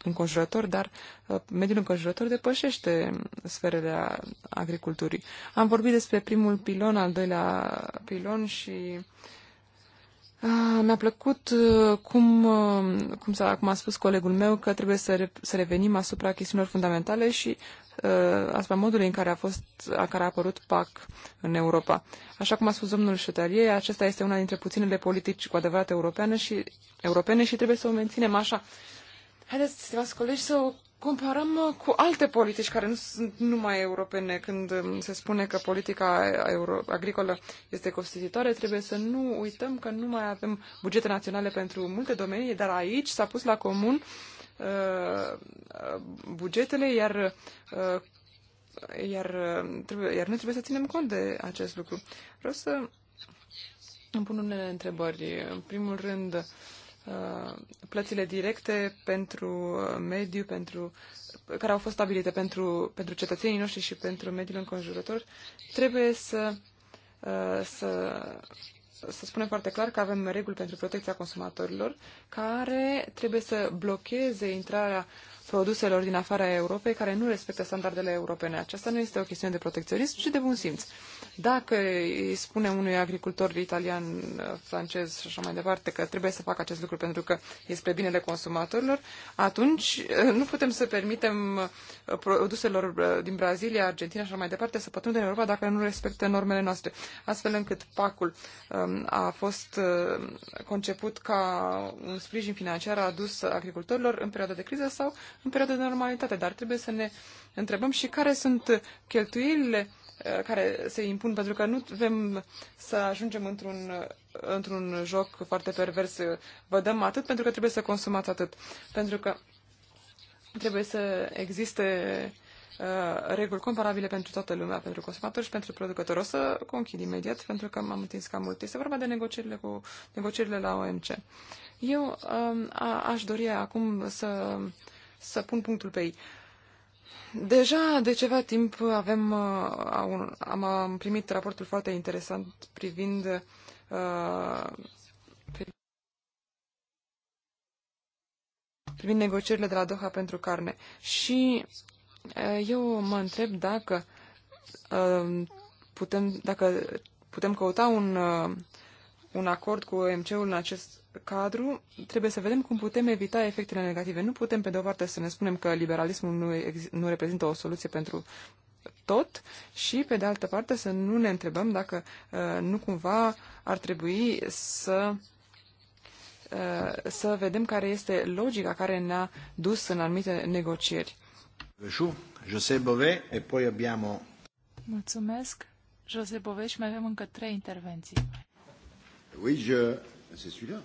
înconjurător, dar uh, mediul înconjurător depășește sferele agriculturii. Am vorbit despre primul pilon, al doilea pilon și Ah, mi-a plăcut uh, cum, uh, cum, a cum a spus colegul meu că trebuie să, re, să revenim asupra chestiunilor fundamentale și uh, asupra modului în care a, fost, a care a apărut PAC în Europa. Așa cum a spus domnul Șetărie, acesta este una dintre puținele politici cu adevărat europeană și, europene și trebuie să o menținem așa. Haideți, stimați colegi, să o comparăm uh, cu alte politici care nu sunt numai europene. Când um, se spune că politica uh, agricolă este costisitoare, trebuie să nu uităm că nu mai avem bugete naționale pentru multe domenii, dar aici s-a pus la comun uh, uh bugetele, iar uh, iar, trebuie, iar noi trebuie să ținem cont de acest lucru. Vreau să îmi pun unele întrebări. În primul rând, Uh, plățile directe pentru uh, mediu, pentru, care au fost stabilite pentru, pentru cetățenii noștri și pentru mediul înconjurător, trebuie să, uh, să, să spunem foarte clar că avem reguli pentru protecția consumatorilor care trebuie să blocheze intrarea produselor din afara Europei care nu respectă standardele europene. Aceasta nu este o chestiune de protecționism, ci de bun simț. Dacă îi spune unui agricultor italian, francez și așa mai departe că trebuie să facă acest lucru pentru că este spre binele consumatorilor, atunci eh, nu putem să permitem eh, produselor eh, din Brazilia, Argentina și așa mai departe să pătrundă în Europa dacă nu respectă normele noastre. Astfel încât pacul ehm, a fost conceput ca un sprijin financiar adus agricultorilor în perioada de criză sau în perioada de normalitate, dar trebuie să ne întrebăm și care sunt cheltuielile uh, care se impun, pentru că nu vrem să ajungem într-un, uh, într-un joc foarte pervers. Vă dăm atât pentru că trebuie să consumați atât. Pentru că trebuie să existe uh, reguli comparabile pentru toată lumea, pentru consumatori și pentru producători. O să conchid imediat, pentru că m-am întins cam mult. Este vorba de negocierile, cu, negocierile la OMC. Eu uh, aș dori acum să uh, să pun punctul pe ei. Deja de ceva timp avem, uh, am, am primit raportul foarte interesant privind uh, privind negocierile de la Doha pentru carne. Și uh, eu mă întreb dacă putem, dacă putem căuta un, un acord cu OMC-ul în acest cadru trebuie să vedem cum putem evita efectele negative. Nu putem, pe de o parte, să ne spunem că liberalismul nu, nu reprezintă o soluție pentru tot și, pe de altă parte, să nu ne întrebăm dacă uh, nu cumva ar trebui să uh, să vedem care este logica care ne-a dus în anumite negocieri. José Bové, e poi abbiamo... Mulțumesc, José Bové, și mai avem încă trei intervenții. Oui, je... C'est celui-là.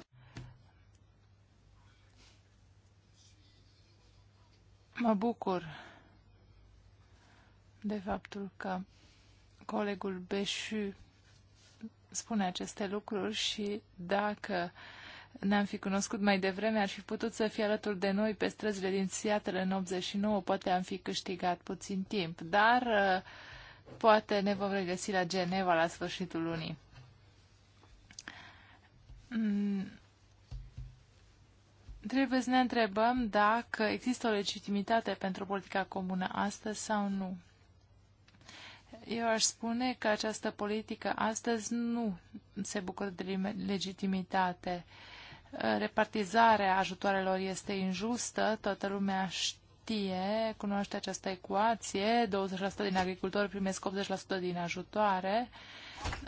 Mă bucur de faptul că colegul Beșu spune aceste lucruri și dacă ne-am fi cunoscut mai devreme, ar fi putut să fie alături de noi pe străzile din Seattle în 89, poate am fi câștigat puțin timp, dar uh, poate ne vom regăsi la Geneva la sfârșitul lunii. Mm, trebuie să ne întrebăm dacă există o legitimitate pentru politica comună astăzi sau nu. Eu aș spune că această politică astăzi nu se bucură de legitimitate. Repartizarea ajutoarelor este injustă, toată lumea știe, cunoaște această ecuație, 20% din agricultori primesc 80% din ajutoare,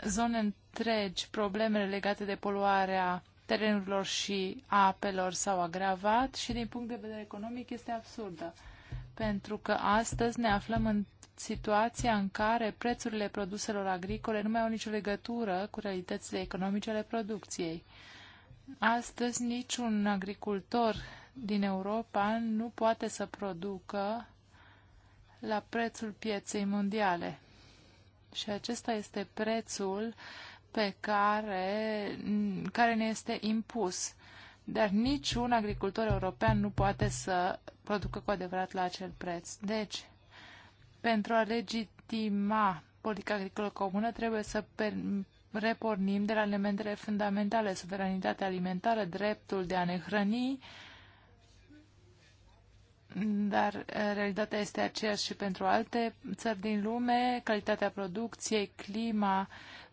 zone întregi, problemele legate de poluarea terenurilor și a apelor s-au agravat și din punct de vedere economic este absurdă. Pentru că astăzi ne aflăm în situația în care prețurile produselor agricole nu mai au nicio legătură cu realitățile economice ale producției. Astăzi niciun agricultor din Europa nu poate să producă la prețul pieței mondiale. Și acesta este prețul pe care, care ne este impus. Dar niciun agricultor european nu poate să producă cu adevărat la acel preț. Deci, pentru a legitima politica agricolă comună, trebuie să repornim de la elementele fundamentale, suveranitatea alimentară, dreptul de a ne hrăni, dar eh, realitatea este aceeași și pentru alte țări din lume, calitatea producției, clima,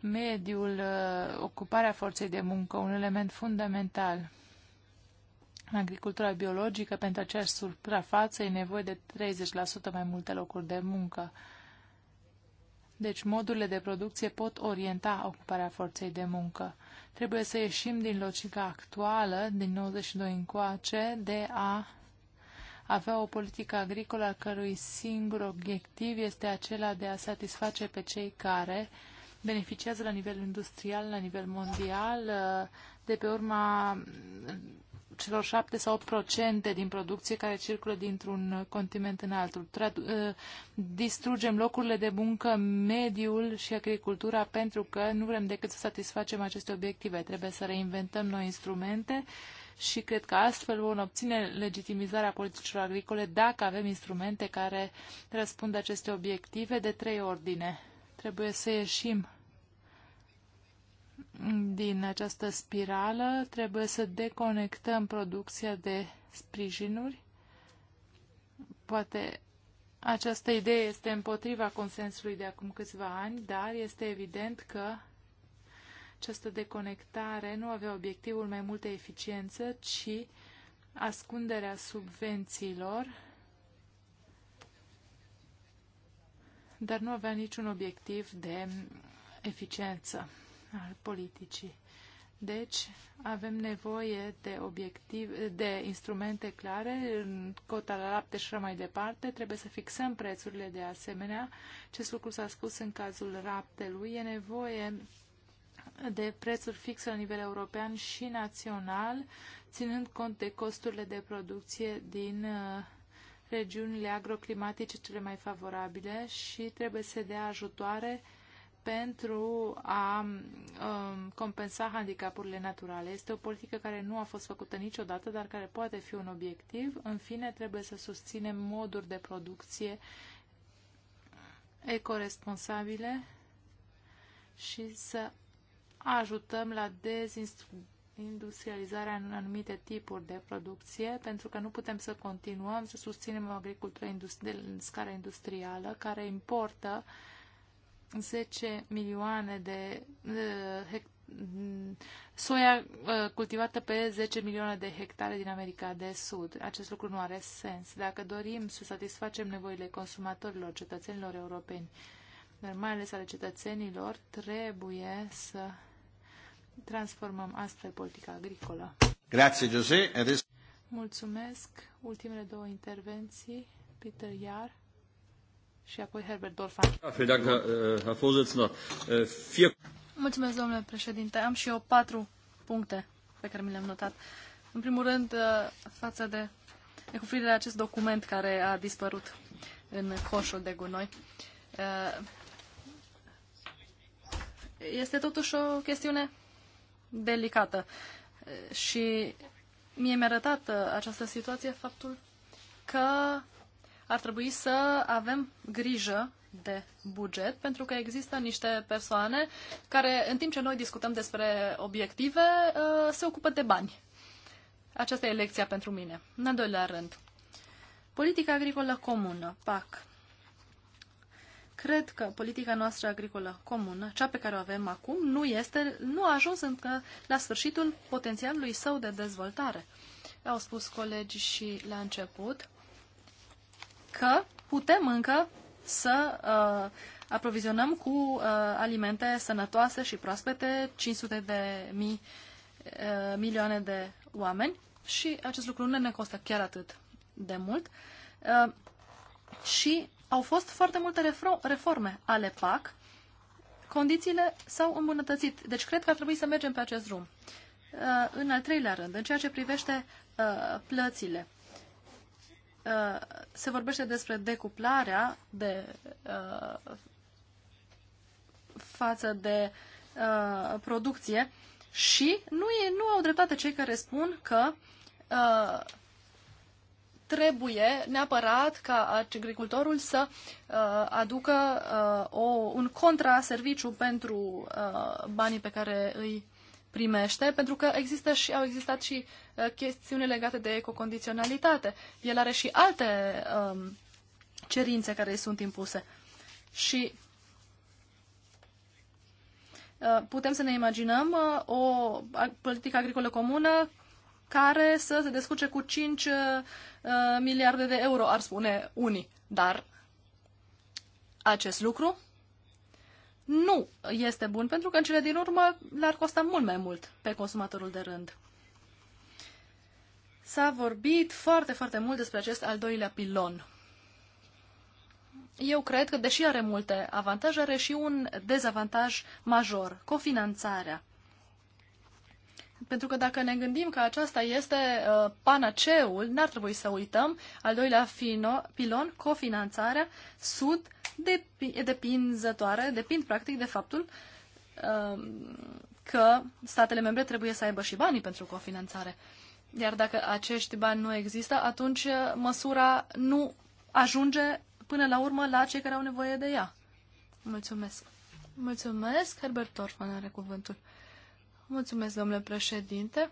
mediul, uh, ocuparea forței de muncă, un element fundamental. În agricultura biologică, pentru aceeași suprafață, e nevoie de 30% mai multe locuri de muncă. Deci modurile de producție pot orienta ocuparea forței de muncă. Trebuie să ieșim din logica actuală, din 92 încoace, de a avea o politică agricolă a cărui singur obiectiv este acela de a satisface pe cei care uh, beneficiază la nivel industrial, la nivel mondial, uh, de pe urma uh, celor 7 sau 8 procente din producție care circulă dintr-un continent în altul. Tradu- uh, distrugem locurile de muncă, mediul și agricultura pentru că nu vrem decât să satisfacem aceste obiective. Trebuie să reinventăm noi instrumente și cred că astfel vom obține legitimizarea politicilor agricole dacă avem instrumente care răspund aceste obiective de trei ordine. Trebuie să ieșim din această spirală, trebuie să deconectăm producția de sprijinuri. Poate această idee este împotriva consensului de acum câțiva ani, dar este evident că această deconectare nu avea obiectivul mai multă eficiență, ci ascunderea subvențiilor dar nu avea niciun obiectiv de eficiență al politicii. Deci, avem nevoie de, obiectiv, de instrumente clare, cota la lapte și mai departe. Trebuie să fixăm prețurile de asemenea. Acest lucru s-a spus în cazul raptelui. E nevoie de prețuri fixe la nivel european și național, ținând cont de costurile de producție din uh, regiunile agroclimatice cele mai favorabile și trebuie să dea ajutoare pentru a um, compensa handicapurile naturale. Este o politică care nu a fost făcută niciodată, dar care poate fi un obiectiv. În fine, trebuie să susținem moduri de producție ecoresponsabile și să ajutăm la industrializarea în anumite tipuri de producție, pentru că nu putem să continuăm să susținem o agricultură industri- în scară industrială care importă 10 milioane de, de soia uh, cultivată pe 10 milioane de hectare din America de Sud. Acest lucru nu are sens. Dacă dorim să satisfacem nevoile consumatorilor, cetățenilor europeni, dar mai ales ale cetățenilor, trebuie să transformăm astfel politica agricolă. Grazie, José. Mulțumesc. Ultimele două intervenții, Peter Iar și apoi Herbert Dorfan. Da, äh, äh, Mulțumesc, domnule președinte. Am și eu patru puncte pe care mi le-am notat. În primul rând, äh, față de necuprire acest document care a dispărut în coșul de gunoi. Este totuși o chestiune delicată. Și mie mi-a arătat uh, această situație faptul că ar trebui să avem grijă de buget, pentru că există niște persoane care, în timp ce noi discutăm despre obiective, uh, se ocupă de bani. Aceasta e lecția pentru mine. În al doilea rând, politica agricolă comună, PAC. Cred că politica noastră agricolă comună, cea pe care o avem acum, nu, este, nu a ajuns încă la sfârșitul potențialului său de dezvoltare. Au spus colegii și la început că putem încă să uh, aprovizionăm cu uh, alimente sănătoase și proaspete 500 de mii, uh, milioane de oameni și acest lucru nu ne costă chiar atât de mult. Uh, și au fost foarte multe reforme ale PAC, condițiile s-au îmbunătățit. Deci cred că ar trebui să mergem pe acest drum. Uh, în al treilea rând, în ceea ce privește uh, plățile, uh, se vorbește despre decuplarea de față de producție și nu, e, nu au dreptate cei care spun că trebuie neapărat ca agricultorul să uh, aducă uh, o, un contraserviciu pentru uh, banii pe care îi primește, pentru că există și, au existat și uh, chestiuni legate de ecocondiționalitate. El are și alte um, cerințe care îi sunt impuse. Și uh, putem să ne imaginăm uh, o politică agricolă comună care să se descurce cu 5 uh, miliarde de euro, ar spune unii. Dar acest lucru nu este bun, pentru că în cele din urmă le-ar costa mult mai mult pe consumatorul de rând. S-a vorbit foarte, foarte mult despre acest al doilea pilon. Eu cred că, deși are multe avantaje, are și un dezavantaj major, cofinanțarea. Pentru că dacă ne gândim că aceasta este uh, panaceul, n-ar trebui să uităm. Al doilea fino, pilon, cofinanțarea, sud, dep- depinzătoare, depind practic de faptul uh, că statele membre trebuie să aibă și banii pentru cofinanțare. Iar dacă acești bani nu există, atunci uh, măsura nu ajunge până la urmă la cei care au nevoie de ea. Mulțumesc. Mulțumesc. Herbert Torfman are cuvântul. Mulțumesc, domnule președinte.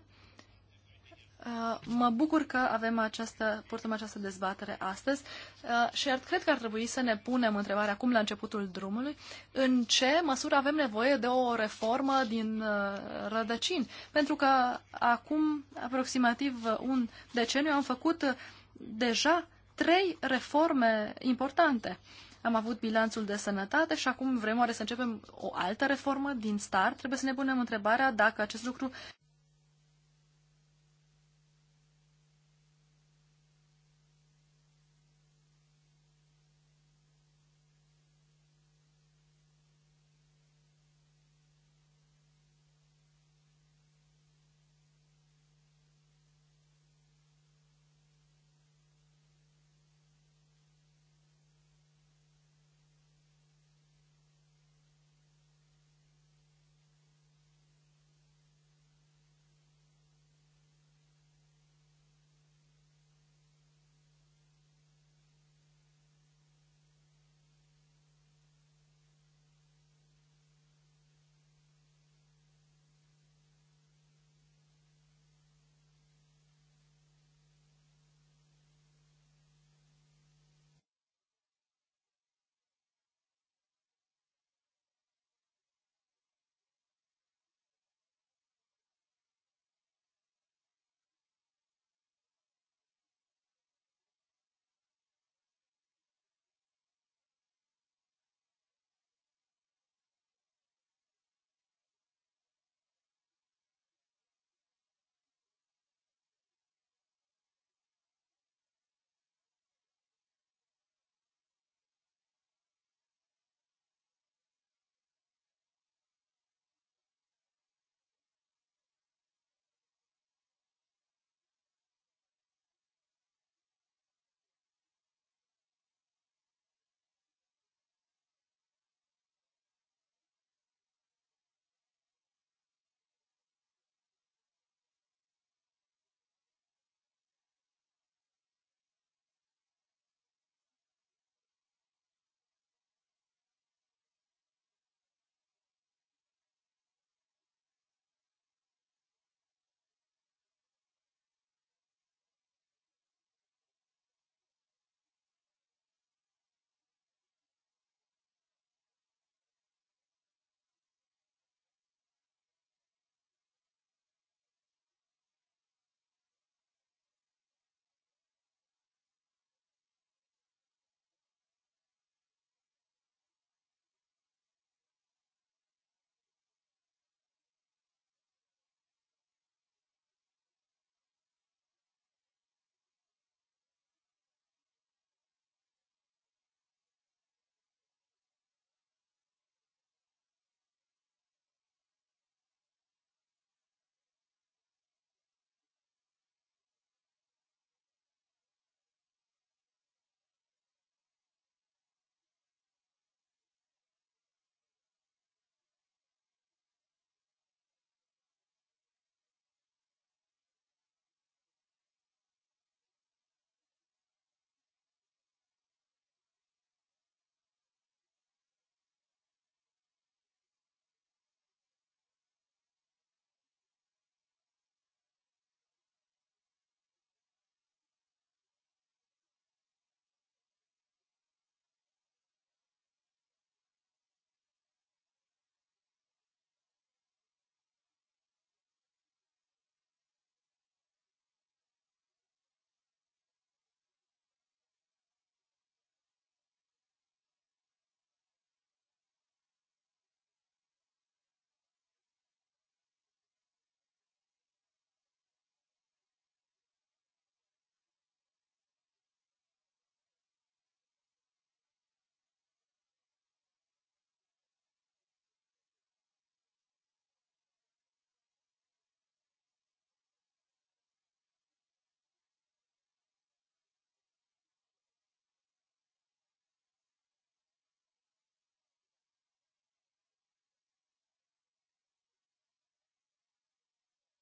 Uh, mă bucur că avem această, purtăm această dezbatere astăzi uh, și ar, cred că ar trebui să ne punem întrebarea acum la începutul drumului în ce măsură avem nevoie de o reformă din uh, rădăcini. Pentru că acum aproximativ un deceniu am făcut deja trei reforme importante am avut bilanțul de sănătate și acum vrem oare să începem o altă reformă din start. Trebuie să ne punem întrebarea dacă acest lucru